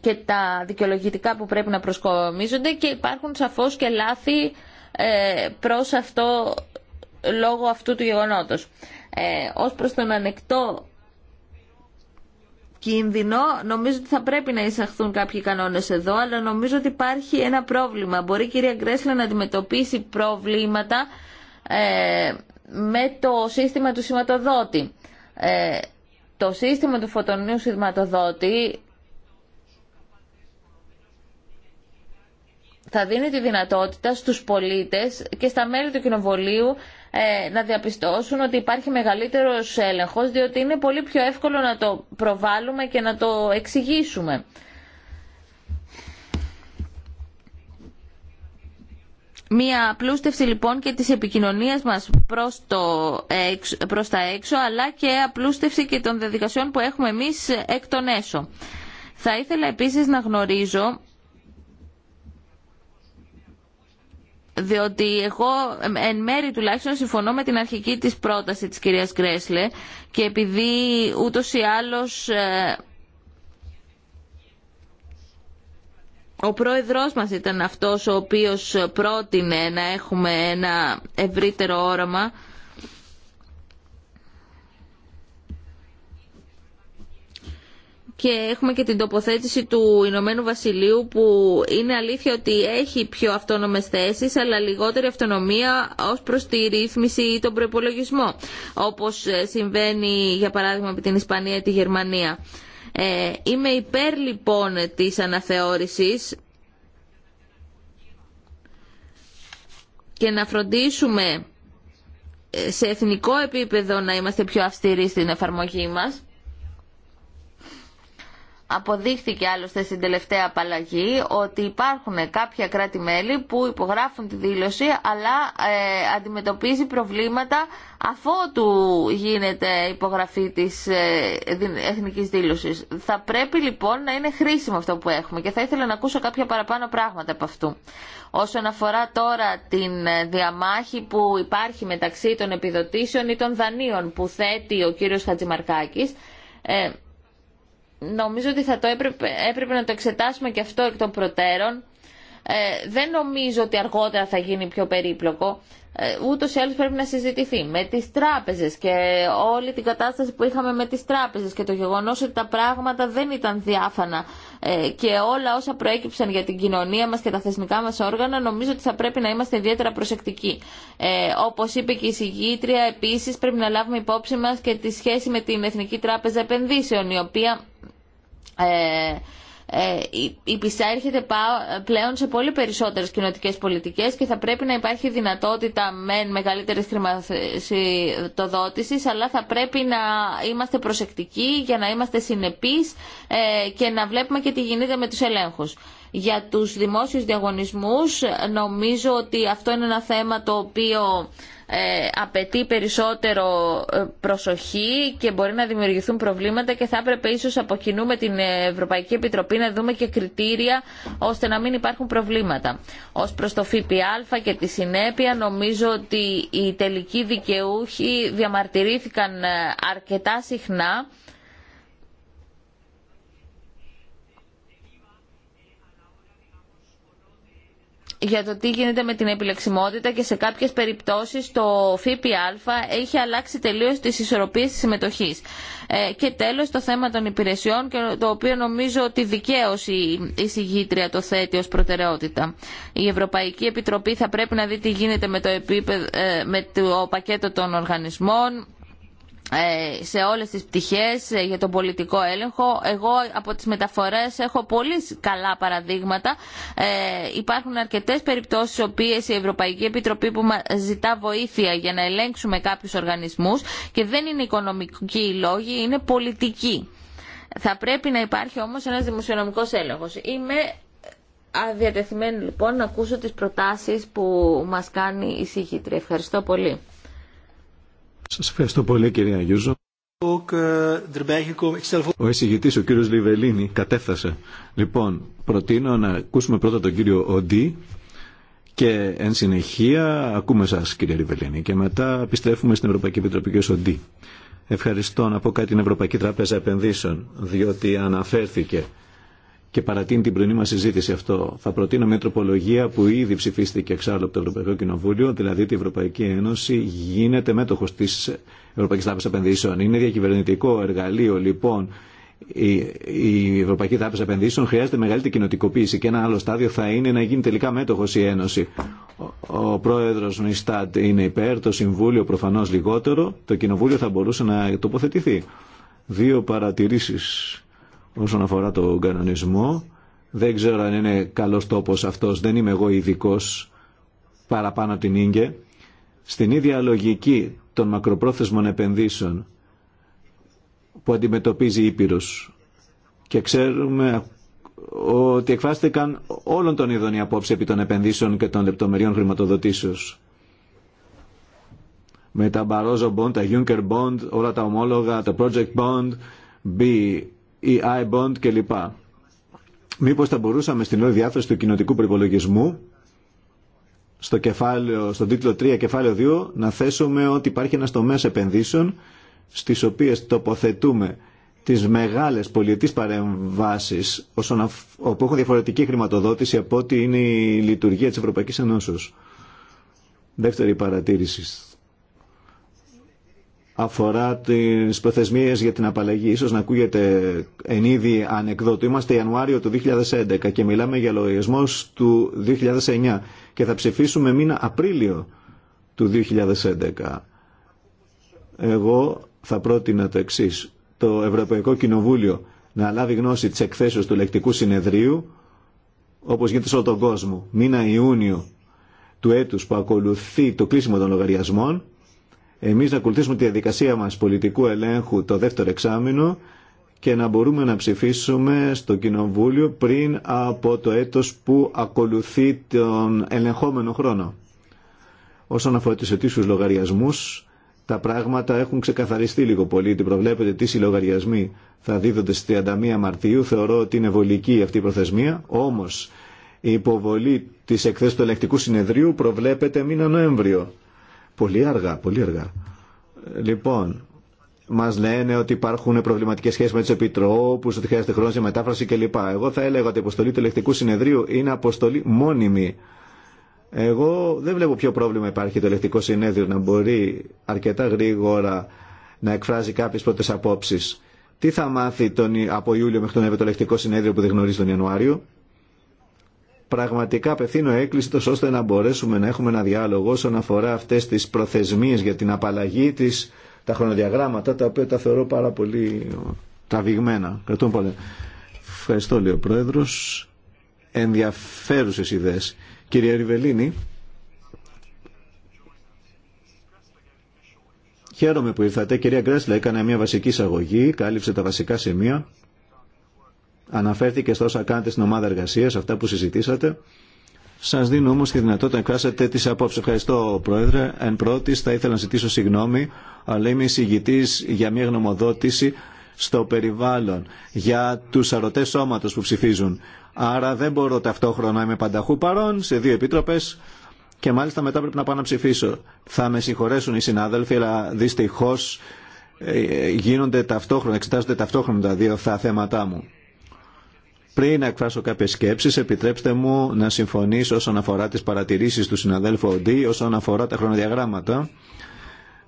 και τα δικαιολογητικά που πρέπει να προσκομίζονται και υπάρχουν σαφώς και λάθη ε, προς αυτό λόγω αυτού του γεγονότος. Ε, ως προς τον ανεκτό κίνδυνο, νομίζω ότι θα πρέπει να εισαχθούν κάποιοι κανόνες εδώ, αλλά νομίζω ότι υπάρχει ένα πρόβλημα. Μπορεί η κυρία Γκρέσλα να αντιμετωπίσει προβλήματα ε, με το σύστημα του σηματοδότη. Ε, το σύστημα του φωτονίου σηματοδότη θα δίνει τη δυνατότητα στους πολίτες και στα μέλη του κοινοβολίου ε, να διαπιστώσουν ότι υπάρχει μεγαλύτερος έλεγχος, διότι είναι πολύ πιο εύκολο να το προβάλλουμε και να το εξηγήσουμε. Μία απλούστευση λοιπόν και της επικοινωνίας μας προς, το, προς τα έξω, αλλά και απλούστευση και των διαδικασιών που έχουμε εμείς εκ των έσω. Θα ήθελα επίσης να γνωρίζω διότι εγώ εν μέρη τουλάχιστον συμφωνώ με την αρχική της πρόταση της κυρίας Γκρέσλε και επειδή ούτως ή άλλως ε, Ο πρόεδρός μας ήταν αυτός ο οποίος πρότεινε να έχουμε ένα ευρύτερο όραμα και έχουμε και την τοποθέτηση του Ηνωμένου Βασιλείου που είναι αλήθεια ότι έχει πιο αυτόνομες θέσεις αλλά λιγότερη αυτονομία ως προς τη ρύθμιση ή τον προπολογισμό όπως συμβαίνει για παράδειγμα με την Ισπανία ή τη Γερμανία. Ε, είμαι υπέρ λοιπόν της αναθεώρησης και να φροντίσουμε ε, σε εθνικό επίπεδο να είμαστε πιο αυστηροί στην εφαρμογή μας. Αποδείχθηκε άλλωστε στην τελευταία απαλλαγή ότι υπάρχουν κάποια κράτη-μέλη που υπογράφουν τη δήλωση αλλά ε, αντιμετωπίζει προβλήματα αφότου γίνεται υπογραφή της ε, εθνικής δήλωσης. Θα πρέπει λοιπόν να είναι χρήσιμο αυτό που έχουμε και θα ήθελα να ακούσω κάποια παραπάνω πράγματα από αυτού. Όσον αφορά τώρα την ε, διαμάχη που υπάρχει μεταξύ των επιδοτήσεων ή των δανείων που θέτει ο κύριος Χατζημαρκάκης, ε, νομίζω ότι θα το έπρεπε, έπρεπε να το εξετάσουμε και αυτό εκ των προτέρων. Ε, δεν νομίζω ότι αργότερα θα γίνει πιο περίπλοκο. Ε, ούτως ή άλλως πρέπει να συζητηθεί με τις τράπεζες και όλη την κατάσταση που είχαμε με τις τράπεζες και το γεγονός ότι τα πράγματα δεν ήταν διάφανα ε, και όλα όσα προέκυψαν για την κοινωνία μας και τα θεσμικά μας όργανα νομίζω ότι θα πρέπει να είμαστε ιδιαίτερα προσεκτικοί. Ε, όπως είπε και η συγγήτρια επίσης πρέπει να λάβουμε υπόψη μας και τη σχέση με την Εθνική Τράπεζα Επενδύσεων η οποία ε, ε, έρχεται πλέον σε πολύ περισσότερες κοινωτικές πολιτικές και θα πρέπει να υπάρχει δυνατότητα με μεγαλύτερη χρηματοδότηση, αλλά θα πρέπει να είμαστε προσεκτικοί για να είμαστε συνεπείς ε, και να βλέπουμε και τι γίνεται με τους ελέγχους. Για τους δημόσιους διαγωνισμούς νομίζω ότι αυτό είναι ένα θέμα το οποίο ε, απαιτεί περισσότερο ε, προσοχή και μπορεί να δημιουργηθούν προβλήματα και θα έπρεπε ίσως από κοινού με την Ευρωπαϊκή Επιτροπή να δούμε και κριτήρια ώστε να μην υπάρχουν προβλήματα. Ως προς το ΦΠΑ και τη συνέπεια νομίζω ότι οι τελικοί δικαιούχοι διαμαρτυρήθηκαν ε, αρκετά συχνά για το τι γίνεται με την επιλεξιμότητα και σε κάποιες περιπτώσεις το ΦΠΑ έχει αλλάξει τελείως τις ισορροπίες της συμμετοχής. Ε, και τέλος το θέμα των υπηρεσιών, το οποίο νομίζω ότι δικαίως η συγγήτρια το θέτει ως προτεραιότητα. Η Ευρωπαϊκή Επιτροπή θα πρέπει να δει τι γίνεται με το, επίπεδο, ε, με το πακέτο των οργανισμών, ε, σε όλες τις πτυχές ε, για τον πολιτικό έλεγχο. Εγώ από τις μεταφορές έχω πολύ καλά παραδείγματα. Ε, υπάρχουν αρκετές περιπτώσεις οι οποίες η Ευρωπαϊκή Επιτροπή που μα ζητά βοήθεια για να ελέγξουμε κάποιους οργανισμούς και δεν είναι οικονομικοί οι λόγοι, είναι πολιτικοί. Θα πρέπει να υπάρχει όμως ένας δημοσιονομικός έλεγχος. Είμαι αδιατεθειμένη λοιπόν να ακούσω τις προτάσεις που μας κάνει η Σύγχυτρη. Ευχαριστώ πολύ. Σας ευχαριστώ πολύ κυρία Γιούζο. Eh, ο εισηγητή, ο κύριο Λιβελίνη, κατέφτασε. Λοιπόν, προτείνω να ακούσουμε πρώτα τον κύριο Οντί και εν συνεχεία ακούμε σας κύριε Λιβελίνη, και μετά επιστρέφουμε στην Ευρωπαϊκή Επιτροπή και Οντί. Ευχαριστώ να πω κάτι την Ευρωπαϊκή Τράπεζα Επενδύσεων, διότι αναφέρθηκε και παρατείνει την πρωινή μα συζήτηση αυτό. Θα προτείνω μια τροπολογία που ήδη ψηφίστηκε εξάλλου από το Ευρωπαϊκό Κοινοβούλιο, δηλαδή ότι η Ευρωπαϊκή Ένωση γίνεται μέτοχο τη Ευρωπαϊκή Τράπεζα Επενδύσεων. Είναι διακυβερνητικό εργαλείο λοιπόν η, Ευρωπαϊκή Τράπεζα Επενδύσεων χρειάζεται μεγαλύτερη κοινοτικοποίηση και ένα άλλο στάδιο θα είναι να γίνει τελικά μέτοχο η Ένωση. Ο, πρόεδρο πρόεδρος είναι υπέρ, το Συμβούλιο προφανώ λιγότερο, το Κοινοβούλιο θα μπορούσε να τοποθετηθεί. Δύο παρατηρήσει όσον αφορά τον κανονισμό. Δεν ξέρω αν είναι καλός τόπος αυτός, δεν είμαι εγώ ειδικό παραπάνω την ίγκε. Στην ίδια λογική των μακροπρόθεσμων επενδύσεων που αντιμετωπίζει η Ήπειρος και ξέρουμε ότι εκφράστηκαν όλων των ειδών οι απόψη επί των επενδύσεων και των λεπτομεριών χρηματοδοτήσεως. Με τα Barroso Bond, τα Juncker Bond, όλα τα ομόλογα, το Project Bond, B, η e iBond κλπ. Μήπως θα μπορούσαμε στην όλη διάθεση του κοινοτικού προπολογισμού στο κεφάλαιο, στον τίτλο 3 κεφάλαιο 2 να θέσουμε ότι υπάρχει ένας τομέας επενδύσεων στις οποίες τοποθετούμε τις μεγάλες πολιτικές παρεμβάσεις όσον όπου έχουν διαφορετική χρηματοδότηση από ό,τι είναι η λειτουργία της Ευρωπαϊκής Ενώσεως. Δεύτερη παρατήρηση αφορά τις προθεσμίες για την απαλλαγή. Ίσως να ακούγεται εν είδη ανεκδότου. Είμαστε Ιανουάριο του 2011 και μιλάμε για λογαριασμό του 2009 και θα ψηφίσουμε μήνα Απρίλιο του 2011. Εγώ θα πρότεινα το εξή. Το Ευρωπαϊκό Κοινοβούλιο να λάβει γνώση της εκθέσεως του λεκτικού συνεδρίου όπως γίνεται σε όλο τον κόσμο. Μήνα Ιούνιο του έτους που ακολουθεί το κλείσιμο των λογαριασμών εμείς να ακολουθήσουμε τη διαδικασία μας πολιτικού ελέγχου το δεύτερο εξάμεινο και να μπορούμε να ψηφίσουμε στο Κοινοβούλιο πριν από το έτος που ακολουθεί τον ελεγχόμενο χρόνο. Όσον αφορά τους ετήσιους λογαριασμούς, τα πράγματα έχουν ξεκαθαριστεί λίγο πολύ. Τι προβλέπετε, τι οι λογαριασμοί θα δίδονται στις 31 Μαρτίου. Θεωρώ ότι είναι βολική αυτή η προθεσμία. Όμως, η υποβολή της εκθέσης του ελεκτικού συνεδρίου προβλέπεται μήνα Νοέμβριο. Πολύ αργά, πολύ αργά. Λοιπόν, μα λένε ότι υπάρχουν προβληματικέ σχέσει με του επιτρόπου, ότι χρειάζεται χρόνο για μετάφραση κλπ. Εγώ θα έλεγα ότι η αποστολή του ελεκτικού συνεδρίου είναι αποστολή μόνιμη. Εγώ δεν βλέπω ποιο πρόβλημα υπάρχει το ελεκτικό συνέδριο να μπορεί αρκετά γρήγορα να εκφράζει κάποιε πρώτε απόψει. Τι θα μάθει τον, από Ιούλιο μέχρι τον Εύετο το ελεκτικό συνέδριο που δεν γνωρίζει τον Ιανουάριο πραγματικά απευθύνω έκκληση τόσο ώστε να μπορέσουμε να έχουμε ένα διάλογο όσον αφορά αυτές τις προθεσμίες για την απαλλαγή της, τα χρονοδιαγράμματα τα οποία τα θεωρώ πάρα πολύ τραβηγμένα. Κρατούν πολύ. Ευχαριστώ λέει ο Πρόεδρος. Ενδιαφέρουσες ιδέες. Κυρία Ριβελίνη, χαίρομαι που ήρθατε. Κυρία Γκρέσλα έκανε μια βασική εισαγωγή, κάλυψε τα βασικά σημεία Αναφέρθηκε στο όσα κάνετε στην ομάδα εργασία, αυτά που συζητήσατε. Σα δίνω όμω τη δυνατότητα να εκφράσετε τι απόψει. Ευχαριστώ, Πρόεδρε. Εν πρώτη, θα ήθελα να ζητήσω συγγνώμη, αλλά είμαι εισηγητή για μια γνωμοδότηση στο περιβάλλον για του αρωτές σώματο που ψηφίζουν. Άρα δεν μπορώ ταυτόχρονα να είμαι πανταχού παρόν σε δύο επίτροπε, και μάλιστα μετά πρέπει να πάω να ψηφίσω. Θα με συγχωρέσουν οι συνάδελφοι, αλλά δυστυχώ ε, ε, γίνονται ταυτόχρονα, εξετάζονται ταυτόχρονα τα δύο αυτά θέματά μου. Πριν να εκφράσω κάποιε σκέψει, επιτρέψτε μου να συμφωνήσω όσον αφορά τι παρατηρήσει του συναδέλφου ΟΝΤΙ, όσον αφορά τα χρονοδιαγράμματα.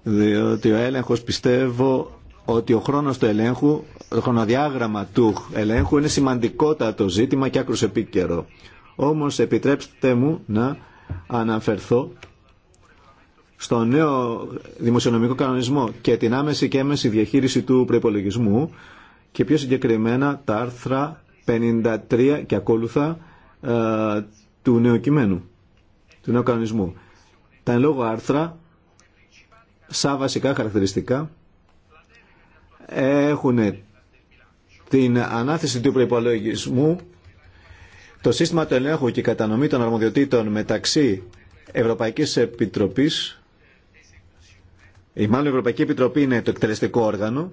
Διότι ο έλεγχο πιστεύω ότι ο χρόνο του ελέγχου, το χρονοδιάγραμμα του ελέγχου είναι σημαντικότατο ζήτημα και άκρο επίκαιρο. Όμω επιτρέψτε μου να αναφερθώ στο νέο δημοσιονομικό κανονισμό και την άμεση και έμεση διαχείριση του προπολογισμού και πιο συγκεκριμένα τα άρθρα 53 και ακόλουθα ε, του νέου κειμένου, του νέου κανονισμού. Τα εν λόγω άρθρα, σαν βασικά χαρακτηριστικά, έχουν την ανάθεση του προϋπολογισμού, το σύστημα του ελέγχου και η κατανομή των αρμοδιοτήτων μεταξύ Ευρωπαϊκής Επιτροπής, η μάλλον Ευρωπαϊκή Επιτροπή είναι το εκτελεστικό όργανο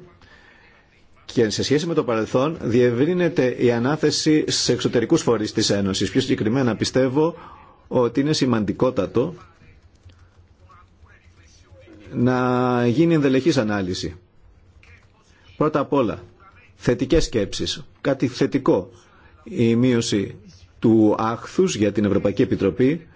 και σε σχέση με το παρελθόν διευρύνεται η ανάθεση σε εξωτερικούς φορείς της Ένωσης. Πιο συγκεκριμένα πιστεύω ότι είναι σημαντικότατο να γίνει ενδελεχής ανάλυση. Πρώτα απ' όλα, θετικές σκέψεις. Κάτι θετικό. Η μείωση του άχθους για την Ευρωπαϊκή Επιτροπή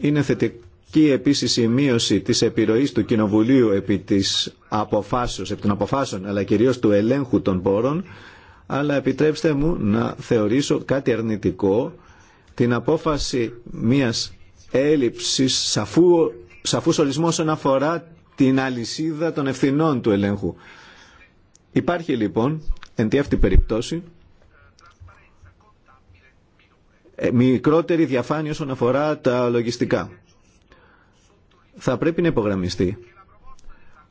είναι θετική επίσης η μείωση της επιρροής του Κοινοβουλίου επί της αποφάσεως, επί των αποφάσεων, αλλά κυρίως του ελέγχου των πόρων, αλλά επιτρέψτε μου να θεωρήσω κάτι αρνητικό την απόφαση μιας έλλειψης σαφού, σαφούς ορισμός όσον αφορά την αλυσίδα των ευθυνών του ελέγχου. Υπάρχει λοιπόν, εν τη αυτή περιπτώση, ε, μικρότερη διαφάνεια όσον αφορά τα λογιστικά. Θα πρέπει να υπογραμμιστεί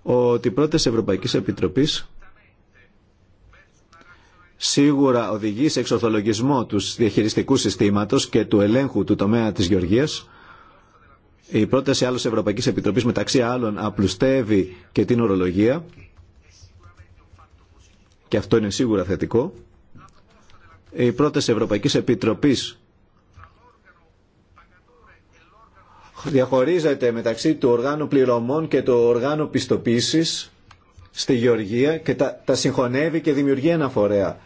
ότι οι πρώτες Ευρωπαϊκής Επιτροπής σίγουρα οδηγεί σε εξορθολογισμό του διαχειριστικού συστήματος και του ελέγχου του τομέα της γεωργίας. Η πρόταση άλλος Ευρωπαϊκής Επιτροπής μεταξύ άλλων απλουστεύει και την ορολογία και αυτό είναι σίγουρα θετικό. Η πρόταση Ευρωπαϊκής Επιτροπής διαχωρίζεται μεταξύ του οργάνου πληρωμών και του οργάνου πιστοποίησης στη Γεωργία και τα, τα συγχωνεύει και δημιουργεί ένα φορέα.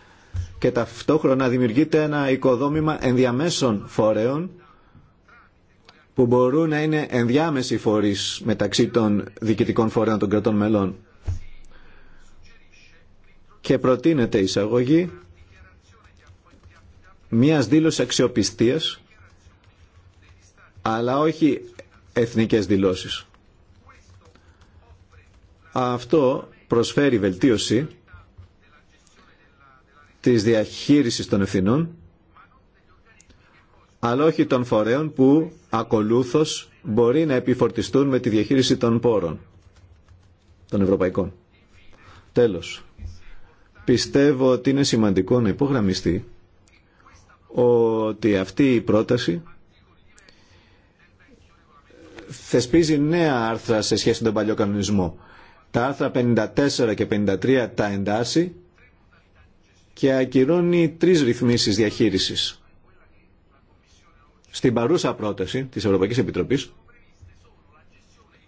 Και ταυτόχρονα δημιουργείται ένα οικοδόμημα ενδιαμέσων φορέων που μπορούν να είναι ενδιάμεση φορείς μεταξύ των διοικητικών φορέων των κρατών μελών. Και προτείνεται η εισαγωγή μιας δήλωσης αξιοπιστίας αλλά όχι εθνικές δηλώσεις. Αυτό προσφέρει βελτίωση της διαχείρισης των ευθυνών, αλλά όχι των φορέων που ακολούθως μπορεί να επιφορτιστούν με τη διαχείριση των πόρων, των ευρωπαϊκών. Τέλος, πιστεύω ότι είναι σημαντικό να υπογραμμιστεί ότι αυτή η πρόταση θεσπίζει νέα άρθρα σε σχέση με τον παλιό κανονισμό. Τα άρθρα 54 και 53 τα εντάσσει και ακυρώνει τρεις ρυθμίσεις διαχείρισης. Στην παρούσα πρόταση της Ευρωπαϊκής Επιτροπής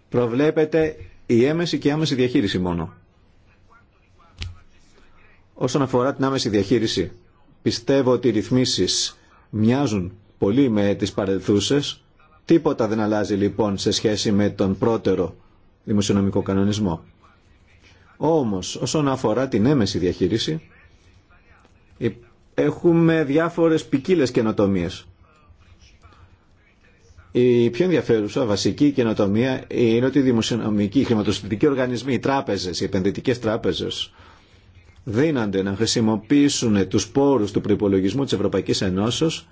προβλέπεται η έμεση και η άμεση διαχείριση μόνο. Όσον αφορά την άμεση διαχείριση, πιστεύω ότι οι ρυθμίσεις μοιάζουν πολύ με τις παρελθούσες Τίποτα δεν αλλάζει λοιπόν σε σχέση με τον πρώτερο δημοσιονομικό κανονισμό. Όμως, όσον αφορά την έμεση διαχείριση, ε, έχουμε διάφορες ποικίλε καινοτομίε. Η πιο ενδιαφέρουσα βασική καινοτομία είναι ότι οι δημοσιονομικοί, οι χρηματοσυντητικοί οργανισμοί, οι τράπεζες, οι επενδυτικές τράπεζες, δύνανται να χρησιμοποιήσουν τους πόρους του προϋπολογισμού της Ευρωπαϊκής Ενώσεως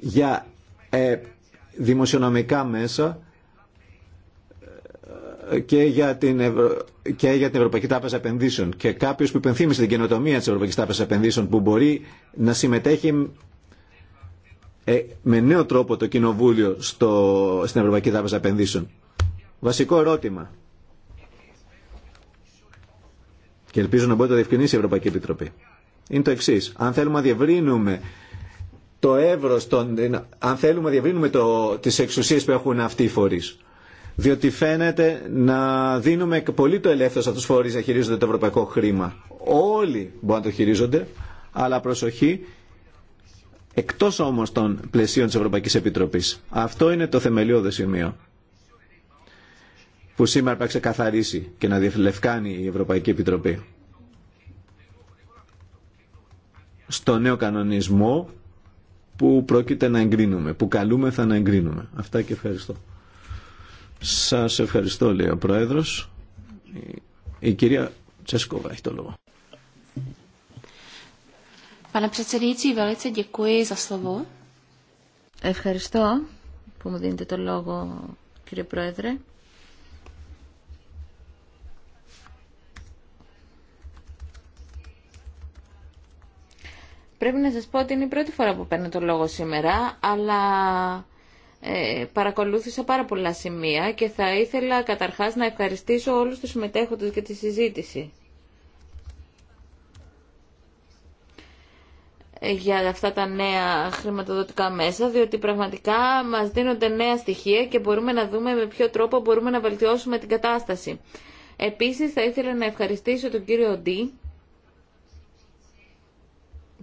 για ε, δημοσιονομικά μέσα ε, και για, την και για την Ευρωπαϊκή Τράπεζα Επενδύσεων. Και κάποιο που υπενθύμησε την καινοτομία τη Ευρωπαϊκή Τράπεζα Επενδύσεων που μπορεί να συμμετέχει ε, με νέο τρόπο το Κοινοβούλιο στο... στην Ευρωπαϊκή Τράπεζα Επενδύσεων. Βασικό ερώτημα. Και ελπίζω να μπορεί να το διευκρινίσει η Ευρωπαϊκή Επιτροπή. Είναι το εξή. Αν θέλουμε να διευρύνουμε το εύρος, των, αν θέλουμε να το, τις εξουσίες που έχουν αυτοί οι φορείς. Διότι φαίνεται να δίνουμε πολύ το ελεύθερο σε αυτούς τους φορείς να χειρίζονται το ευρωπαϊκό χρήμα. Όλοι μπορούν να το χειρίζονται, αλλά προσοχή, εκτός όμως των πλαισίων της Ευρωπαϊκής Επιτροπής. Αυτό είναι το θεμελιώδες σημείο που σήμερα πρέπει να ξεκαθαρίσει και να διευλευκάνει η Ευρωπαϊκή Επιτροπή. Στο νέο κανονισμό που πρόκειται να εγκρίνουμε, που καλούμε θα να εγκρίνουμε. Αυτά και ευχαριστώ. Σας ευχαριστώ, λέει ο Πρόεδρος. Η κυρία Τσέσκοβα έχει το λόγο. Ευχαριστώ που μου δίνετε το λόγο, κύριε Πρόεδρε. Πρέπει να σας πω ότι είναι η πρώτη φορά που παίρνω το λόγο σήμερα, αλλά ε, παρακολούθησα πάρα πολλά σημεία και θα ήθελα καταρχάς να ευχαριστήσω όλους τους συμμετέχοντες για τη συζήτηση. Ε, για αυτά τα νέα χρηματοδοτικά μέσα, διότι πραγματικά μας δίνονται νέα στοιχεία και μπορούμε να δούμε με ποιο τρόπο μπορούμε να βελτιώσουμε την κατάσταση. Επίσης θα ήθελα να ευχαριστήσω τον κύριο Ντί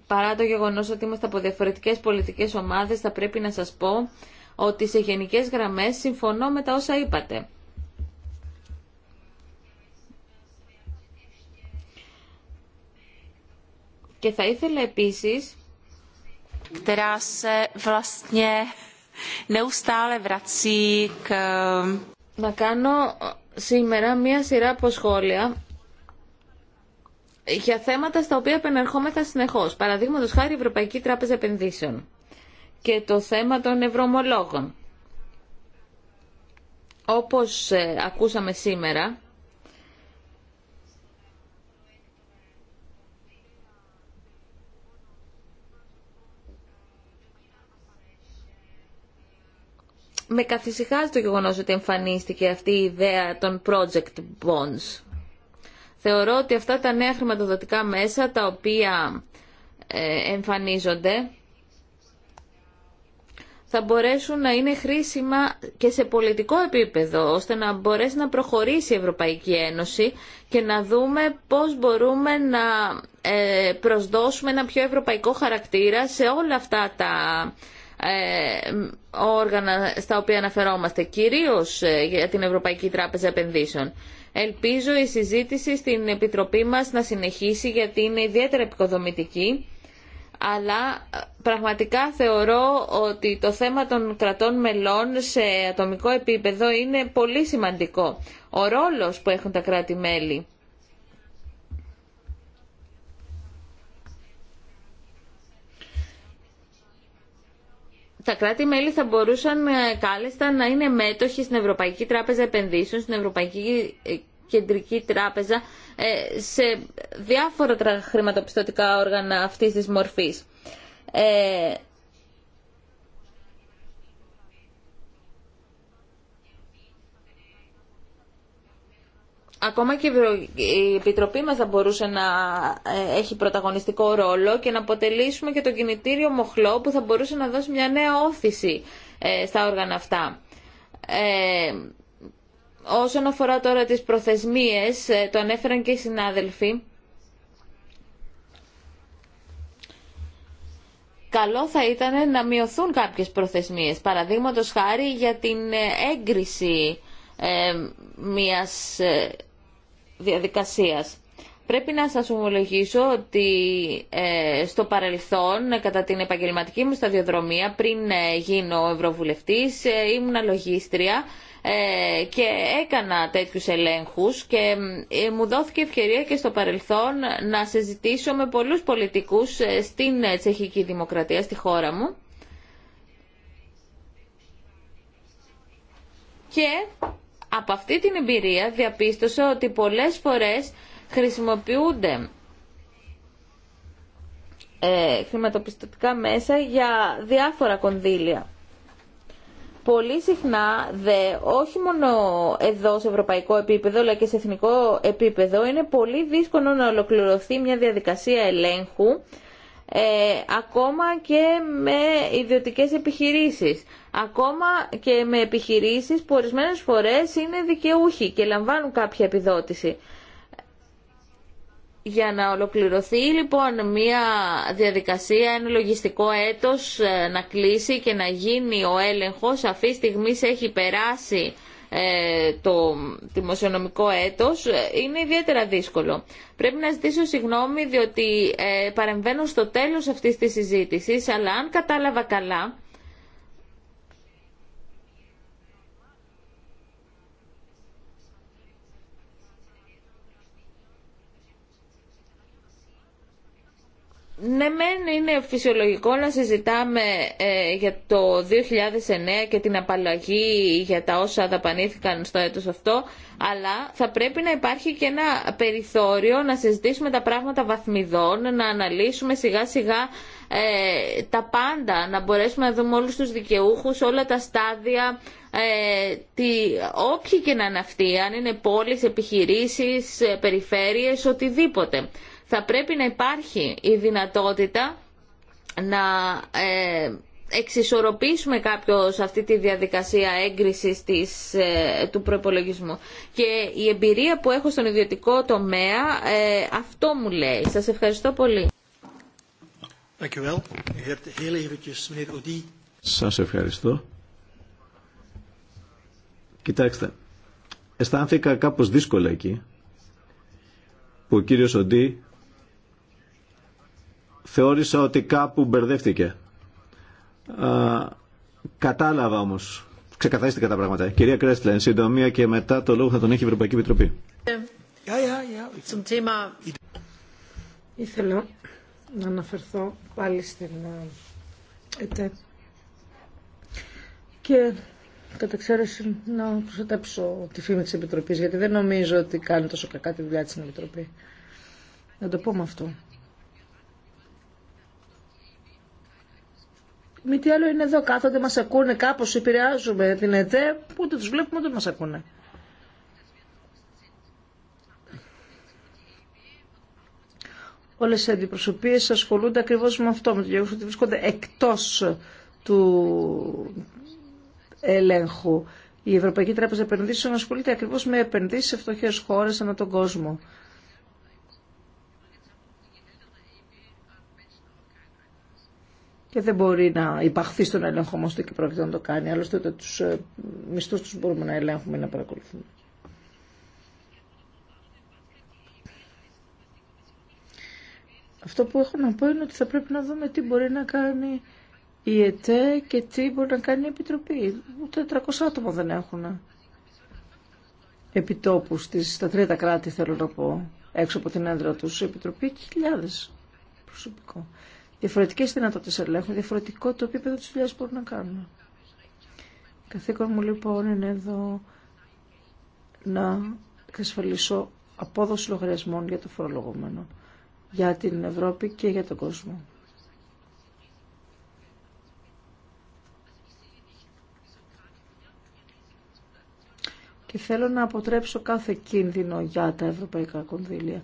παρά το γεγονός ότι είμαστε από διαφορετικέ πολιτικές ομάδες, θα πρέπει να σας πω ότι σε γενικέ γραμμές συμφωνώ με τα όσα είπατε. Και θα ήθελα επίσης která se vlastně neustále vrací k... Να κάνω σήμερα μία σειρά από σχόλια για θέματα στα οποία επενερχόμεθα συνεχώς. Παραδείγματο χάρη Ευρωπαϊκή Τράπεζα Επενδύσεων και το θέμα των ευρωομολόγων. Όπως ε, ακούσαμε σήμερα, με καθησυχάζει το γεγονός ότι εμφανίστηκε αυτή η ιδέα των project bonds. Θεωρώ ότι αυτά τα νέα χρηματοδοτικά μέσα τα οποία ε, εμφανίζονται θα μπορέσουν να είναι χρήσιμα και σε πολιτικό επίπεδο, ώστε να μπορέσει να προχωρήσει η Ευρωπαϊκή Ένωση και να δούμε πώς μπορούμε να ε, προσδώσουμε ένα πιο ευρωπαϊκό χαρακτήρα σε όλα αυτά τα ε, όργανα στα οποία αναφερόμαστε, κυρίως για την Ευρωπαϊκή Τράπεζα Επενδύσεων. Ελπίζω η συζήτηση στην Επιτροπή μας να συνεχίσει γιατί είναι ιδιαίτερα επικοδομητική αλλά ε, πραγματικά θεωρώ ότι το θέμα των κρατών μελών σε ατομικό επίπεδο είναι πολύ σημαντικό. Ο ρόλος που έχουν τα κράτη-μέλη τα κράτη-μέλη θα μπορούσαν ε, κάλεστα να είναι μέτοχοι στην Ευρωπαϊκή Τράπεζα Επενδύσεων, στην Ευρωπαϊκή ε, Κεντρική Τράπεζα, ε, σε διάφορα χρηματοπιστωτικά όργανα αυτής της μορφής. ακόμα και η Επιτροπή μας θα μπορούσε να ε, έχει πρωταγωνιστικό ρόλο και να αποτελήσουμε και το κινητήριο μοχλό που θα μπορούσε να δώσει μια νέα όθηση ε, στα όργανα αυτά. Ε, όσον αφορά τώρα τις προθεσμίες, ε, το ανέφεραν και οι συνάδελφοι, καλό θα ήταν να μειωθούν κάποιες προθεσμίες. Παραδείγματος χάρη για την έγκριση ε, μιας διαδικασίας. Πρέπει να σας ομολογήσω ότι ε, στο παρελθόν, κατά την επαγγελματική μου σταδιοδρομία, πριν ε, γίνω ευρωβουλευτής, ε, ήμουν λογίστρια ε, και έκανα τέτοιους ελέγχους και μου δόθηκε ευκαιρία και στο παρελθόν να συζητήσω με πολλούς πολιτικούς στην τσεχική δημοκρατία, στη χώρα μου. Και από αυτή την εμπειρία διαπίστωσα ότι πολλές φορές χρησιμοποιούνται ε, χρηματοπιστωτικά μέσα για διάφορα κονδύλια. Πολύ συχνά, δε, όχι μόνο εδώ σε ευρωπαϊκό επίπεδο, αλλά και σε εθνικό επίπεδο, είναι πολύ δύσκολο να ολοκληρωθεί μια διαδικασία ελέγχου ε, ακόμα και με ιδιωτικές επιχειρήσεις, ακόμα και με επιχειρήσεις που ορισμένες φορές είναι δικαιούχοι και λαμβάνουν κάποια επιδότηση. Για να ολοκληρωθεί λοιπόν μια διαδικασία, ένα λογιστικό έτος ε, να κλείσει και να γίνει ο έλεγχος, αυτή τη στιγμή έχει περάσει ε, το δημοσιονομικό έτος ε, είναι ιδιαίτερα δύσκολο. Πρέπει να ζητήσω συγγνώμη διότι ε, παρεμβαίνω στο τέλος αυτής της συζήτησης αλλά αν κατάλαβα καλά Ναι, μεν είναι φυσιολογικό να συζητάμε ε, για το 2009 και την απαλλαγή για τα όσα δαπανήθηκαν στο έτος αυτό, αλλά θα πρέπει να υπάρχει και ένα περιθώριο να συζητήσουμε τα πράγματα βαθμιδών, να αναλύσουμε σιγά σιγά ε, τα πάντα, να μπορέσουμε να δούμε όλους τους δικαιούχους, όλα τα στάδια, ε, όποιοι και να είναι αυτοί, αν είναι πόλεις, επιχειρήσεις, ε, περιφέρειες, οτιδήποτε θα πρέπει να υπάρχει η δυνατότητα να ε, εξισορροπήσουμε κάποιος αυτή τη διαδικασία έγκρισης της, ε, του προπολογισμού. Και η εμπειρία που έχω στον ιδιωτικό τομέα ε, αυτό μου λέει. Σας ευχαριστώ πολύ. Σας ευχαριστώ. Κοιτάξτε, αισθάνθηκα κάπως δύσκολα εκεί που ο κύριος Οντί Θεώρησα ότι κάπου μπερδεύτηκε. Α, κατάλαβα όμω, Ξεκαθαρίστηκα τα πράγματα. Κυρία Κρέστλε, εν συντομία και μετά το λόγο θα τον έχει η Ευρωπαϊκή Επιτροπή. Ήθελα να αναφερθώ πάλι στην ΕΤΕ και κατά εξαίρεση να προστατέψω τη φήμη της Επιτροπής γιατί δεν νομίζω ότι κάνει τόσο κακά τη δουλειά της στην Επιτροπή. Να το πω με αυτό. Μη τι άλλο είναι εδώ, κάθονται, μας ακούνε, κάπως επηρεάζουμε την ΕΤΕ, ούτε τους βλέπουμε, ούτε μας ακούνε. Όλες οι αντιπροσωπείες ασχολούνται ακριβώς με αυτό, με το γεγονός ότι βρίσκονται εκτός του ελέγχου. Η Ευρωπαϊκή Τράπεζα Επενδύσεων ασχολείται ακριβώς με επενδύσεις σε φτωχές χώρες ανά τον κόσμο. και δεν μπορεί να υπαχθεί στον έλεγχο το και πρόκειται να το κάνει. Άλλωστε ούτε τους ε, μισθούς τους μπορούμε να ελέγχουμε ή να παρακολουθούμε. Αυτό που έχω να πω είναι ότι θα πρέπει να δούμε τι μπορεί να κάνει η ΕΤΕ και τι μπορεί να κάνει η Επιτροπή. Ούτε 400 άτομα δεν έχουν επιτόπου στα τρίτα κράτη θέλω να πω, έξω από την έδρα τους. Η Επιτροπή έχει χιλιάδες προσωπικό διαφορετικές δυνατότητες ελέγχου, διαφορετικό το επίπεδο της δουλειάς μπορούν να κάνουν. Καθήκον μου λοιπόν είναι εδώ να εξασφαλίσω απόδοση λογαριασμών για το φορολογούμενο, για την Ευρώπη και για τον κόσμο. Και θέλω να αποτρέψω κάθε κίνδυνο για τα ευρωπαϊκά κονδύλια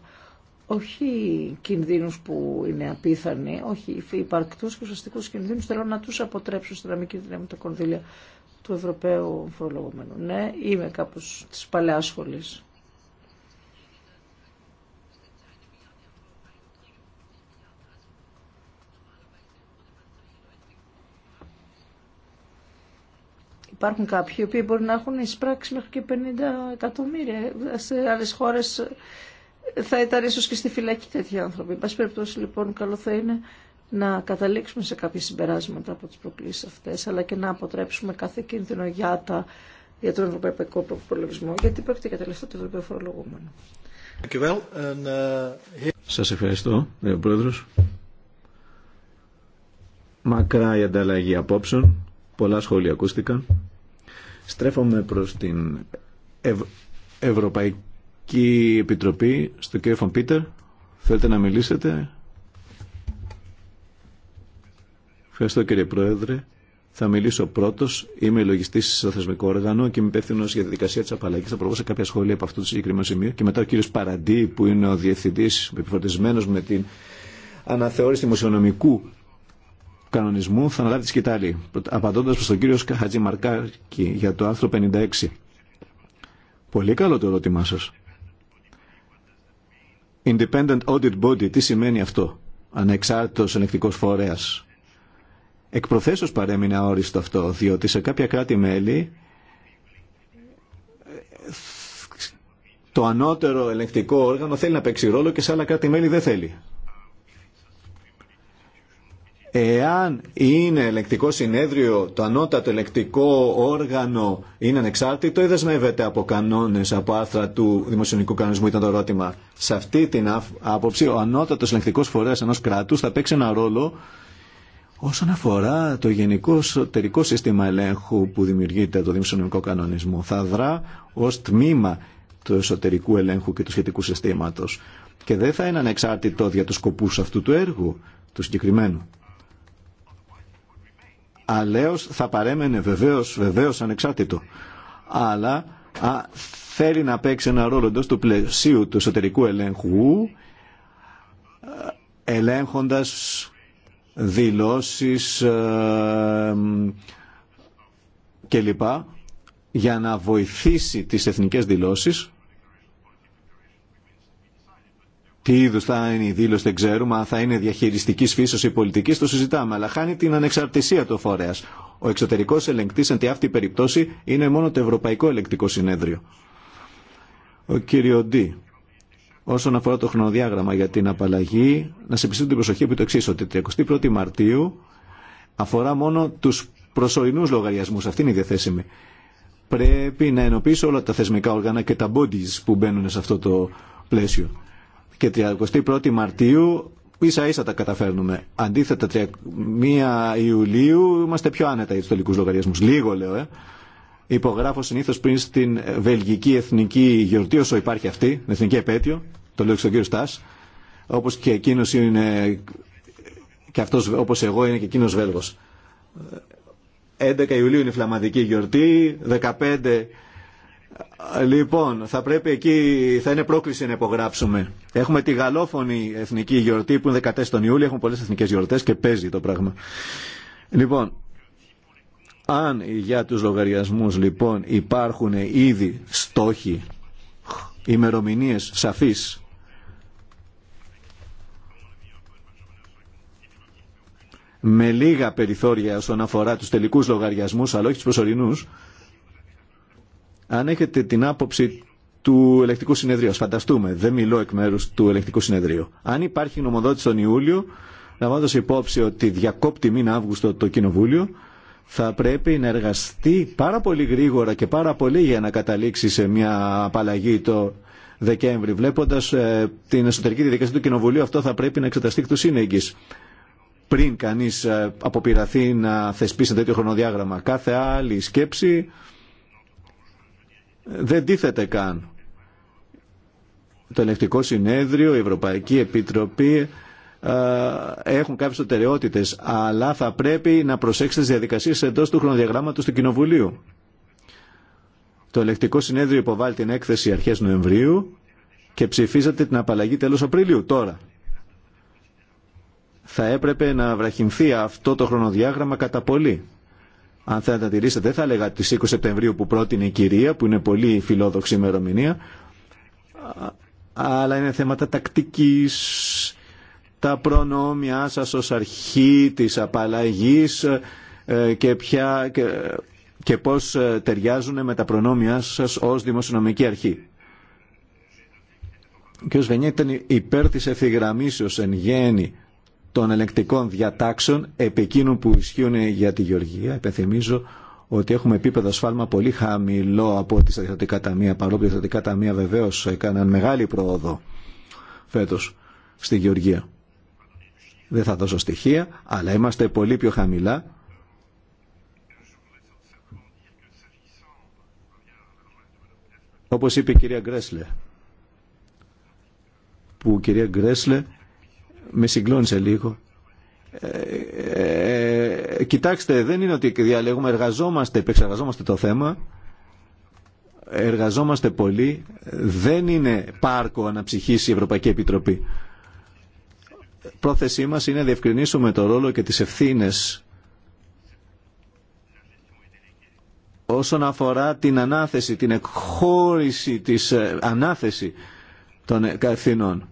όχι κινδύνους που είναι απίθανοι, όχι υπαρκτούς και ουσιαστικούς κινδύνους, θέλω να τους αποτρέψω στην μην δυναμή τα κονδύλια του Ευρωπαίου φορολογουμένου. Ναι, είμαι κάπως της παλαιάς σχολής. Υπάρχουν κάποιοι οι οποίοι μπορεί να έχουν εισπράξει μέχρι και 50 εκατομμύρια. Σε άλλες χώρες θα ήταν ίσω και στη φυλακή τέτοιοι άνθρωποι. Εν πάση περιπτώσει λοιπόν καλό θα είναι να καταλήξουμε σε κάποια συμπεράσματα από τι προκλήσεις αυτέ, αλλά και να αποτρέψουμε κάθε κίνδυνο για, τα, για τον ευρωπαϊκό προπολογισμό, γιατί πρέπει για τελευταίο του ευρωπαϊκού φορολογούμενου. Uh, Σα ευχαριστώ, κύριε Πρόεδρος. Μακρά η ανταλλαγή απόψεων, πολλά σχόλια ακούστηκαν. Στρέφομαι προ την Ευ... Ευρωπαϊκή Ευρωπαϊκή Επιτροπή, στο κ. Φον Πίτερ. Θέλετε να μιλήσετε. Ευχαριστώ κύριε Πρόεδρε. Θα μιλήσω πρώτο. Είμαι λογιστή στο θεσμικό όργανο και είμαι υπεύθυνο για τη δικασία τη απαλλαγή. Θα προβώ σε κάποια σχόλια από αυτό το συγκεκριμένο σημείο. Και μετά ο κύριο Παραντή, που είναι ο διευθυντή επιφορτισμένο με την αναθεώρηση δημοσιονομικού κανονισμού, θα αναλάβει τη σκητάλη. Απαντώντα προ τον κύριο Χατζημαρκάκη για το άρθρο 56. Πολύ καλό το ερώτημά σα. Independent Audit Body, τι σημαίνει αυτό, ανεξάρτητος ελεκτικός φορέας. Εκ προθέσεως παρέμεινε αόριστο αυτό, διότι σε κάποια κράτη-μέλη ε, το ανώτερο ελεκτικό όργανο θέλει να παίξει ρόλο και σε άλλα κράτη-μέλη δεν θέλει. Εάν είναι ελεκτικό συνέδριο, το ανώτατο ελεκτικό όργανο είναι ανεξάρτητο ή δεσμεύεται από κανόνε, από άρθρα του δημοσιονομικού κανονισμού, ήταν το ερώτημα. Σε αυτή την άποψη, ο ανώτατο ελεκτικό φορέα ενό κράτου θα παίξει ένα ρόλο όσον αφορά το γενικό εσωτερικό σύστημα ελέγχου που δημιουργείται το δημοσιονομικό κανονισμό. Θα δρά ω τμήμα του εσωτερικού ελέγχου και του σχετικού συστήματο. Και δεν θα είναι ανεξάρτητο για του σκοπού αυτού του έργου, του συγκεκριμένου αλέος θα παρέμενε βεβαίως, βεβαίως ανεξάρτητο. Αλλά α, θέλει να παίξει ένα ρόλο εντός του πλαισίου του εσωτερικού ελέγχου ε, ελέγχοντας δηλώσεις ε, κλπ για να βοηθήσει τις εθνικές δηλώσεις τι είδου θα είναι η δήλωση δεν ξέρουμε, αν θα είναι διαχειριστική φύση ή πολιτική, το συζητάμε. Αλλά χάνει την ανεξαρτησία του φορέα. Ο εξωτερικό ελεγκτή, εν τη αυτή περιπτώση, είναι μόνο το Ευρωπαϊκό Ελεγκτικό Συνέδριο. Ο κύριο Ντί, όσον αφορά το χρονοδιάγραμμα για την απαλλαγή, να σε την προσοχή επί το εξή, ότι 31η Μαρτίου αφορά μόνο του προσωρινού λογαριασμού. Αυτή είναι η διαθέσιμη. Πρέπει να ενοποιήσω όλα τα θεσμικά όργανα και τα bodies που μπαίνουν σε αυτό το πλαίσιο και 31η Μαρτίου ίσα ίσα τα καταφέρνουμε. Αντίθετα, 31 1 Ιουλίου είμαστε πιο άνετα για του τελικού λογαριασμού. Λίγο λέω, ε. Υπογράφω συνήθω πριν στην βελγική εθνική γιορτή, όσο υπάρχει αυτή, εθνική επέτειο, το λέω και στον κύριο Στά. Όπω και εκείνο είναι. Και όπως εγώ, είναι και εκείνο Βέλγο. 11 Ιουλίου είναι η φλαμαδική γιορτή, 15 Λοιπόν, θα πρέπει εκεί, θα είναι πρόκληση να υπογράψουμε. Έχουμε τη γαλλόφωνη εθνική γιορτή που είναι 14 τον Ιούλιο, έχουν πολλές εθνικές γιορτές και παίζει το πράγμα. Λοιπόν, αν για τους λογαριασμούς λοιπόν υπάρχουν ήδη στόχοι, ημερομηνίε σαφείς, με λίγα περιθώρια όσον αφορά τους τελικούς λογαριασμούς, αλλά όχι τους προσωρινούς, αν έχετε την άποψη του ελεκτικού συνεδρίου, φανταστούμε, δεν μιλώ εκ μέρου του ελεκτικού συνεδρίου. Αν υπάρχει νομοδότηση τον Ιούλιο, λαμβάνοντα υπόψη ότι διακόπτει μήνα Αύγουστο το Κοινοβούλιο, θα πρέπει να εργαστεί πάρα πολύ γρήγορα και πάρα πολύ για να καταλήξει σε μια απαλλαγή το Δεκέμβρη. Βλέποντα ε, την εσωτερική διαδικασία του Κοινοβουλίου, αυτό θα πρέπει να εξεταστεί εκ του σύνεγγυ πριν κανεί ε, αποπειραθεί να θεσπίσει τέτοιο χρονοδιάγραμμα. Κάθε άλλη σκέψη δεν τίθεται καν. Το Ελεκτικό Συνέδριο, η Ευρωπαϊκή Επιτροπή ε, έχουν κάποιες ωτεραιότητες, αλλά θα πρέπει να προσέξετε τις διαδικασίες εντός του χρονοδιαγράμματος του Κοινοβουλίου. Το Ελεκτικό Συνέδριο υποβάλλει την έκθεση αρχές Νοεμβρίου και ψηφίζεται την απαλλαγή τέλος Απριλίου, τώρα. Θα έπρεπε να βραχυνθεί αυτό το χρονοδιάγραμμα κατά πολύ αν θέλετε να τηρήσετε, δεν θα έλεγα τις 20 Σεπτεμβρίου που πρότεινε η κυρία, που είναι πολύ φιλόδοξη ημερομηνία, αλλά είναι θέματα τακτικής, τα προνόμια σας ως αρχή της απαλλαγής ε, και, ποια, και, πώς ε, ταιριάζουν με τα προνόμια σας ως δημοσιονομική αρχή. Ο κ. Βενιέ ήταν υπέρ της ευθυγραμμίσεως εν γέννη των ελεκτικών διατάξεων επί εκείνων που ισχύουν για τη Γεωργία. Επιθυμίζω ότι έχουμε επίπεδο ασφάλμα πολύ χαμηλό από τη στρατιωτικά ταμεία, παρόλο που τα ταμεία βεβαίως έκαναν μεγάλη πρόοδο φέτος στη Γεωργία. Δεν θα δώσω στοιχεία, αλλά είμαστε πολύ πιο χαμηλά. Όπως είπε η κυρία Γκρέσλε, που η κυρία Γκρέσλε με συγκλώνησε λίγο. Ε, ε, κοιτάξτε, δεν είναι ότι διαλέγουμε, εργαζόμαστε, επεξεργαζόμαστε το θέμα, εργαζόμαστε πολύ, δεν είναι πάρκο αναψυχής η Ευρωπαϊκή Επιτροπή. Πρόθεσή μας είναι να διευκρινίσουμε το ρόλο και τις ευθύνες όσον αφορά την ανάθεση, την εκχώρηση της ε, ανάθεση των ευθυνών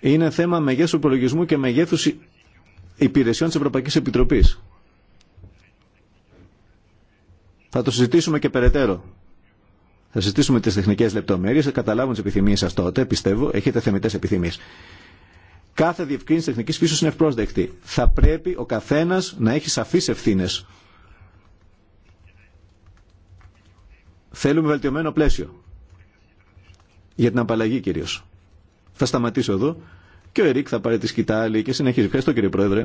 είναι θέμα μεγέθου υπολογισμού και μεγέθου υπηρεσιών τη Ευρωπαϊκή Επιτροπή. Θα το συζητήσουμε και περαιτέρω. Θα συζητήσουμε τι τεχνικέ λεπτομέρειε, θα καταλάβουν τι επιθυμίε σα τότε, πιστεύω. Έχετε θεμητέ επιθυμίε. Κάθε διευκρίνηση τεχνική φύση είναι ευπρόσδεκτη. Θα πρέπει ο καθένα να έχει σαφεί ευθύνε. Θέλουμε βελτιωμένο πλαίσιο. Για την απαλλαγή κυρίω. Θα σταματήσω εδώ και ο Ερικ θα πάρει τη σκητάλη και συνεχίζει. Ευχαριστώ κύριε Πρόεδρε.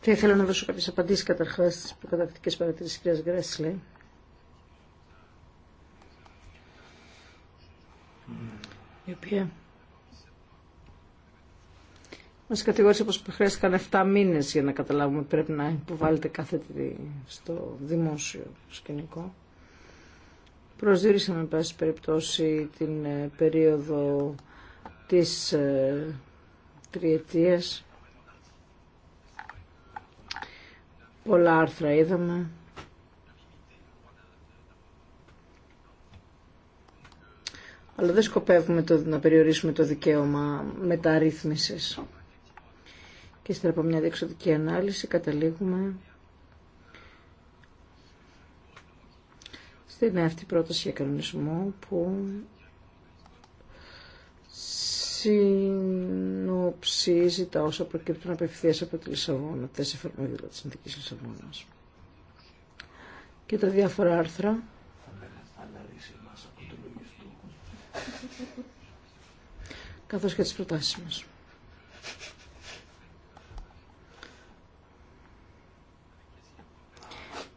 Θα ήθελα να δώσω κάποιες απαντήσεις καταρχάς στις προκατακτικές παρατηρήσεις της κυρίας Γκρέσλε. Η οποία μας κατηγόρησε πως χρειάστηκαν 7 μήνες για να καταλάβουμε πρέπει να υποβάλλεται κάθε στο δημόσιο σκηνικό. Προσδίρισαμε, με πάση περιπτώσει, την ε, περίοδο της ε, τριετίας. Πολλά άρθρα είδαμε. Αλλά δεν σκοπεύουμε το, να περιορίσουμε το δικαίωμα μεταρρύθμισης. Και ύστερα από μια διεξοδική ανάλυση καταλήγουμε Στην εύτη πρόταση για κανονισμό που συνοψίζει τα όσα προκύπτουν απευθεία από τη Λισαβόνα, τι εφαρμογή δηλαδή τη της Λισαβόνα. Και τα διάφορα άρθρα. καθώς και τις προτάσεις μας.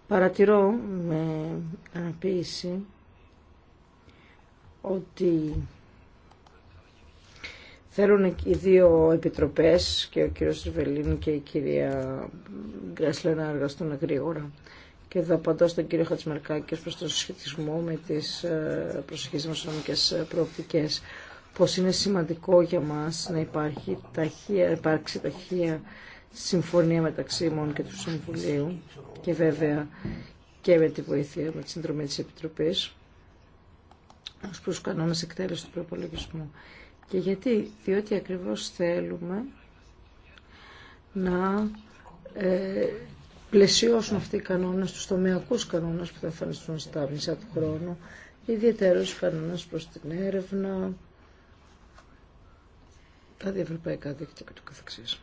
Παρατηρώ με αναποίηση ότι θέλουν οι δύο επιτροπές και ο κύριος Ριβελίνη και η κυρία Γκρέσλε να εργαστούν γρήγορα. Και θα απαντώ στον κύριο Χατσμαρκάκη προς τον συσχετισμό με τις μας ε, νομικές προοπτικές πως είναι σημαντικό για μας να υπάρχει ταχεία, υπάρξει ταχεία συμφωνία μεταξύ μου και του Συμβουλίου και βέβαια και με τη βοήθεια, με τη συνδρομή της Επιτροπής ως προς κανόνες εκτέλεσης του προπολογισμού. Και γιατί, διότι ακριβώς θέλουμε να ε, πλαισιώσουν αυτοί οι κανόνες, του τομεακούς κανόνες που θα εμφανιστούν στα μισά του χρόνου, ιδιαίτερους κανόνες προς την έρευνα, τα διευρωπαϊκά δίκτυα και το καθεξής.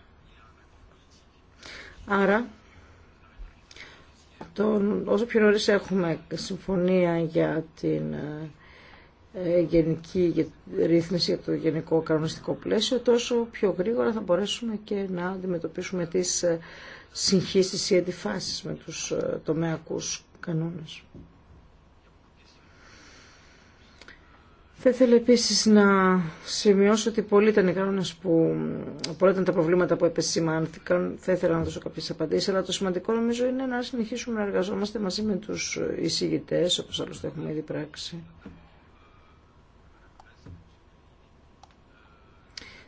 Άρα, τον, όσο πιο νωρίς έχουμε συμφωνία για την ε, ε, γενική για, ρύθμιση για το γενικό κανονιστικό πλαίσιο, τόσο πιο γρήγορα θα μπορέσουμε και να αντιμετωπίσουμε τις ε, συγχύσεις ή αντιφάσεις με τους ε, τομεακούς κανόνες. Θα ήθελα επίση να σημειώσω ότι πολλοί ήταν οι κανόνε που. πολλά ήταν τα προβλήματα που επεσημάνθηκαν. Θα ήθελα να δώσω κάποιε απαντήσει. Αλλά το σημαντικό νομίζω είναι να συνεχίσουμε να εργαζόμαστε μαζί με του εισηγητέ, όπω άλλωστε έχουμε ήδη πράξει.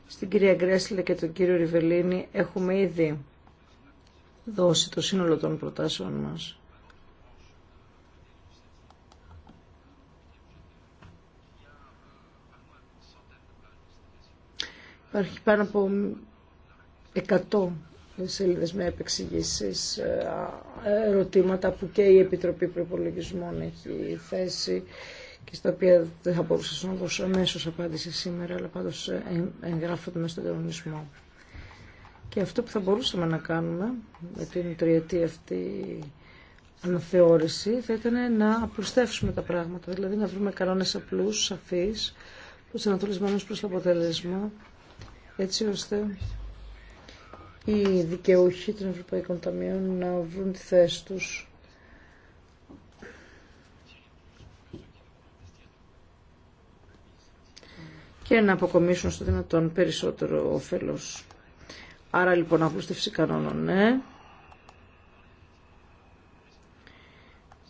Στην κυρία Γκρέσλε και τον κύριο Ριβελίνη έχουμε ήδη δώσει το σύνολο των προτάσεων μας. Υπάρχει πάνω από 100 σελίδε με επεξηγήσει, ε, ερωτήματα που και η Επιτροπή Προπολογισμών έχει θέσει και στα οποία δεν θα μπορούσα να δώσω αμέσω απάντηση σήμερα, αλλά πάντω ε, εγγράφονται μέσα στον κανονισμό. Και αυτό που θα μπορούσαμε να κάνουμε με την τριετή αυτή αναθεώρηση θα ήταν να απλουστεύσουμε τα πράγματα, δηλαδή να βρούμε κανόνες απλούς, σαφείς, προσανατολισμένους προς το αποτέλεσμα, έτσι ώστε οι δικαιούχοι των Ευρωπαϊκών Ταμείων να βρουν τη θέση τους. και να αποκομίσουν στο δυνατόν περισσότερο όφελος. Άρα λοιπόν απλούστευση κανόνων, ναι.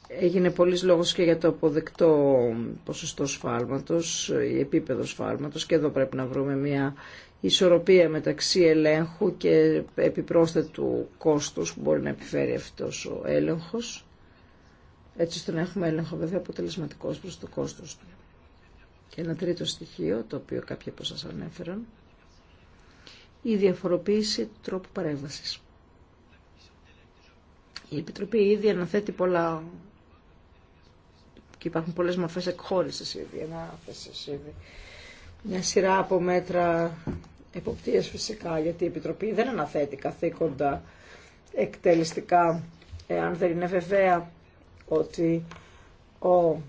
Έγινε πολλής λόγος και για το αποδεκτό ποσοστό σφάλματος, η επίπεδο σφάλματος και εδώ πρέπει να βρούμε μια ισορροπία μεταξύ ελέγχου και επιπρόσθετου κόστους που μπορεί να επιφέρει αυτός ο έλεγχος, έτσι ώστε να έχουμε έλεγχο βέβαια αποτελεσματικό προς το κόστος του. Και ένα τρίτο στοιχείο, το οποίο κάποιοι από σας ανέφεραν, η διαφοροποίηση του τρόπου παρέμβασης. Η Επιτροπή ήδη αναθέτει πολλά και υπάρχουν πολλές μορφές εκχώρησης ήδη, ανάθεσης ήδη μια σειρά από μέτρα εποπτείας φυσικά, γιατί η Επιτροπή δεν αναθέτει καθήκοντα εκτελεστικά, εάν δεν είναι βεβαία ότι ο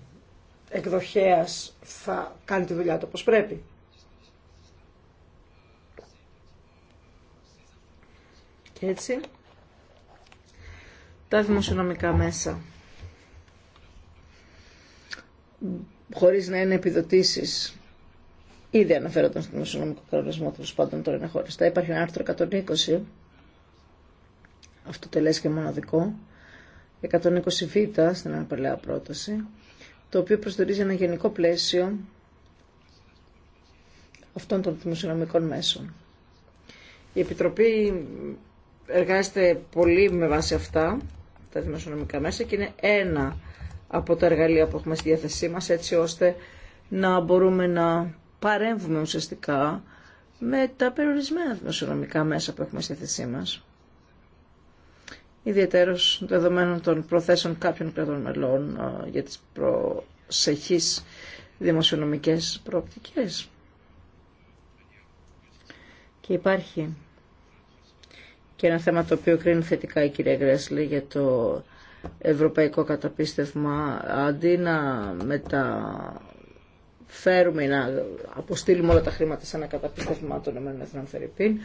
εκδοχέας θα κάνει τη δουλειά του όπως πρέπει. Και έτσι, τα δημοσιονομικά μέσα, χωρίς να είναι επιδοτήσεις Ήδη αναφέρονταν στον δημοσιονομικό κανονισμό, τέλο πάντων τώρα είναι χωριστά. Υπάρχει ένα άρθρο 120, αυτο και τελέσχε μοναδικό, 120β στην αναπελαία πρόταση, το οποίο προσδιορίζει ένα γενικό πλαίσιο αυτών των δημοσιονομικών μέσων. Η Επιτροπή εργάζεται πολύ με βάση αυτά, τα δημοσιονομικά μέσα, και είναι ένα από τα εργαλεία που έχουμε στη διάθεσή μας, έτσι ώστε να μπορούμε να παρέμβουμε ουσιαστικά με τα περιορισμένα δημοσιονομικά μέσα που έχουμε στη θέση μας. Ιδιαίτερος δεδομένων των προθέσεων κάποιων κρατών μελών ε, για τις προσεχείς δημοσιονομικές προοπτικές. Και υπάρχει και ένα θέμα το οποίο κρίνει θετικά η κυρία Γκρέσλι για το ευρωπαϊκό καταπίστευμα αντί να μετα φέρουμε ή να αποστείλουμε όλα τα χρήματα σε ένα καταπιστεύμα των ΗΠΑ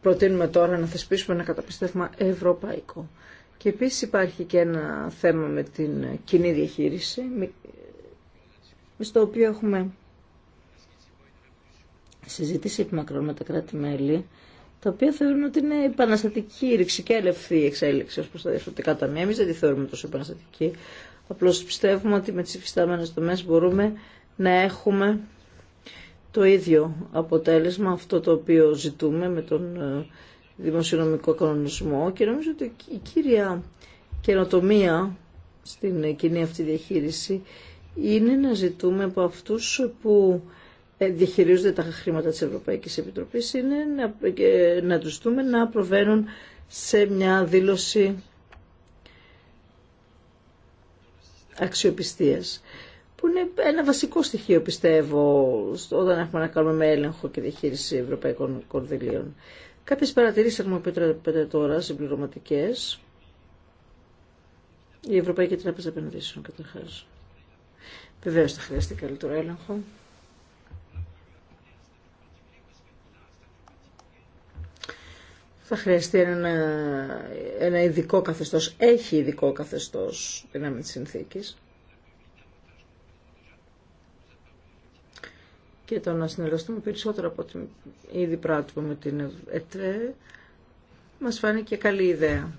Προτείνουμε τώρα να θεσπίσουμε ένα καταπιστεύμα ευρωπαϊκό. Και επίση υπάρχει και ένα θέμα με την κοινή διαχείριση, στο οποίο έχουμε συζήτηση επιμακρών με τα κράτη-μέλη, τα οποία θεωρούν ότι είναι επαναστατική, και ρηξικέλευθη εξέλιξη ω προ τα διαφορετικά ταμεία. Εμεί δεν τη θεωρούμε τόσο επαναστατική. Απλώ πιστεύουμε ότι με τι υφιστάμενε τομέ μπορούμε να έχουμε το ίδιο αποτέλεσμα, αυτό το οποίο ζητούμε με τον ε, δημοσιονομικό κανονισμό και νομίζω ότι η κύρια καινοτομία στην ε, κοινή αυτή διαχείριση είναι να ζητούμε από αυτούς που ε, διαχειρίζονται τα χρήματα της Ευρωπαϊκής Επιτροπής είναι να, να τους να προβαίνουν σε μια δήλωση αξιοπιστίας που είναι ένα βασικό στοιχείο πιστεύω όταν έχουμε να κάνουμε με έλεγχο και διαχείριση ευρωπαϊκών κονδυλίων. Κάποιε παρατηρήσει έχουμε μου επιτρέπετε τώρα, συμπληρωματικέ. Η Ευρωπαϊκή Τράπεζα Επενδύσεων καταρχά. Βεβαίω θα χρειαστεί καλύτερο έλεγχο. θα χρειαστεί ένα, ένα ειδικό καθεστώς, έχει ειδικό καθεστώς δυνάμει τη συνθήκη. και το να συνεργαστούμε περισσότερο από την ήδη πράττουμε με την ΕΤΡΕ μας φάνηκε καλή ιδέα.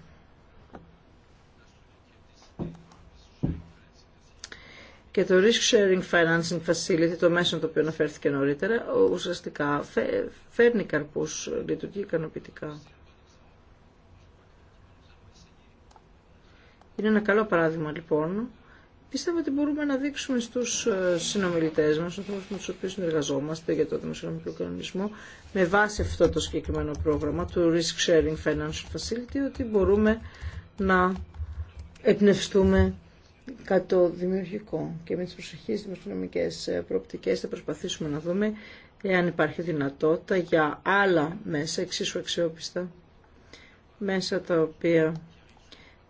Και το Risk Sharing Financing Facility, το μέσο το οποίο αναφέρθηκε νωρίτερα, ουσιαστικά φέρνει καρπούς, λειτουργεί ικανοποιητικά. Είναι ένα καλό παράδειγμα λοιπόν Πιστεύω ότι μπορούμε να δείξουμε στους ε, συνομιλητές μας, ανθρώπους με τους οποίους συνεργαζόμαστε για το δημοσιονομικό κανονισμό, με βάση αυτό το συγκεκριμένο πρόγραμμα του Risk Sharing Financial Facility, ότι μπορούμε να εμπνευστούμε κάτι το δημιουργικό. Και με τις προσεχείς δημοσιονομικές ε, προοπτικές θα προσπαθήσουμε να δούμε εάν υπάρχει δυνατότητα για άλλα μέσα εξίσου αξιόπιστα, μέσα τα οποία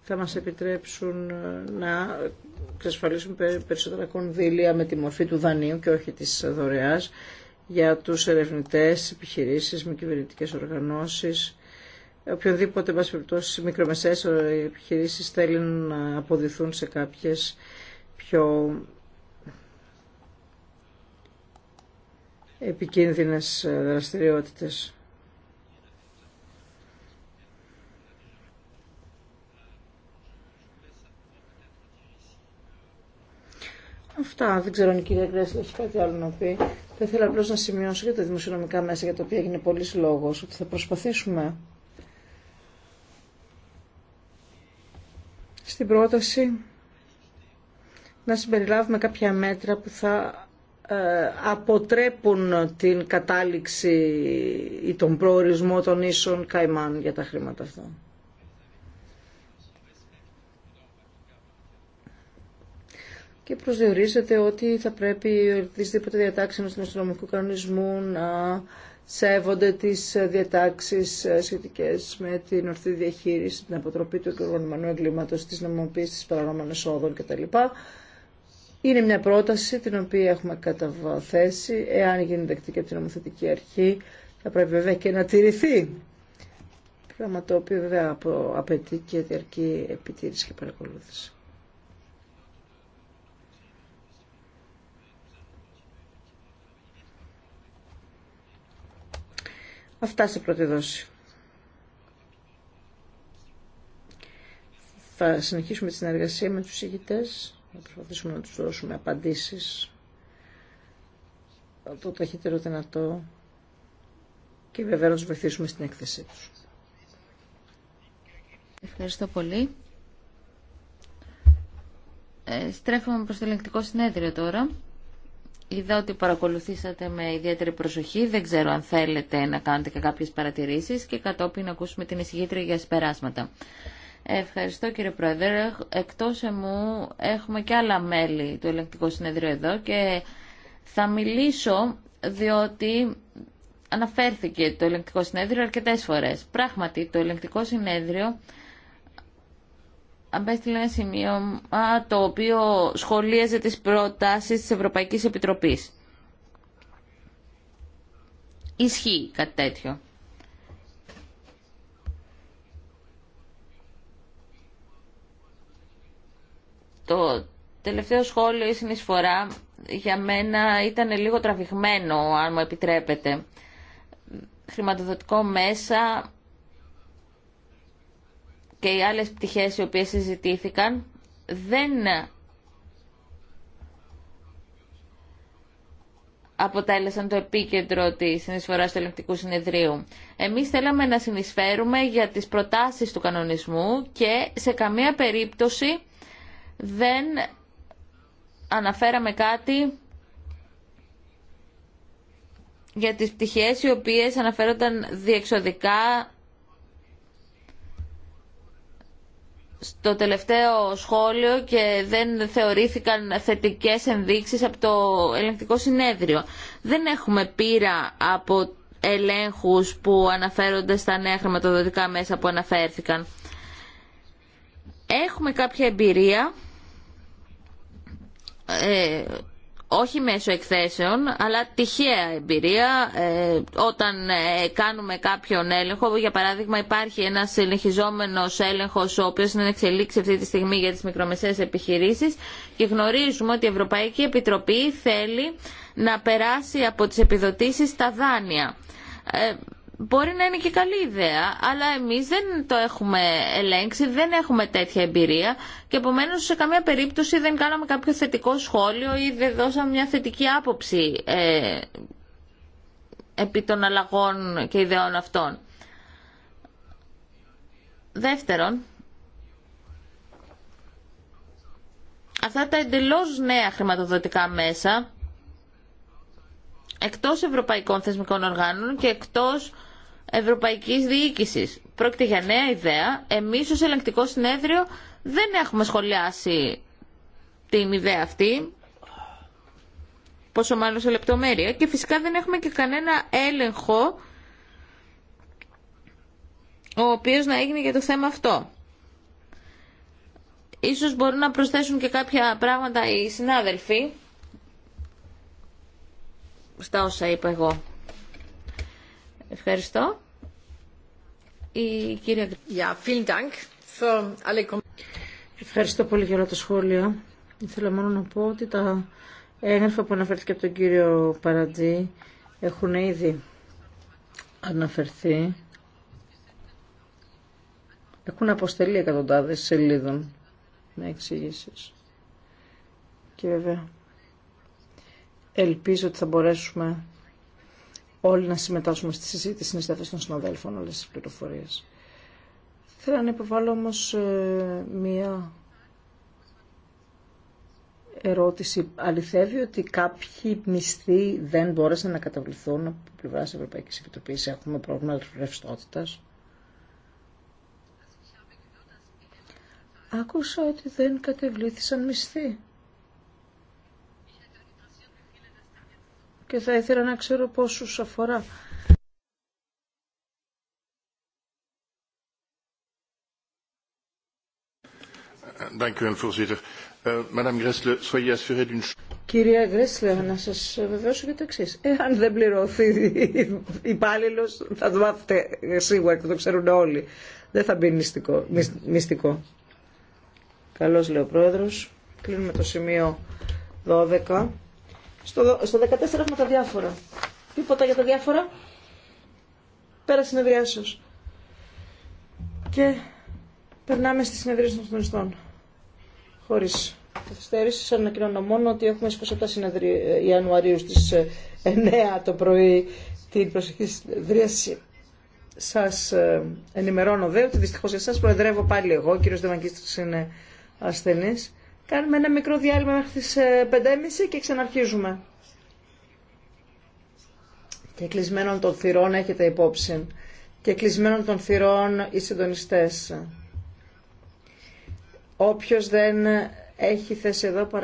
θα μας επιτρέψουν ε, να εξασφαλίσουν περισσότερα κονδύλια με τη μορφή του δανείου και όχι της δωρεάς για τους ερευνητές, επιχειρήσεις, μη κυβερνητικές οργανώσεις, οποιονδήποτε, εν πάση περιπτώσει, μικρομεσαίες ε, επιχειρήσεις θέλουν να αποδηθούν σε κάποιες πιο επικίνδυνες ε, δραστηριότητες. Αυτά. Δεν ξέρω αν η κυρία Γκρέσλη έχει κάτι άλλο να πει. Θα ήθελα απλώ να σημειώσω για τα δημοσιονομικά μέσα για τα οποία έγινε πολλή λόγο ότι θα προσπαθήσουμε στην πρόταση να συμπεριλάβουμε κάποια μέτρα που θα ε, αποτρέπουν την κατάληξη ή τον προορισμό των ίσων καημάν για τα χρήματα αυτά. και προσδιορίζεται ότι θα πρέπει οτιδήποτε διατάξει ενός αστυνομικού κανονισμού να σέβονται τις διατάξεις ε, σχετικές με την ορθή διαχείριση, την αποτροπή του οργανωμένου εγκλήματος, της νομιμοποίησης της εσόδων κτλ. Είναι μια πρόταση την οποία έχουμε καταβαθέσει. εάν γίνει δεκτή και από την νομοθετική αρχή, θα πρέπει βέβαια και να τηρηθεί. Πράγμα το οποίο βέβαια απαιτεί και διαρκή επιτήρηση και παρακολούθηση. Αυτά σε πρώτη δόση. Θα συνεχίσουμε τη συνεργασία με τους ηγητές, να προσπαθήσουμε να τους δώσουμε απαντήσεις το ταχύτερο δυνατό και βέβαια να τους βοηθήσουμε στην έκθεσή τους. Ευχαριστώ πολύ. Ε, στρέφουμε προς το ελεγκτικό συνέδριο τώρα. Είδα ότι παρακολουθήσατε με ιδιαίτερη προσοχή. Δεν ξέρω αν θέλετε να κάνετε και κάποιες παρατηρήσεις και κατόπιν να ακούσουμε την εισηγήτρια για συμπεράσματα. Ευχαριστώ κύριε Πρόεδρε. Εκτός εμού έχουμε και άλλα μέλη του ελεγκτικού συνεδρίου εδώ και θα μιλήσω διότι αναφέρθηκε το ελεγκτικό συνέδριο αρκετές φορές. Πράγματι το ελεγκτικό συνέδριο απέστειλε ένα σημείο, το οποίο σχολίαζε τις προτάσεις της Ευρωπαϊκής Επιτροπής. Ισχύει κάτι τέτοιο. Το τελευταίο σχόλιο ή συνεισφορά για μένα ήταν λίγο τραβηγμένο, αν μου επιτρέπετε. Χρηματοδοτικό μέσα και οι άλλες πτυχές οι οποίες συζητήθηκαν δεν αποτέλεσαν το επίκεντρο της συνεισφοράς του ελεγκτικού συνεδρίου. Εμείς θέλαμε να συνεισφέρουμε για τις προτάσεις του κανονισμού και σε καμία περίπτωση δεν αναφέραμε κάτι για τις πτυχές οι οποίες αναφέρονταν διεξοδικά στο τελευταίο σχόλιο και δεν θεωρήθηκαν θετικές ενδείξεις από το ελεγκτικό συνέδριο. Δεν έχουμε πείρα από ελέγχους που αναφέρονται στα νέα χρηματοδοτικά μέσα που αναφέρθηκαν. Έχουμε κάποια εμπειρία ε, όχι μέσω εκθέσεων, αλλά τυχαία εμπειρία. Ε, όταν ε, κάνουμε κάποιον έλεγχο, για παράδειγμα υπάρχει ένας συνεχιζόμενο έλεγχος ο οποίος είναι εξελίξει αυτή τη στιγμή για τις μικρομεσαίες επιχειρήσεις και γνωρίζουμε ότι η Ευρωπαϊκή Επιτροπή θέλει να περάσει από τις επιδοτήσεις τα δάνεια. Ε, μπορεί να είναι και καλή ιδέα, αλλά εμείς δεν το έχουμε ελέγξει, δεν έχουμε τέτοια εμπειρία και επομένως σε καμία περίπτωση δεν κάναμε κάποιο θετικό σχόλιο ή δεν δώσαμε μια θετική άποψη ε, επί των αλλαγών και ιδεών αυτών. Δεύτερον, αυτά τα εντελώς νέα χρηματοδοτικά μέσα εκτός ευρωπαϊκών θεσμικών οργάνων και εκτός ευρωπαϊκής Διοίκηση. Πρόκειται για νέα ιδέα. Εμείς ως ελεγκτικό συνέδριο δεν έχουμε σχολιάσει την ιδέα αυτή, πόσο μάλλον σε λεπτομέρεια, και φυσικά δεν έχουμε και κανένα έλεγχο ο οποίος να έγινε για το θέμα αυτό. Ίσως μπορούν να προσθέσουν και κάποια πράγματα οι συνάδελφοι στα όσα είπα εγώ. Ευχαριστώ. Ευχαριστώ πολύ για όλα τα σχόλια. Ήθελα μόνο να πω ότι τα έγγραφα που αναφέρθηκε από τον κύριο Παρατζή έχουν ήδη αναφερθεί. Έχουν αποστελεί εκατοντάδες σελίδων με εξηγήσει. Και βέβαια ελπίζω ότι θα μπορέσουμε όλοι να συμμετάσχουμε στη συζήτηση, συνεστέφες των συναδέλφων, όλε τι πληροφορίε. Θέλω να υποβάλω όμως ε, μία ερώτηση. Αληθεύει ότι κάποιοι μισθοί δεν μπόρεσαν να καταβληθούν από πλευρά της Ευρωπαϊκής Επιτροπής. Έχουμε πρόβλημα ρευστότητας. Άκουσα ότι δεν κατεβλήθησαν μισθοί. και θα ήθελα να ξέρω πόσους αφορά. Eh, Κυρία Γκρέσλε, να σα βεβαιώσω για το εξή. Εάν δεν πληρωθεί [laughs] υπάλληλο, θα το μάθετε σίγουρα και το ξέρουν όλοι. Δεν θα μπει μυστικό. μυστικό. Καλώς λέει ο Πρόεδρος. Κλείνουμε το σημείο 12. Στο, στο 14 έχουμε τα διάφορα. Τίποτα για τα διάφορα. Πέρα συνεδριάσεως. Και περνάμε στη συνεδρίαση των συντονιστών. Χωρίς καθυστέρηση, ανακοινώνω μόνο ότι έχουμε 27 συνεδρι... Ε, Ιανουαρίου στις 9 ε, το πρωί την προσεχή συνεδρίαση. Σας ε, ενημερώνω δε ότι δυστυχώς εσάς προεδρεύω πάλι εγώ. Ο κύριος Δεμαγκίστρης είναι ασθενής. Κάνουμε ένα μικρό διάλειμμα μέχρι τις 5.30 ε, και ξαναρχίζουμε. Και κλεισμένων των θυρών έχετε υπόψη. Και κλεισμένων των θυρών οι συντονιστές. Όποιος δεν έχει θέση εδώ παρα...